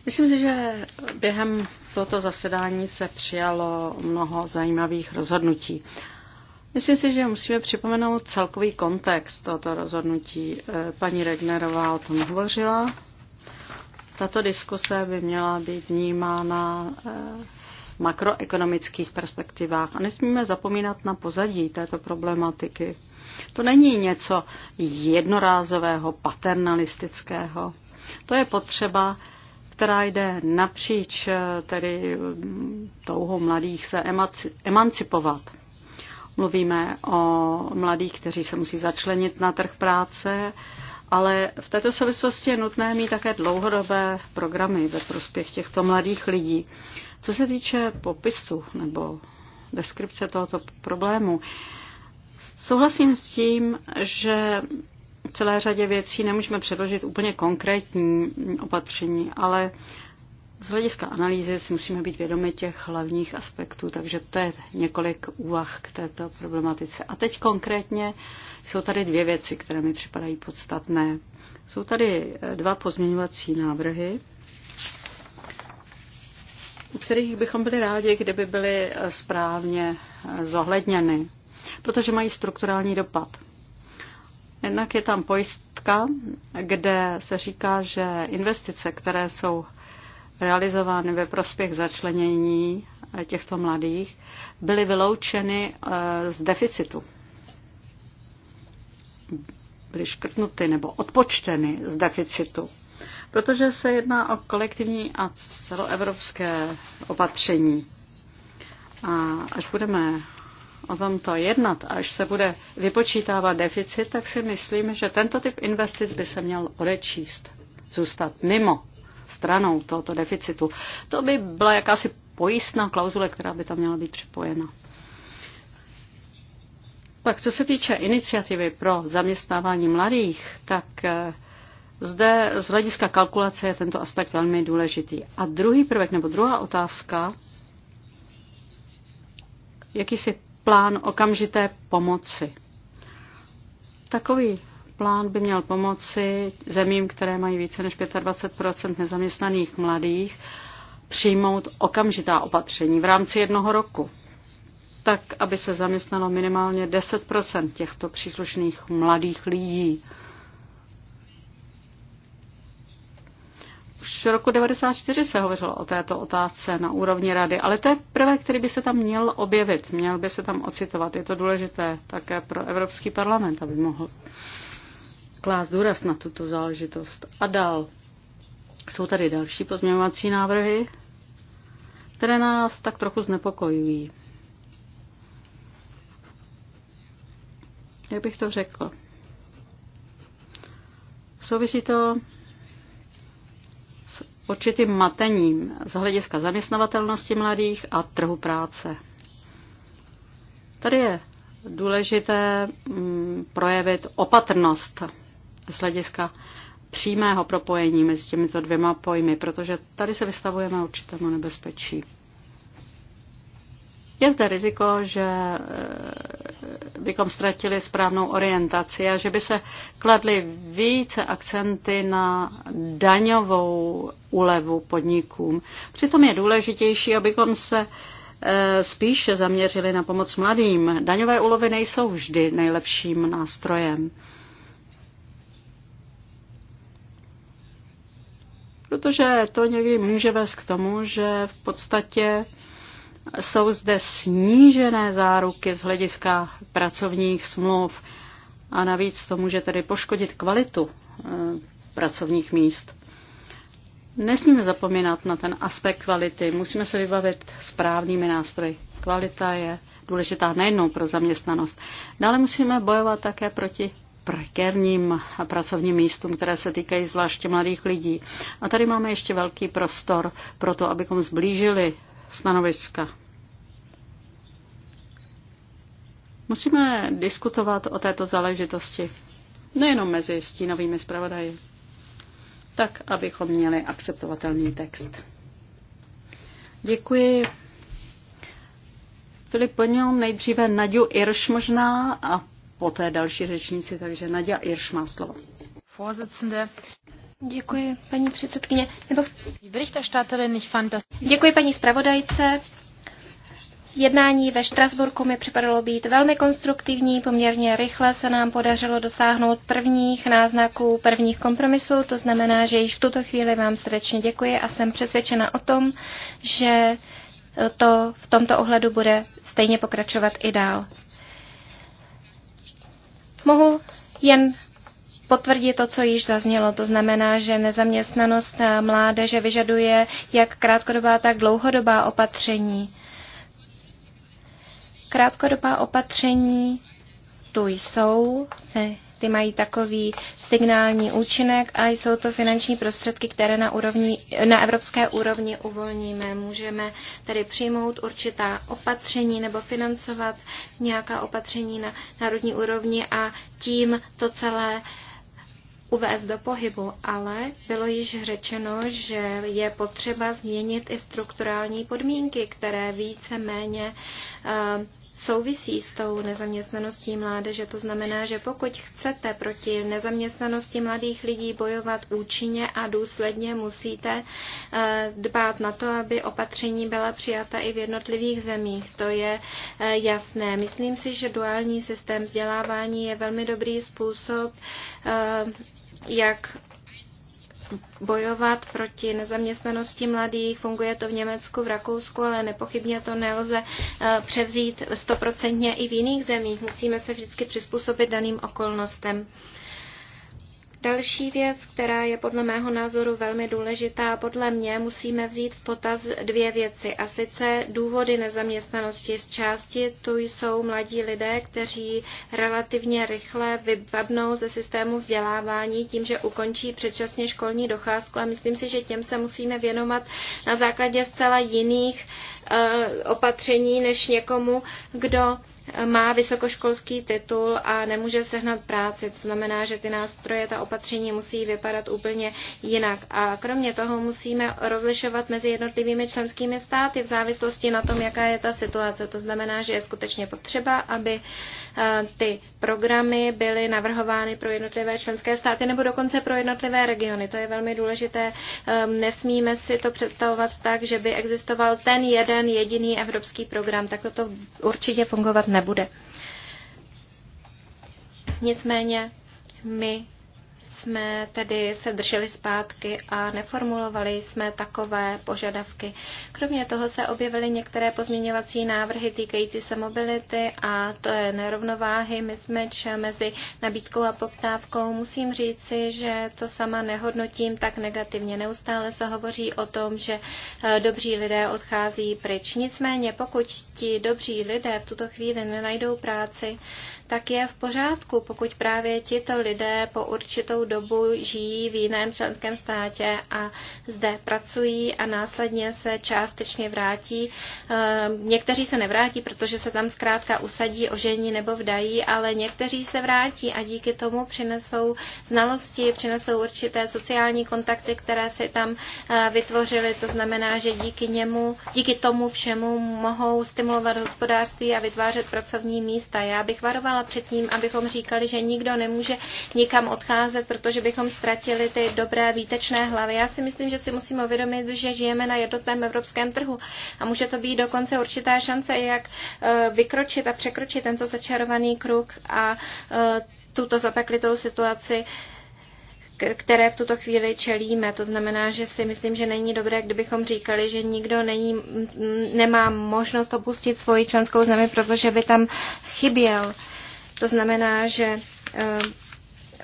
Myslím si, že během tohoto zasedání se přijalo mnoho zajímavých rozhodnutí. Myslím si, že musíme připomenout celkový kontext tohoto rozhodnutí. Eh, paní Regnerová o tom hovořila. Tato diskuse by měla být vnímána eh, v makroekonomických perspektivách a nesmíme zapomínat na pozadí této problematiky. To není něco jednorázového, paternalistického. To je potřeba která jde napříč eh, tedy mm, touhou mladých se emancipovat. Mluvíme o mladých, kteří se musí začlenit na trh práce, ale v této souvislosti je nutné mít také dlouhodobé programy ve prospěch těchto mladých lidí. Co se týče popisu nebo deskripce tohoto problému, souhlasím s tím, že celé řadě věcí nemůžeme předložit úplně konkrétní opatření, ale z hlediska analýzy si musíme být vědomi těch hlavních aspektů, takže to je několik úvah k této problematice. A teď konkrétně jsou tady dvě věci, které mi připadají podstatné. Jsou tady eh, dva pozměňovací návrhy, u kterých bychom byli rádi, kdyby byly eh, správně eh, zohledněny, protože mají strukturální dopad. Jednak je tam pojistka, kde se říká, že investice, které jsou realizovány ve prospěch začlenění eh, těchto mladých, byly vyloučeny eh, z deficitu. Byly škrtnuty nebo odpočteny z deficitu. Protože se jedná o kolektivní a celoevropské opatření. A až budeme o tomto jednat, až se bude vypočítávat deficit, tak si myslím, že tento typ investic by se měl odečíst, zůstat mimo stranou tohoto deficitu. To by byla jakási pojistná klauzule, která by tam měla být připojena. Pak co se týče iniciativy pro zaměstnávání mladých, tak eh, zde z hlediska kalkulace je tento aspekt velmi důležitý. A druhý prvek nebo druhá otázka, jakýsi plán okamžité pomoci. Takový plán by měl pomoci zemím, které mají více než 25 nezaměstnaných mladých, přijmout okamžitá opatření v rámci jednoho roku, tak aby se zaměstnalo minimálně 10 těchto příslušných mladých lidí. Už roku 94 se hovořilo o této otázce na úrovni rady, ale to je prvek, který by se tam měl objevit, měl by se tam ocitovat. Je to důležité také pro Evropský parlament, aby mohl klást důraz na tuto záležitost. A dál jsou tady další pozměňovací návrhy, které nás tak trochu znepokojují. Jak bych to řekl? Souvisí to určitým matením z hlediska zaměstnavatelnosti mladých a trhu práce. Tady je důležité mm, projevit opatrnost z hlediska přímého propojení mezi těmito dvěma pojmy, protože tady se vystavujeme určitému nebezpečí. Je zde riziko, že bychom ztratili správnou orientaci a že by se kladly více akcenty na daňovou úlevu podnikům. Přitom je důležitější, abychom se eh, spíše zaměřili na pomoc mladým. Daňové úlovy nejsou vždy nejlepším nástrojem. Protože to někdy může vést k tomu, že v podstatě jsou zde snížené záruky z hlediska pracovních smluv a navíc to může tedy poškodit kvalitu e, pracovních míst. Nesmíme zapomínat na ten aspekt kvality. Musíme se vybavit správnými nástroji. Kvalita je důležitá nejenom pro zaměstnanost. Dále musíme bojovat také proti prekérním pracovním místům, které se týkají zvláště mladých lidí. A tady máme ještě velký prostor pro to, abychom zblížili stanoviska. Musíme diskutovat o této záležitosti nejenom mezi stínovými zpravodaji, tak abychom měli akceptovatelný text. Děkuji. Filip Poňol, nejdříve Nadiu Irš možná a poté další řečníci, takže Nadia Irš má slovo. Děkuji, paní předsedkyně. Nebo... Děkuji, paní zpravodajce. Jednání ve Štrasburku mi připadalo být velmi konstruktivní, poměrně rychle se nám podařilo dosáhnout prvních náznaků, prvních kompromisů, to znamená, že již v tuto chvíli vám srdečně děkuji a jsem přesvědčena o tom, že to v tomto ohledu bude stejně pokračovat i dál. Mohu jen potvrdit to, co již zaznělo. To znamená, že nezaměstnanost mládeže vyžaduje jak krátkodobá, tak dlouhodobá opatření. Krátkodobá opatření tu jsou, ty mají takový signální účinek a jsou to finanční prostředky, které na, úrovni, na evropské úrovni uvolníme. Můžeme tedy přijmout určitá opatření nebo financovat nějaká opatření na národní úrovni a tím to celé uh, uvést do pohybu, ale bylo již řečeno, že je potřeba změnit i strukturální podmínky, které více méně eh, souvisí s tou nezaměstnaností mládeže. To znamená, že pokud chcete proti nezaměstnanosti mladých lidí bojovat účinně a důsledně, musíte eh, dbát na to, aby opatření byla přijata i v jednotlivých zemích. To je eh, jasné. Myslím si, že duální systém vzdělávání je velmi dobrý způsob jak bojovat proti nezaměstnanosti mladých. Funguje to v Německu, v Rakousku, ale nepochybně to nelze eh, převzít stoprocentně i v jiných zemích. Musíme se vždycky přizpůsobit daným okolnostem. Další věc, která je podle mého názoru velmi důležitá, podle mě musíme vzít v potaz dvě věci, a sice důvody nezaměstnanosti. Z části tu jsou mladí lidé, kteří relativně rychle vypadnou ze systému vzdělávání tím, že ukončí předčasně školní docházku a myslím si, že těm se musíme věnovat na základě zcela jiných eh, opatření než někomu, kdo má vysokoškolský titul a nemůže sehnat práci. To znamená, že ty nástroje, ta opatření musí vypadat úplně jinak. A kromě toho musíme rozlišovat mezi jednotlivými členskými státy v závislosti na tom, jaká je ta situace. To znamená, že je skutečně potřeba, aby eh, ty programy byly navrhovány pro jednotlivé členské státy nebo dokonce pro jednotlivé regiony. To je velmi důležité. Ehm, nesmíme si to představovat tak, že by existoval ten jeden jediný evropský program. Tak to určitě fungovat ne nebude. Nicméně my jsme tedy se drželi zpátky a neformulovali jsme takové požadavky. Kromě toho se objevily některé pozměňovací návrhy týkající se mobility a to je nerovnováhy mismatch mezi nabídkou a poptávkou. Musím říci, že to sama nehodnotím tak negativně. Neustále se hovoří o tom, že eh, dobří lidé odchází pryč. Nicméně, pokud ti dobří lidé v tuto chvíli nenajdou práci, tak je v pořádku, pokud právě tito lidé po určitou dobu žijí v jiném členském státě a zde pracují a následně se částečně vrátí. Ehm, někteří se nevrátí, protože se tam zkrátka usadí, ožení nebo vdají, ale někteří se vrátí a díky tomu přinesou znalosti, přinesou určité sociální kontakty, které si tam eh, vytvořili. To znamená, že díky němu, díky tomu všemu mohou stimulovat hospodářství a vytvářet pracovní místa. Já bych varovala varovala předtím, abychom říkali, že nikdo nemůže nikam odcházet, protože bychom ztratili ty dobré výtečné hlavy. Já si myslím, že si musíme uvědomit, že žijeme na jednotném evropském trhu a může to být dokonce určitá šance, jak e, vykročit a překročit tento začarovaný kruh a e, tuto zapeklitou situaci které v tuto chvíli čelíme. To znamená, že si myslím, že není dobré, kdybychom říkali, že nikdo není, nemá možnost opustit svoji členskou zemi, protože by tam chyběl. To znamená, že eh,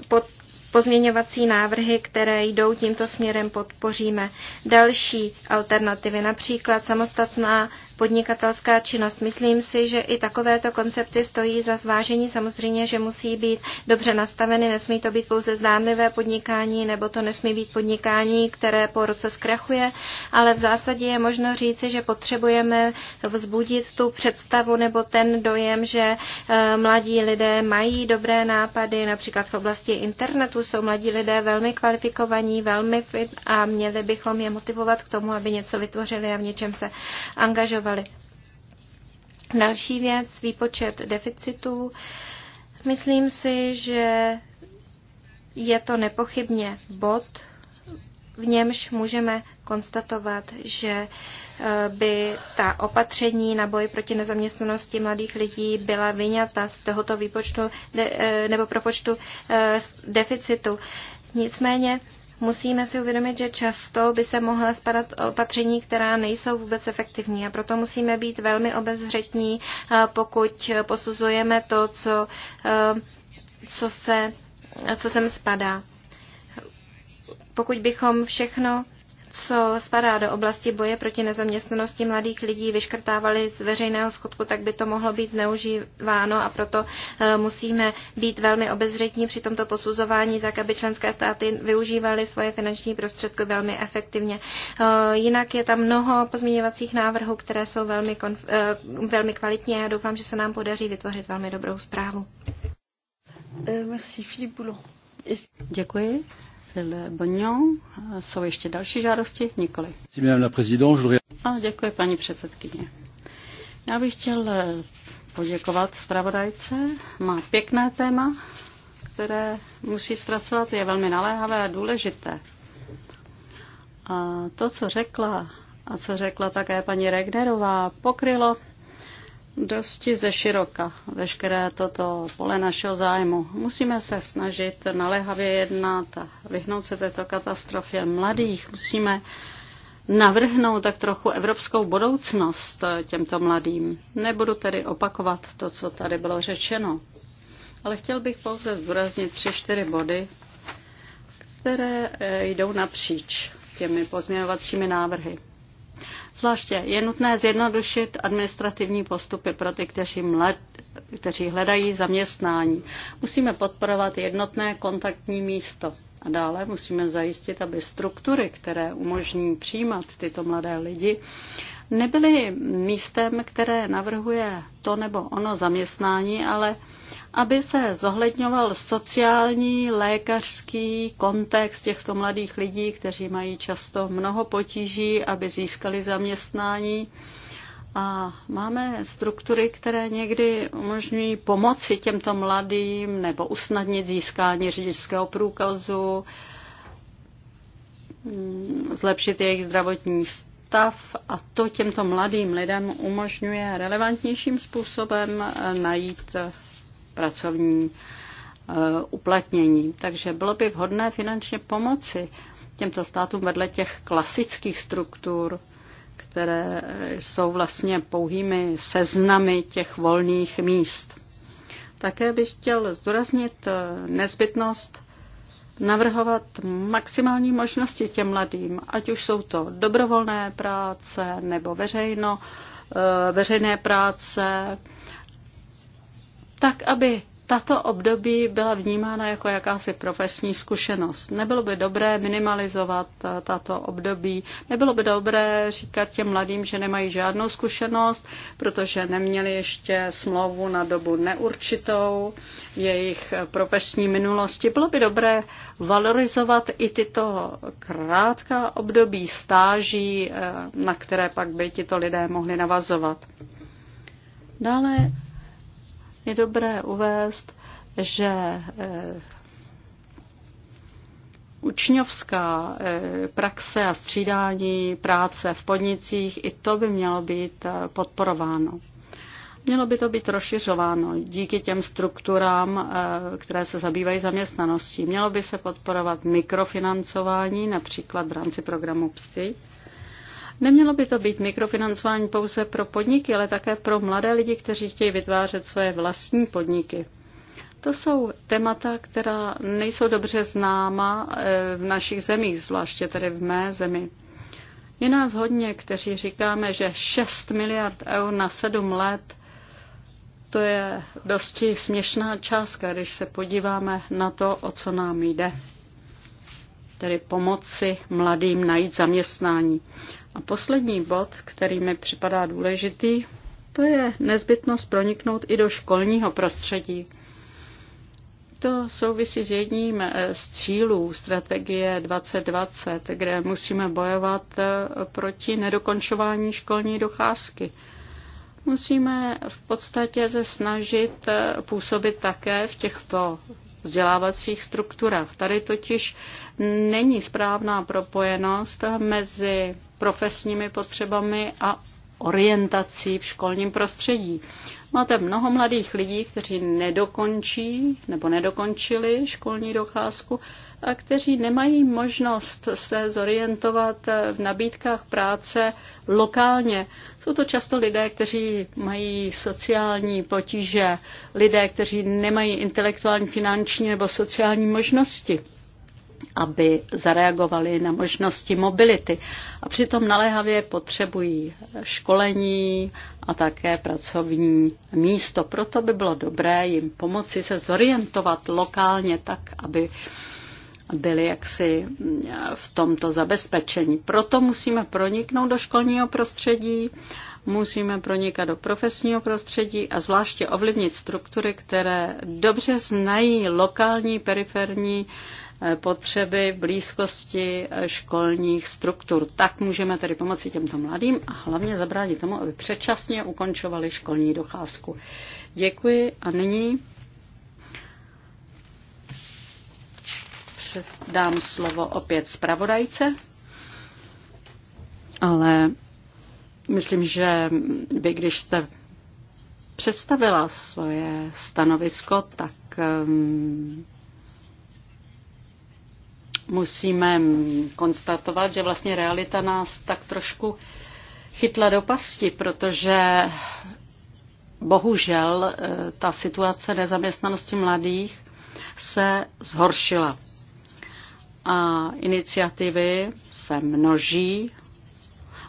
pod pozměňovací návrhy, které jdou tímto směrem, podpoříme. Další alternativy, například samostatná podnikatelská činnost. Myslím si, že i takovéto koncepty stojí za zvážení. Samozřejmě, že musí být dobře nastaveny, nesmí to být pouze zdánlivé podnikání, nebo to nesmí být podnikání, které po roce zkrachuje, ale v zásadě je možno říci, že potřebujeme vzbudit tu představu nebo ten dojem, že eh, mladí lidé mají dobré nápady, například v oblasti internetu jsou mladí lidé velmi kvalifikovaní, velmi fit a měli bychom je motivovat k tomu, aby něco vytvořili a v něčem se angažovali diskutovali. Další věc, výpočet deficitů. Myslím si, že je to nepochybně bod, v němž můžeme konstatovat, že eh, by ta opatření na boj proti nezaměstnanosti mladých lidí byla vyňata z tohoto výpočtu eh, nebo propočtu eh, deficitu. Nicméně Musíme si uvědomit, že často by se mohla spadat opatření, která nejsou vůbec efektivní a proto musíme být velmi obezřetní, pokud posuzujeme to, co, co, se, co sem spadá. Pokud bychom všechno co spadá do oblasti boje proti nezaměstnanosti mladých lidí, vyškrtávali z veřejného schodku, tak by to mohlo být zneužíváno a proto eh, musíme být velmi obezřetní při tomto posuzování, tak aby členské státy využívaly svoje finanční prostředky velmi efektivně. Eh, jinak je tam mnoho pozměňovacích návrhů, které jsou velmi, eh, velmi kvalitní a já doufám, že se nám podaří vytvořit velmi dobrou zprávu. Děkuji. Le Bognon. Jsou ještě další žádosti? Nikoli. děkuji, paní předsedkyně. Já bych chtěl eh, poděkovat zpravodajce. Má pěkné téma, které musí zpracovat, je velmi naléhavé a důležité. A to, co řekla a co řekla také paní Regnerová, pokrylo dosti ze široka veškeré toto pole našeho zájmu. Musíme se snažit naléhavě jednat a vyhnout se této katastrofě mladých. Musíme navrhnout tak trochu evropskou budoucnost těmto mladým. Nebudu tedy opakovat to, co tady bylo řečeno, ale chtěl bych pouze zdůraznit tři, čtyři body, které eh, jdou napříč těmi pozměňovacími návrhy. Zvláště je nutné zjednodušit administrativní postupy pro ty, kteří, mlad, kteří hledají zaměstnání. Musíme podporovat jednotné kontaktní místo. A dále musíme zajistit, aby struktury, které umožní přijímat tyto mladé lidi, nebyly místem, které navrhuje to nebo ono zaměstnání, ale aby se zohledňoval sociální lékařský kontext těchto mladých lidí, kteří mají často mnoho potíží, aby získali zaměstnání. A máme struktury, které někdy umožňují pomoci těmto mladým nebo usnadnit získání řidičského průkazu, mm, zlepšit jejich zdravotní stav a to těmto mladým lidem umožňuje relevantnějším způsobem najít pracovní eh, uplatnění. Takže bylo by vhodné finančně pomoci těmto státům vedle těch klasických struktur, které jsou vlastně pouhými seznamy těch volných míst. Také bych chtěl zdůraznit eh, nezbytnost navrhovat maximální možnosti těm mladým, ať už jsou to dobrovolné práce nebo veřejno, eh, veřejné práce, tak aby tato období byla vnímána jako jakási profesní zkušenost. Nebylo by dobré minimalizovat eh, tato období, nebylo by dobré říkat těm mladým, že nemají žádnou zkušenost, protože neměli ještě smlouvu na dobu neurčitou v jejich eh, profesní minulosti. Bylo by dobré valorizovat i tyto krátká období stáží, eh, na které pak by tito lidé mohli navazovat. Dále je dobré uvést, že eh, učňovská eh, praxe a střídání práce v podnicích, i to by mělo být eh, podporováno. Mělo by to být rozšiřováno díky těm strukturám, které se zabývají zaměstnaností. Mělo by se podporovat mikrofinancování, například v rámci programu PSI. Nemělo by to být mikrofinancování pouze pro podniky, ale také pro mladé lidi, kteří chtějí vytvářet své vlastní podniky. To jsou témata, která nejsou dobře známa eh, v našich zemích, zvláště tedy v mé zemi. Je nás hodně, kteří říkáme, že 6 miliard eur na 7 let to je dosti směšná částka, když se podíváme na to, o co nám jde. Tedy pomoci mladým najít zaměstnání. A poslední bod, který mi připadá důležitý, to je nezbytnost proniknout i do školního prostředí. To souvisí s jedním eh, z cílů strategie 2020, kde musíme bojovat eh, proti nedokončování školní docházky. Musíme v podstatě se snažit eh, působit také v těchto vzdělávacích strukturách. Tady totiž není správná propojenost mezi profesními potřebami a orientací v školním prostředí. Máte mnoho mladých lidí, kteří nedokončí nebo nedokončili školní docházku a kteří nemají možnost se zorientovat v nabídkách práce lokálně. Jsou to často lidé, kteří mají sociální potíže, lidé, kteří nemají intelektuální, finanční nebo sociální možnosti aby zareagovali na možnosti mobility. A přitom naléhavě potřebují školení a také pracovní místo. Proto by bylo dobré jim pomoci se zorientovat lokálně tak, aby byli jaksi eh, v tomto zabezpečení. Proto musíme proniknout do školního prostředí, musíme pronikat do profesního prostředí a zvláště ovlivnit struktury, které dobře znají lokální periferní eh, potřeby v blízkosti eh, školních struktur. Tak můžeme tedy pomoci těmto mladým a hlavně zabránit tomu, aby předčasně ukončovali školní docházku. Děkuji a nyní předám slovo opět zpravodajce, ale myslím, že vy, když jste představila svoje stanovisko, tak ehm, musíme konstatovat, že vlastně realita nás tak trošku chytla do pasti, protože bohužel eh, ta situace nezaměstnanosti mladých se zhoršila a iniciativy se množí.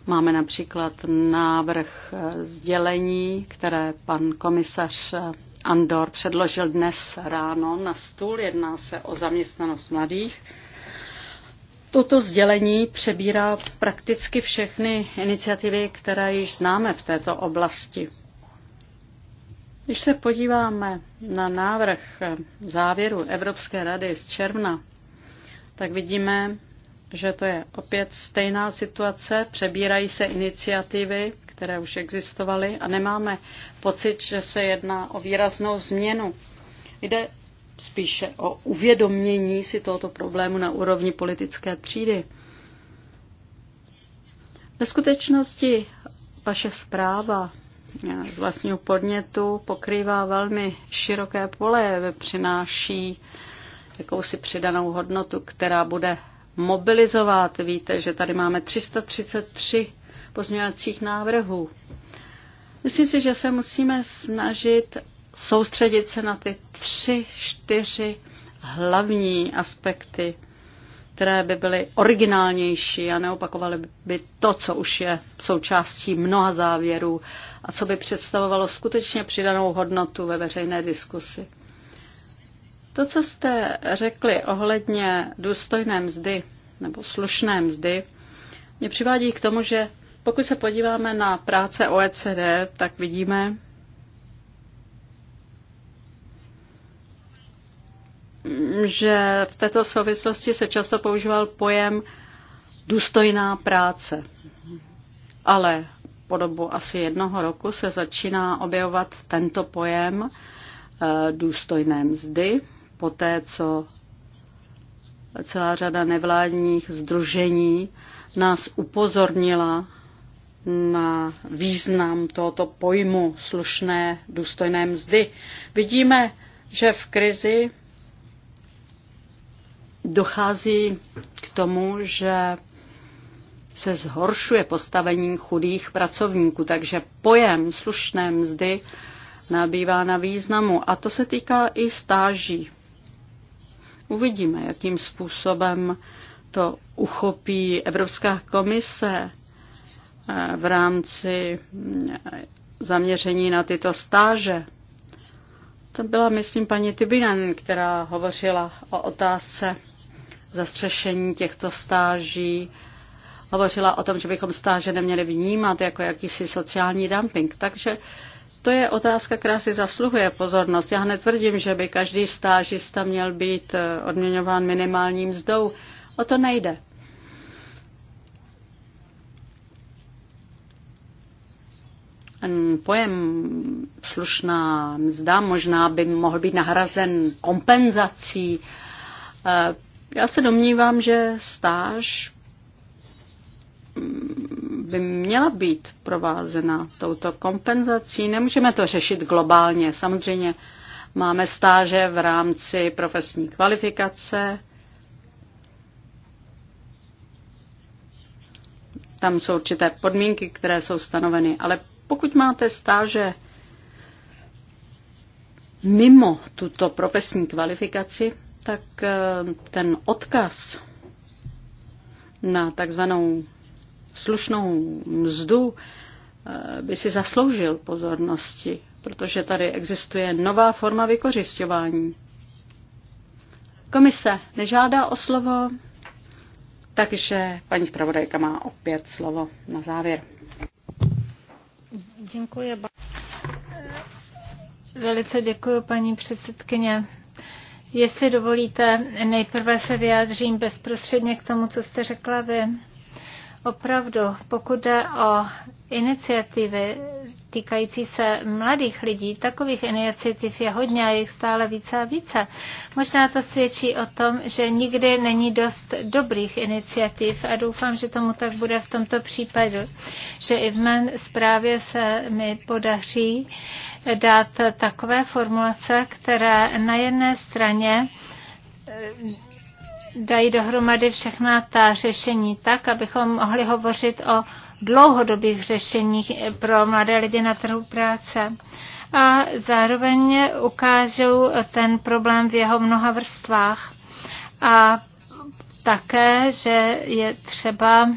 Máme například návrh sdělení, které pan komisař Andor předložil dnes ráno na stůl. Jedná se o zaměstnanost mladých. Toto sdělení přebírá prakticky všechny iniciativy, které již známe v této oblasti. Když se podíváme na návrh závěru Evropské rady z června tak vidíme, že to je opět stejná situace. Přebírají se iniciativy, které už existovaly a nemáme pocit, že se jedná o výraznou změnu. Jde spíše o uvědomění si tohoto problému na úrovni politické třídy. Ve skutečnosti vaše zpráva eh, z vlastního podnětu pokrývá velmi široké pole, eh, přináší jakousi přidanou hodnotu, která bude mobilizovat. Víte, že tady máme 333 pozměňovacích návrhů. Myslím si, že se musíme snažit soustředit se na ty tři, čtyři hlavní aspekty, které by byly originálnější a neopakovaly by to, co už je součástí mnoha závěrů a co by představovalo skutečně přidanou hodnotu ve veřejné diskusi. To, co jste řekli ohledně důstojné mzdy nebo slušné mzdy, mě přivádí k tomu, že pokud se podíváme na práce OECD, tak vidíme, že v této souvislosti se často používal pojem důstojná práce. Ale po dobu asi jednoho roku se začíná objevovat tento pojem eh, důstojné mzdy poté co celá řada nevládních združení nás upozornila na význam tohoto pojmu slušné důstojné mzdy. Vidíme, že v krizi dochází k tomu, že se zhoršuje postavení chudých pracovníků, takže pojem slušné mzdy nabývá na významu. A to se týká i stáží. Uvidíme, jakým způsobem to uchopí Evropská komise eh, v rámci eh, zaměření na tyto stáže. To byla, myslím, paní Tybinan, která hovořila o otázce zastřešení těchto stáží. Hovořila o tom, že bychom stáže neměli vnímat jako jakýsi sociální dumping. Takže to je otázka, která si zasluhuje pozornost. Já netvrdím, že by každý stážista měl být eh, odměňován minimální mzdou. O to nejde. Pojem slušná mzda možná by mohl být nahrazen kompenzací. Eh, Já se domnívám, že stáž by měla být provázena touto kompenzací. Nemůžeme to řešit globálně. Samozřejmě máme stáže v rámci profesní kvalifikace. Tam jsou určité podmínky, které jsou stanoveny. Ale pokud máte stáže mimo tuto profesní kvalifikaci, tak eh, ten odkaz na takzvanou slušnou mzdu, eh, by si zasloužil pozornosti, protože tady existuje nová forma vykořišťování. Komise nežádá o slovo, takže paní zpravodajka má opět slovo na závěr. Děkuji. Eh, velice děkuji, paní předsedkyně. Jestli dovolíte, nejprve se vyjádřím bezprostředně k tomu, co jste řekla vy. Opravdu, pokud jde o iniciativy týkající se mladých lidí, takových iniciativ je hodně a je jich stále více a více. Možná to svědčí o tom, že nikdy není dost dobrých iniciativ a doufám, že tomu tak bude v tomto případu, že i v mém zprávě se mi podaří dát takové formulace, které na jedné straně dají dohromady všechna ta řešení tak, abychom mohli hovořit o dlouhodobých řešeních pro mladé lidi na trhu práce. A zároveň ukážou ten problém v jeho mnoha vrstvách. A také, že je třeba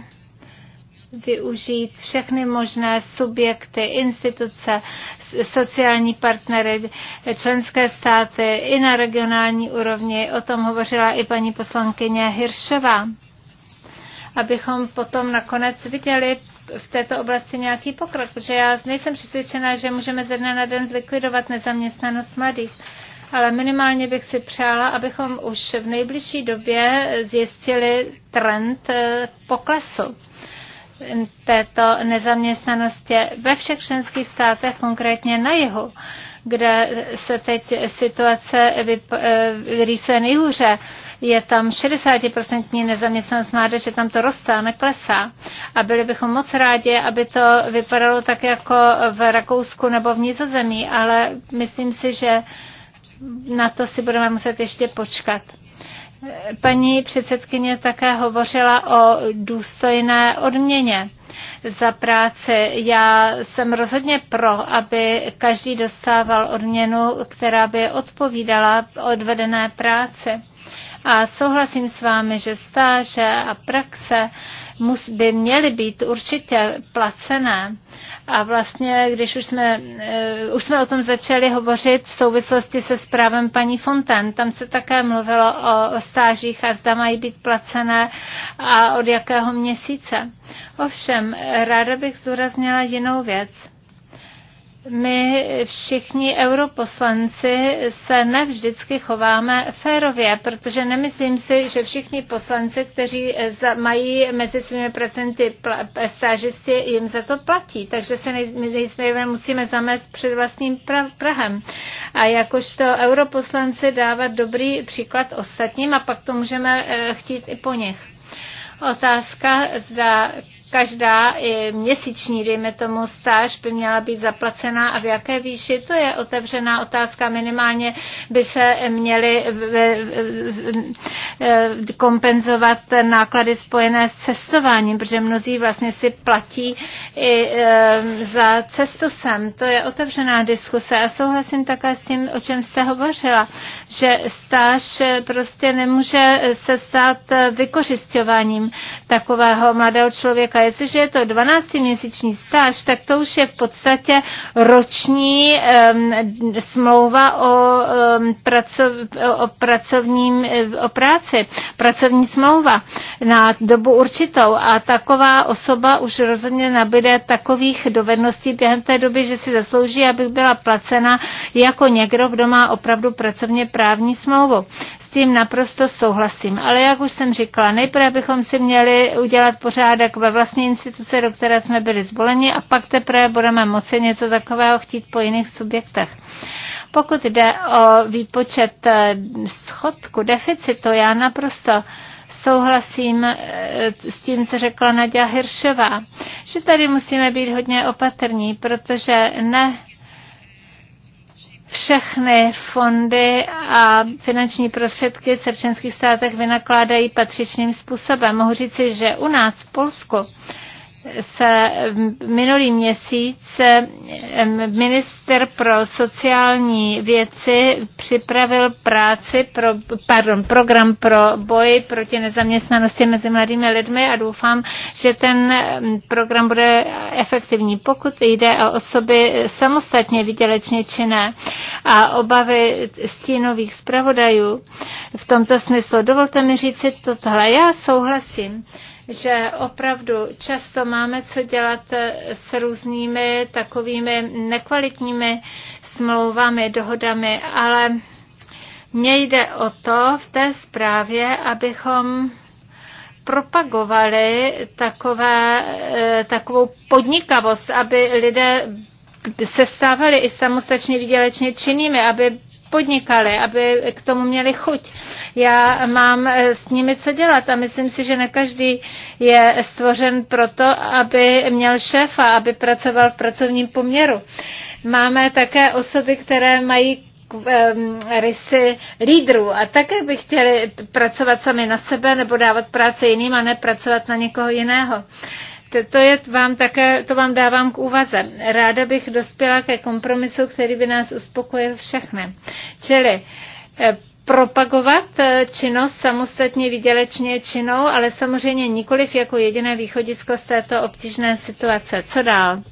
využít všechny možné subjekty, instituce, sociální partnery, členské státy i na regionální úrovni. O tom hovořila i paní poslankyně Hiršová. Abychom potom nakonec viděli v této oblasti nějaký pokrok, protože já nejsem přesvědčená, že můžeme ze dne na den zlikvidovat nezaměstnanost mladých ale minimálně bych si přála, abychom už v nejbližší době zjistili trend eh, poklesu této nezaměstnanosti ve všech členských státech, konkrétně na jihu, kde se teď situace vyrýsuje eh, nejhůře je tam 60% nezaměstnanost mládeže, tam to roste a neklesá. A byli bychom moc rádi, aby to vypadalo tak jako v Rakousku nebo v Nizozemí, ale myslím si, že na to si budeme muset ještě počkat. Paní předsedkyně také hovořila o důstojné odměně za práci. Já jsem rozhodně pro, aby každý dostával odměnu, která by odpovídala odvedené práci. A souhlasím s vámi, že stáže a praxe by měly být určitě placené a vlastně, když už jsme, eh, už jsme o tom začali hovořit v souvislosti se zprávem paní Fonten, tam se také mluvilo o stážích a zda mají být placené a od jakého měsíce. Ovšem, ráda bych zúraznila jinou věc my všichni europoslanci se nevždycky chováme férově, protože nemyslím si, že všichni poslanci, kteří eh, mají mezi svými procenty eh, stážisti, jim za to platí. Takže se nejsme musíme zamést před vlastním pra- Prahem. A jakožto europoslanci dávat dobrý příklad ostatním a pak to můžeme eh, chtít i po nich. Otázka, zda každá měsíční, dejme tomu, stáž by měla být zaplacená a v jaké výši, to je otevřená otázka. Minimálně by se měly kompenzovat náklady spojené s cestováním, protože mnozí vlastně si platí i za cestu sem. To je otevřená diskuse a souhlasím také s tím, o čem jste hovořila, že stáž prostě nemůže se stát vykořišťováním takového mladého člověka a jestliže je to 12-měsíční stáž, tak to už je v podstatě roční um, smlouva o, um, praco, o, pracovním, eh, o práci, pracovní smlouva na dobu určitou. A taková osoba už rozhodně nabide takových dovedností během té doby, že si zaslouží, aby byla placena jako někdo, kdo má opravdu pracovně právní smlouvu tím naprosto souhlasím. Ale jak už jsem říkala, nejprve bychom si měli udělat pořádek ve vlastní instituci, do které jsme byli zvoleni a pak teprve budeme moci něco takového chtít po jiných subjektech. Pokud jde o výpočet eh, schodku, deficitu, já naprosto souhlasím eh, s tím, co řekla Nadia Hiršová, že tady musíme být hodně opatrní, protože ne všechny fondy a finanční prostředky se v členských státech vynakládají patřičným způsobem. Mohu říci, že u nás v Polsku se minulý měsíc minister pro sociální věci připravil práci pro, pardon, program pro boj proti nezaměstnanosti mezi mladými lidmi a doufám, že ten program bude efektivní. Pokud jde o osoby samostatně výdělečně činné a obavy stínových zpravodajů v tomto smyslu, dovolte mi říct si tohle. Já souhlasím že opravdu často máme co dělat s různými takovými nekvalitními smlouvami, dohodami, ale mně jde o to v té zprávě, abychom propagovali takové, e, takovou podnikavost, aby lidé se stávali i samostatně výdělečně činnými, aby podnikali, aby k tomu měli chuť. Já mám eh, s nimi co dělat a myslím si, že ne každý je stvořen proto, aby měl šéfa, aby pracoval v pracovním poměru. Máme také osoby, které mají rysy lídrů a také by chtěli pracovat sami na sebe nebo dávat práce jiným a pracovat na někoho jiného. To, to, je vám také, to vám dávám k úvaze. Ráda bych dospěla ke kompromisu, který by nás uspokojil všechny. Čili eh, propagovat eh, činnost samostatně výdělečně činou, ale samozřejmě nikoliv jako jediné východisko z této obtížné situace. Co dál?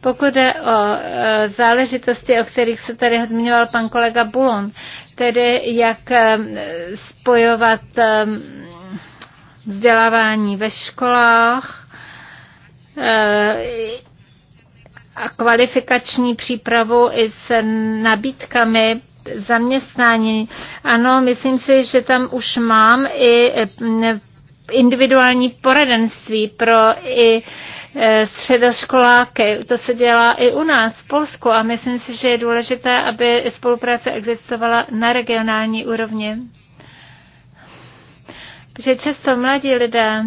Pokud jde o eh, záležitosti, o kterých se tady zmiňoval pan kolega Bulon, tedy jak spojovat vzdělávání ve školách Eh, a kvalifikační přípravu i s nabídkami zaměstnání. Ano, myslím si, že tam už mám i eh, individuální poradenství pro i eh, středoškoláky. To se dělá i u nás v Polsku a myslím si, že je důležité, aby spolupráce existovala na regionální úrovni. Protože často mladí lidé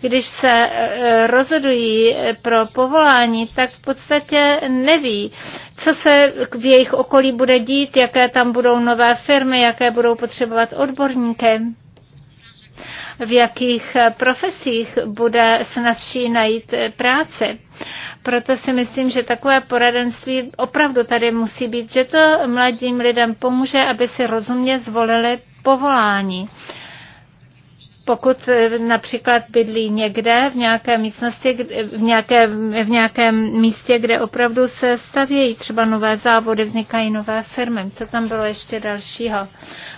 když se e, rozhodují e, pro povolání, tak v podstatě neví, co se v jejich okolí bude dít, jaké tam budou nové firmy, jaké budou potřebovat odborníky v jakých e, profesích bude snadší najít práci. Proto si myslím, že takové poradenství opravdu tady musí být, že to mladým lidem pomůže, aby si rozumně zvolili povolání pokud eh, například bydlí někde v nějaké místnosti, v nějakém, v nějakém místě, kde opravdu se stavějí třeba nové závody, vznikají nové firmy. Co tam bylo ještě dalšího?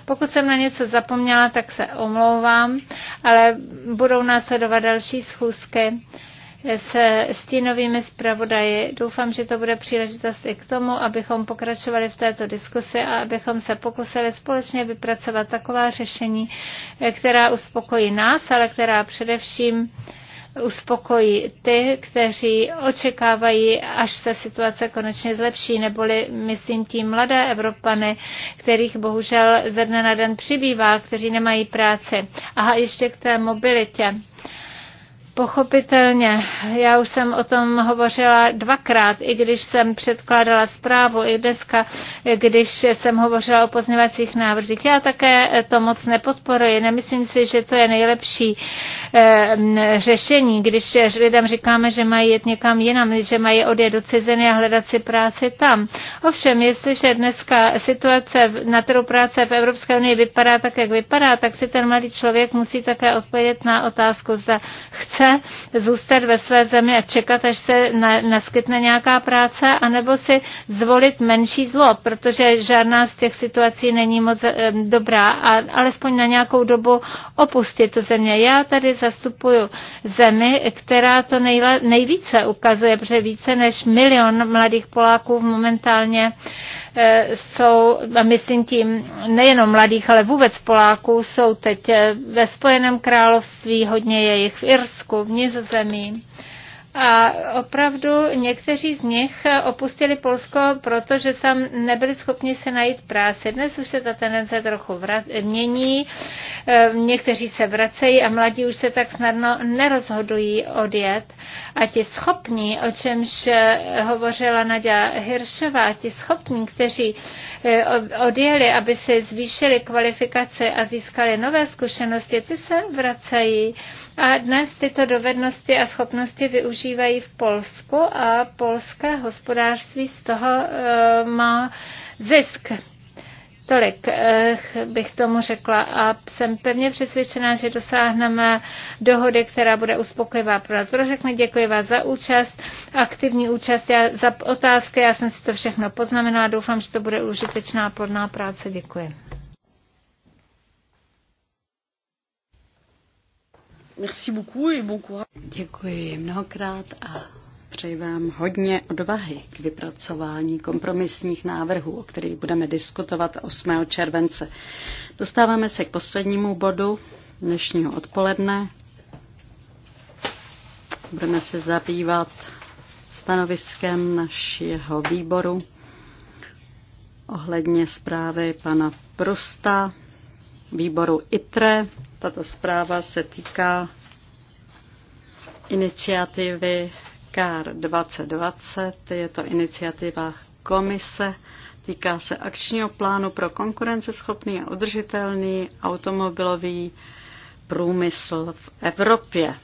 Pokud jsem na něco zapomněla, tak se omlouvám, ale budou následovat další schůzky se stínovými zpravodaji. Doufám, že to bude příležitost i k tomu, abychom pokračovali v této diskusi a abychom se pokusili společně vypracovat taková řešení, eh, která uspokojí nás, ale která především uspokojí ty, kteří očekávají, až se situace konečně zlepší, neboli myslím tím mladé Evropany, kterých bohužel ze dne na den přibývá, kteří nemají práci. Aha, ještě k té mobilitě. Pochopitelně, já už jsem o tom hovořila dvakrát, i když jsem předkládala zprávu, i dneska, když jsem hovořila o pozněvacích návrzích. Já také to moc nepodporuji, nemyslím si, že to je nejlepší Eh, řešení, když lidem říkáme, že mají jet někam jinam, že mají odjet do ciziny a hledat si práci tam. Ovšem, jestliže dneska situace na trhu práce v Evropské unii vypadá tak, jak vypadá, tak si ten mladý člověk musí také odpovědět na otázku, zda chce zůstat ve své zemi a čekat, až se naskytne nějaká práce, anebo si zvolit menší zlo, protože žádná z těch situací není moc eh, dobrá a alespoň na nějakou dobu opustit tu země. Já tady zastupuju zemi, která to nejvíce ukazuje, protože více než milion mladých Poláků momentálně eh, jsou, a myslím tím nejenom mladých, ale vůbec Poláků, jsou teď eh, ve Spojeném království, hodně je jich v Irsku, v Nizozemí a opravdu někteří z nich opustili Polsko, protože tam nebyli schopni se najít práci. Dnes už se ta tendence trochu vrat, mění, e, někteří se vracejí a mladí už se tak snadno nerozhodují odjet. A ti schopní, o čemž hovořila Nadia Hiršová, ti schopní, kteří Eh, odjeli, aby se zvýšily kvalifikace a získali nové zkušenosti, ty se vracejí. A dnes tyto dovednosti a schopnosti využívají v Polsku a polské hospodářství z toho eh, má zisk. Tolik eh, bych tomu řekla a jsem pevně přesvědčená, že dosáhneme dohody, která bude uspokojivá pro nás. Pro řekne, děkuji vás za účast, aktivní účast, já, za otázky, já jsem si to všechno poznamenala, doufám, že to bude užitečná plodná práce. Děkuji. Merci beaucoup et bon courage. Děkuji mnohokrát a Přeji vám hodně odvahy k vypracování kompromisních návrhů, o kterých budeme diskutovat 8. července. Dostáváme se k poslednímu bodu dnešního odpoledne. Budeme se zabývat stanoviskem našeho výboru ohledně zprávy pana Prusta, výboru ITRE. Tato zpráva se týká iniciativy CAR 2020, je to iniciativa komise, týká se akčního plánu pro konkurenceschopný a udržitelný automobilový průmysl v Evropě.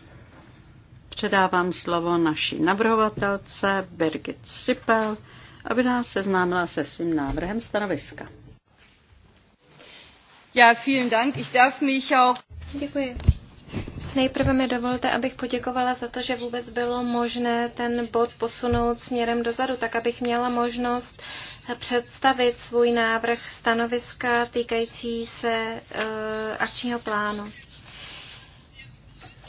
Předávám slovo naší navrhovatelce Birgit Sipel, aby nás seznámila se svým návrhem stanoviska. Ja, vielen Dank. Ich darf mich auch... Děkuji. Nejprve mi dovolte, abych poděkovala za to, že vůbec bylo možné ten bod posunout směrem dozadu, tak abych měla možnost představit svůj návrh stanoviska týkající se uh, akčního plánu.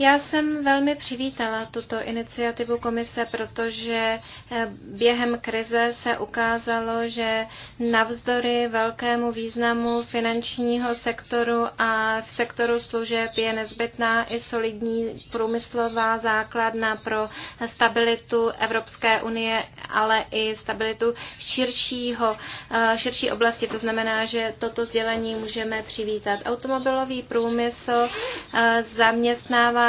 Já jsem velmi přivítala tuto iniciativu komise, protože eh, během krize se ukázalo, že navzdory velkému významu finančního sektoru a v sektoru služeb je nezbytná i solidní průmyslová základna pro stabilitu Evropské unie, ale i stabilitu širšího, eh, širší oblasti. To znamená, že toto sdělení můžeme přivítat. Automobilový průmysl eh, zaměstnává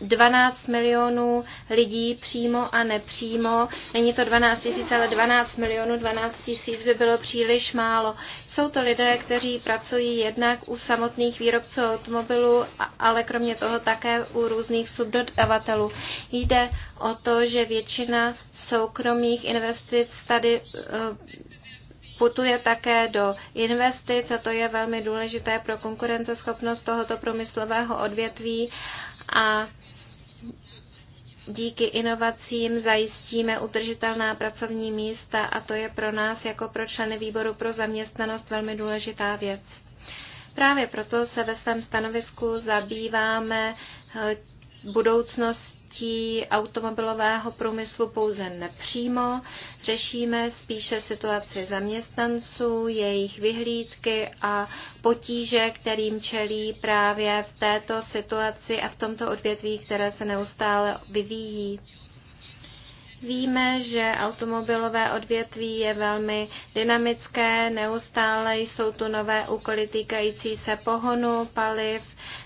12 milionů lidí přímo a nepřímo. Není to 12 tisíc, ale 12 milionů, 12 tisíc by bylo příliš málo. Jsou to lidé, kteří pracují jednak u samotných výrobců automobilů, ale kromě toho také u různých subdodavatelů. Jde o to, že většina soukromých investic tady eh, putuje také do investic a to je velmi důležité pro konkurenceschopnost tohoto průmyslového odvětví a díky inovacím zajistíme udržitelná pracovní místa a to je pro nás jako pro členy výboru pro zaměstnanost velmi důležitá věc. Právě proto se ve svém stanovisku zabýváme eh, budoucností automobilového průmyslu pouze nepřímo. Řešíme spíše situaci zaměstnanců, jejich vyhlídky a potíže, kterým čelí právě v této situaci a v tomto odvětví, které se neustále vyvíjí. Víme, že automobilové odvětví je velmi dynamické, neustále jsou tu nové úkoly týkající se pohonu, paliv,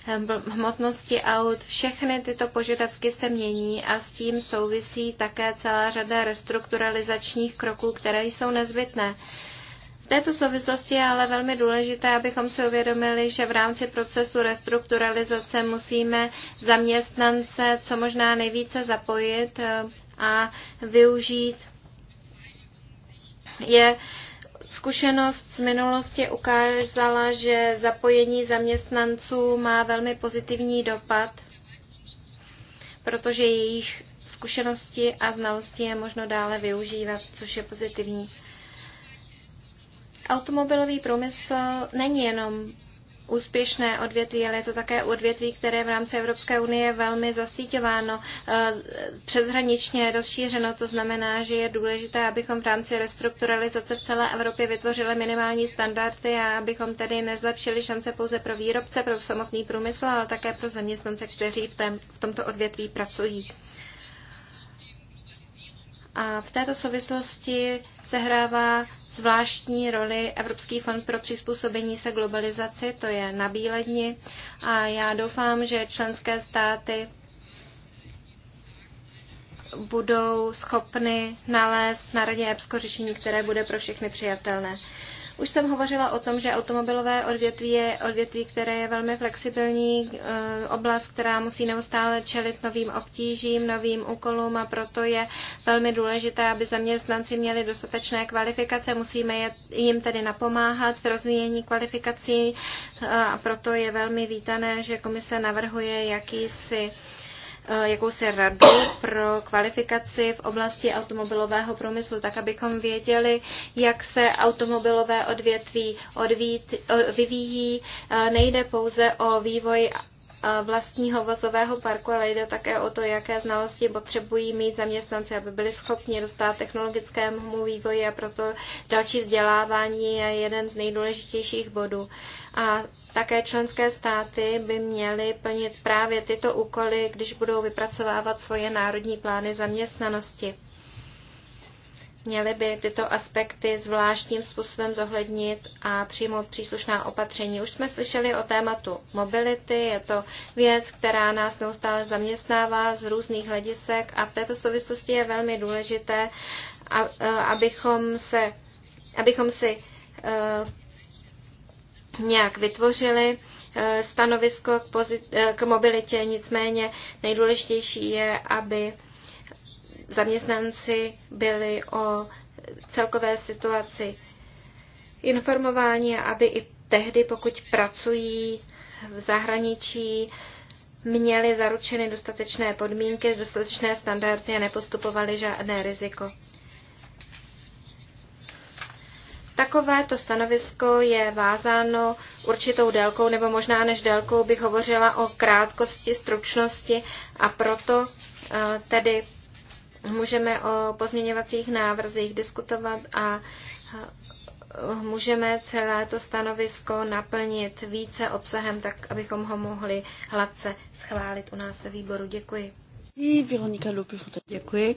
hm, hmotnosti aut. Všechny tyto požadavky se mění a s tím souvisí také celá řada restrukturalizačních kroků, které jsou nezbytné. V této souvislosti je ale velmi důležité, abychom si uvědomili, že v rámci procesu restrukturalizace musíme zaměstnance co možná nejvíce zapojit eh, a využít je Zkušenost z minulosti ukázala, že zapojení zaměstnanců má velmi pozitivní dopad, protože jejich zkušenosti a znalosti je možno dále využívat, což je pozitivní. Automobilový průmysl není jenom úspěšné odvětví, ale je to také odvětví, které v rámci Evropské unie je velmi zasíťováno, eh, přeshraničně rozšířeno. To znamená, že je důležité, abychom v rámci restrukturalizace v celé Evropě vytvořili minimální standardy a abychom tedy nezlepšili šance pouze pro výrobce, pro samotný průmysl, ale také pro zaměstnance, kteří v, tém, v tomto odvětví pracují. A v této souvislosti sehrává zvláštní roli Evropský fond pro přizpůsobení se globalizaci, to je na Bíledni. A já doufám, že členské státy budou schopny nalézt na radě EBSCO řešení, které bude pro všechny přijatelné. Už jsem hovořila o tom, že automobilové odvětví je odvětví, které je velmi flexibilní, eh, oblast, která musí neustále čelit novým obtížím, novým úkolům a proto je velmi důležité, aby zaměstnanci měli dostatečné kvalifikace. Musíme jim tedy napomáhat v rozvíjení kvalifikací eh, a proto je velmi vítané, že komise navrhuje jakýsi Eh, jakousi radu pro kvalifikaci v oblasti automobilového průmyslu, tak abychom věděli, jak se automobilové odvětví odvít, eh, vyvíjí. Eh, nejde pouze o vývoj vlastního vozového parku, ale jde také o to, jaké znalosti potřebují mít zaměstnanci, aby byli schopni dostat technologickému vývoji a proto další vzdělávání je jeden z nejdůležitějších bodů. A také členské státy by měly plnit právě tyto úkoly, když budou vypracovávat svoje národní plány zaměstnanosti. Měly by tyto aspekty zvláštním způsobem zohlednit a přijmout příslušná opatření. Už jsme slyšeli o tématu mobility, je to věc, která nás neustále zaměstnává z různých hledisek a v této souvislosti je velmi důležité, abychom, se, abychom si eh, nějak vytvořili eh, stanovisko k, pozit- eh, k mobilitě, nicméně nejdůležitější je, aby zaměstnanci byli o celkové situaci informováni, aby i tehdy, pokud pracují v zahraničí, měli zaručeny dostatečné podmínky, dostatečné standardy a nepostupovali žádné riziko. Takovéto stanovisko je vázáno určitou délkou, nebo možná než délkou bych hovořila o krátkosti, stručnosti a proto e, tedy můžeme o pozměňovacích návrzích diskutovat a e, můžeme celé to stanovisko naplnit více obsahem, tak abychom ho mohli hladce schválit u nás ve výboru. Děkuji. Děkuji,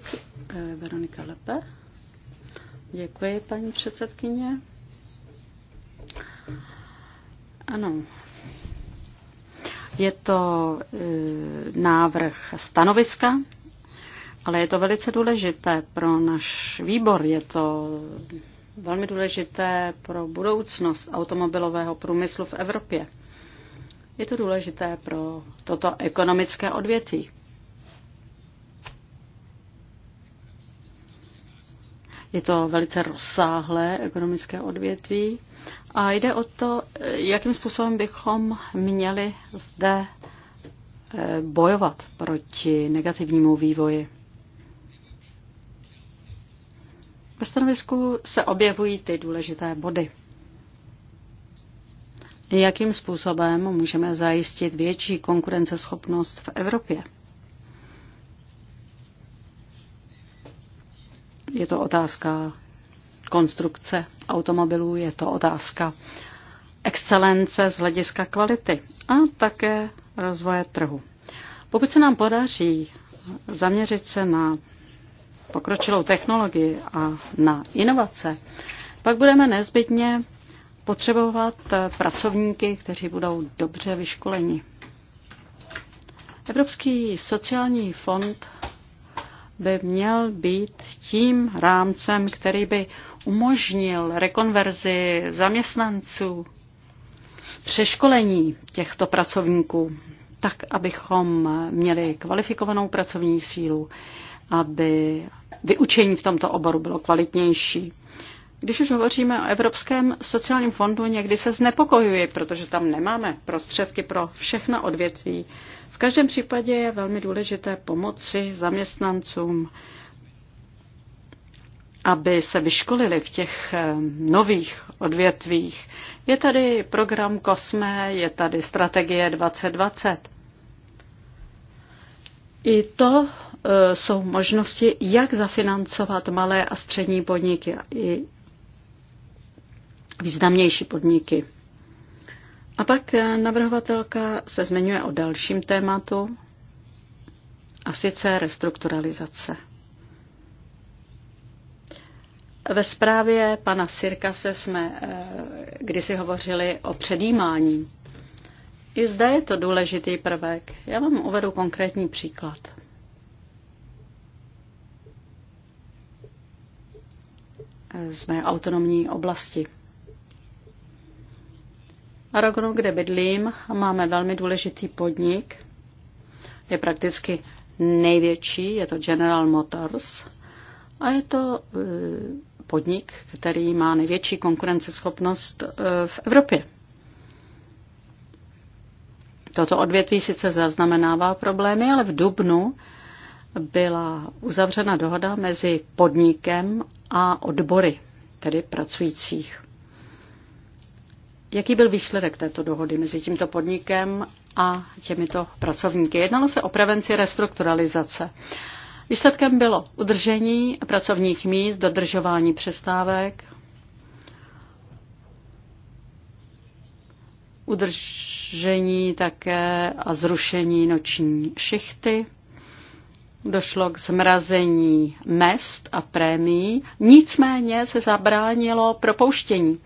e, Veronika Lepe. Děkuji, paní předsedkyně. Ano. Je to e, návrh stanoviska, ale je to velice důležité pro náš výbor. Je to velmi důležité pro budoucnost automobilového průmyslu v Evropě. Je to důležité pro toto ekonomické odvětví. Je to velice rozsáhlé ekonomické odvětví a jde o to, jakým způsobem bychom měli zde eh, bojovat proti negativnímu vývoji. Ve stanovisku se objevují ty důležité body. Jakým způsobem můžeme zajistit větší konkurenceschopnost v Evropě? Je to otázka konstrukce automobilů, je to otázka excelence z hlediska kvality a také rozvoje trhu. Pokud se nám podaří zaměřit se na pokročilou technologii a na inovace, pak budeme nezbytně potřebovat pracovníky, kteří budou dobře vyškoleni. Evropský sociální fond by měl být tím rámcem, který by umožnil rekonverzi zaměstnanců, přeškolení těchto pracovníků, tak, abychom měli kvalifikovanou pracovní sílu, aby vyučení v tomto oboru bylo kvalitnější. Když už hovoříme o Evropském sociálním fondu, někdy se znepokojuje, protože tam nemáme prostředky pro všechna odvětví každém případě je velmi důležité pomoci zaměstnancům, aby se vyškolili v těch eh, nových odvětvích. Je tady program Kosme, je tady strategie 2020. I to eh, jsou možnosti, jak zafinancovat malé a střední podniky i významnější podniky. A pak eh, navrhovatelka se zmiňuje o dalším tématu, a sice restrukturalizace. Ve zprávě pana Sirkase jsme eh, kdysi hovořili o předjímání. I zde je to důležitý prvek. Já vám uvedu konkrétní příklad. Eh, z mé autonomní oblasti. Aragonu, kde bydlím, máme velmi důležitý podnik. Je prakticky největší, je to General Motors. A je to e, podnik, který má největší konkurenceschopnost e, v Evropě. Toto odvětví sice zaznamenává problémy, ale v Dubnu byla uzavřena dohoda mezi podnikem a odbory, tedy pracujících. Jaký byl výsledek této dohody mezi tímto podnikem a těmito pracovníky? Jednalo se o prevenci restrukturalizace. Výsledkem bylo udržení pracovních míst, dodržování přestávek, udržení také a zrušení noční šichty. Došlo k zmrazení mest a prémií, nicméně se zabránilo propouštění.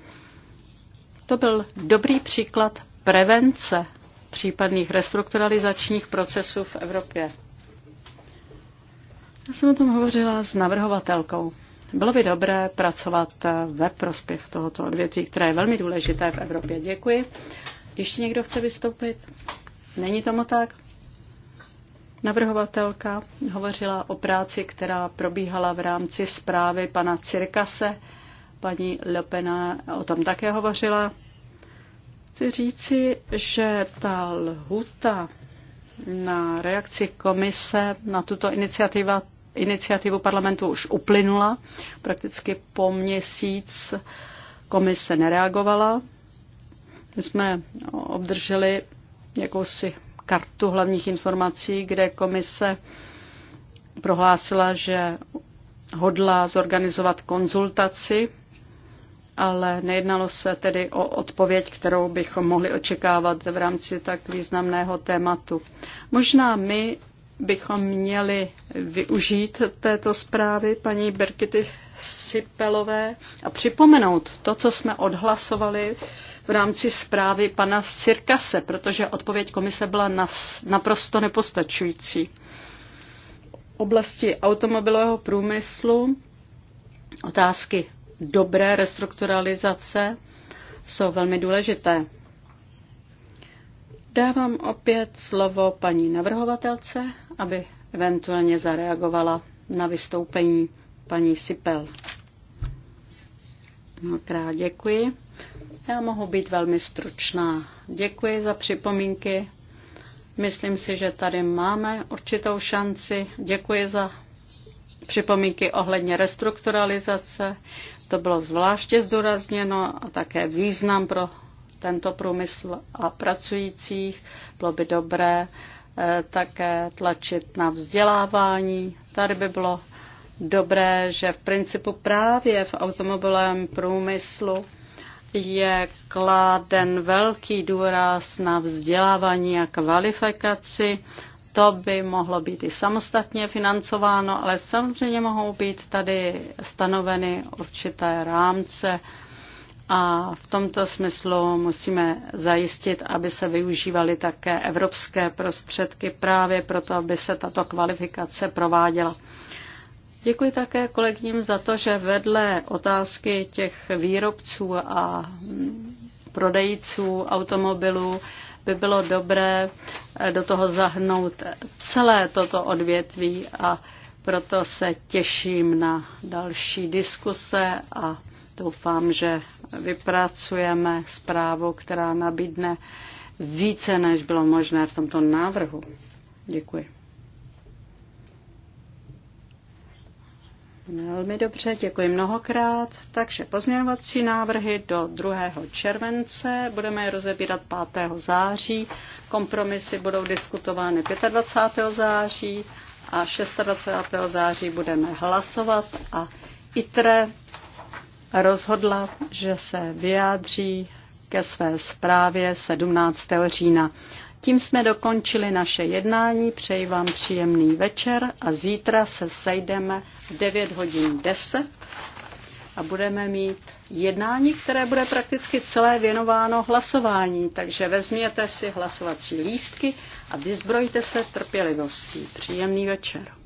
To byl dobrý příklad prevence případných restrukturalizačních procesů v Evropě. Já jsem o tom hovořila s navrhovatelkou. Bylo by dobré pracovat ve prospěch tohoto odvětví, které je velmi důležité v Evropě. Děkuji. Ještě někdo chce vystoupit? Není tomu tak? Navrhovatelka hovořila o práci, která probíhala v rámci zprávy pana Cirkase paní Lepena o tom také hovořila. Chci říci, že ta lhuta na reakci komise na tuto iniciativa, iniciativu parlamentu už uplynula. Prakticky po měsíc komise nereagovala. My jsme obdrželi jakousi kartu hlavních informací, kde komise prohlásila, že hodla zorganizovat konzultaci ale nejednalo se tedy o odpověď, kterou bychom mohli očekávat v rámci tak významného tématu. Možná my bychom měli využít této zprávy paní Berkity Sipelové a připomenout to, co jsme odhlasovali v rámci zprávy pana Sirkase, protože odpověď komise byla naprosto nepostačující. V oblasti automobilového průmyslu otázky dobré restrukturalizace jsou velmi důležité. Dávám opět slovo paní navrhovatelce, aby eventuálně zareagovala na vystoupení paní Sipel. Mnohokrát děkuji. Já mohu být velmi stručná. Děkuji za připomínky. Myslím si, že tady máme určitou šanci. Děkuji za připomínky ohledně restrukturalizace. To bylo zvláště zdůrazněno a také význam pro tento průmysl a pracujících. Bylo by dobré eh, také tlačit na vzdělávání. Tady by bylo dobré, že v principu právě v automobilovém průmyslu je kladen velký důraz na vzdělávání a kvalifikaci to by mohlo být i samostatně financováno, ale samozřejmě mohou být tady stanoveny určité rámce a v tomto smyslu musíme zajistit, aby se využívaly také evropské prostředky právě proto, aby se tato kvalifikace prováděla. Děkuji také kolegním za to, že vedle otázky těch výrobců a prodejců automobilů by bylo dobré eh, do toho zahnout celé toto odvětví a proto se těším na další diskuse a doufám, že vypracujeme zprávu, která nabídne více, než bylo možné v tomto návrhu. Děkuji. Velmi dobře, děkuji mnohokrát. Takže pozměňovací návrhy do 2. července, budeme je rozebírat 5. září, kompromisy budou diskutovány 25. září a 26. září budeme hlasovat a ITRE rozhodla, že se vyjádří ke své zprávě 17. října. Tím jsme dokončili naše jednání, přeji vám příjemný večer a zítra se sejdeme v 9 hodin 10 a budeme mít jednání, které bude prakticky celé věnováno hlasování, takže vezměte si hlasovací lístky a vyzbrojte se trpělivostí. Příjemný večer.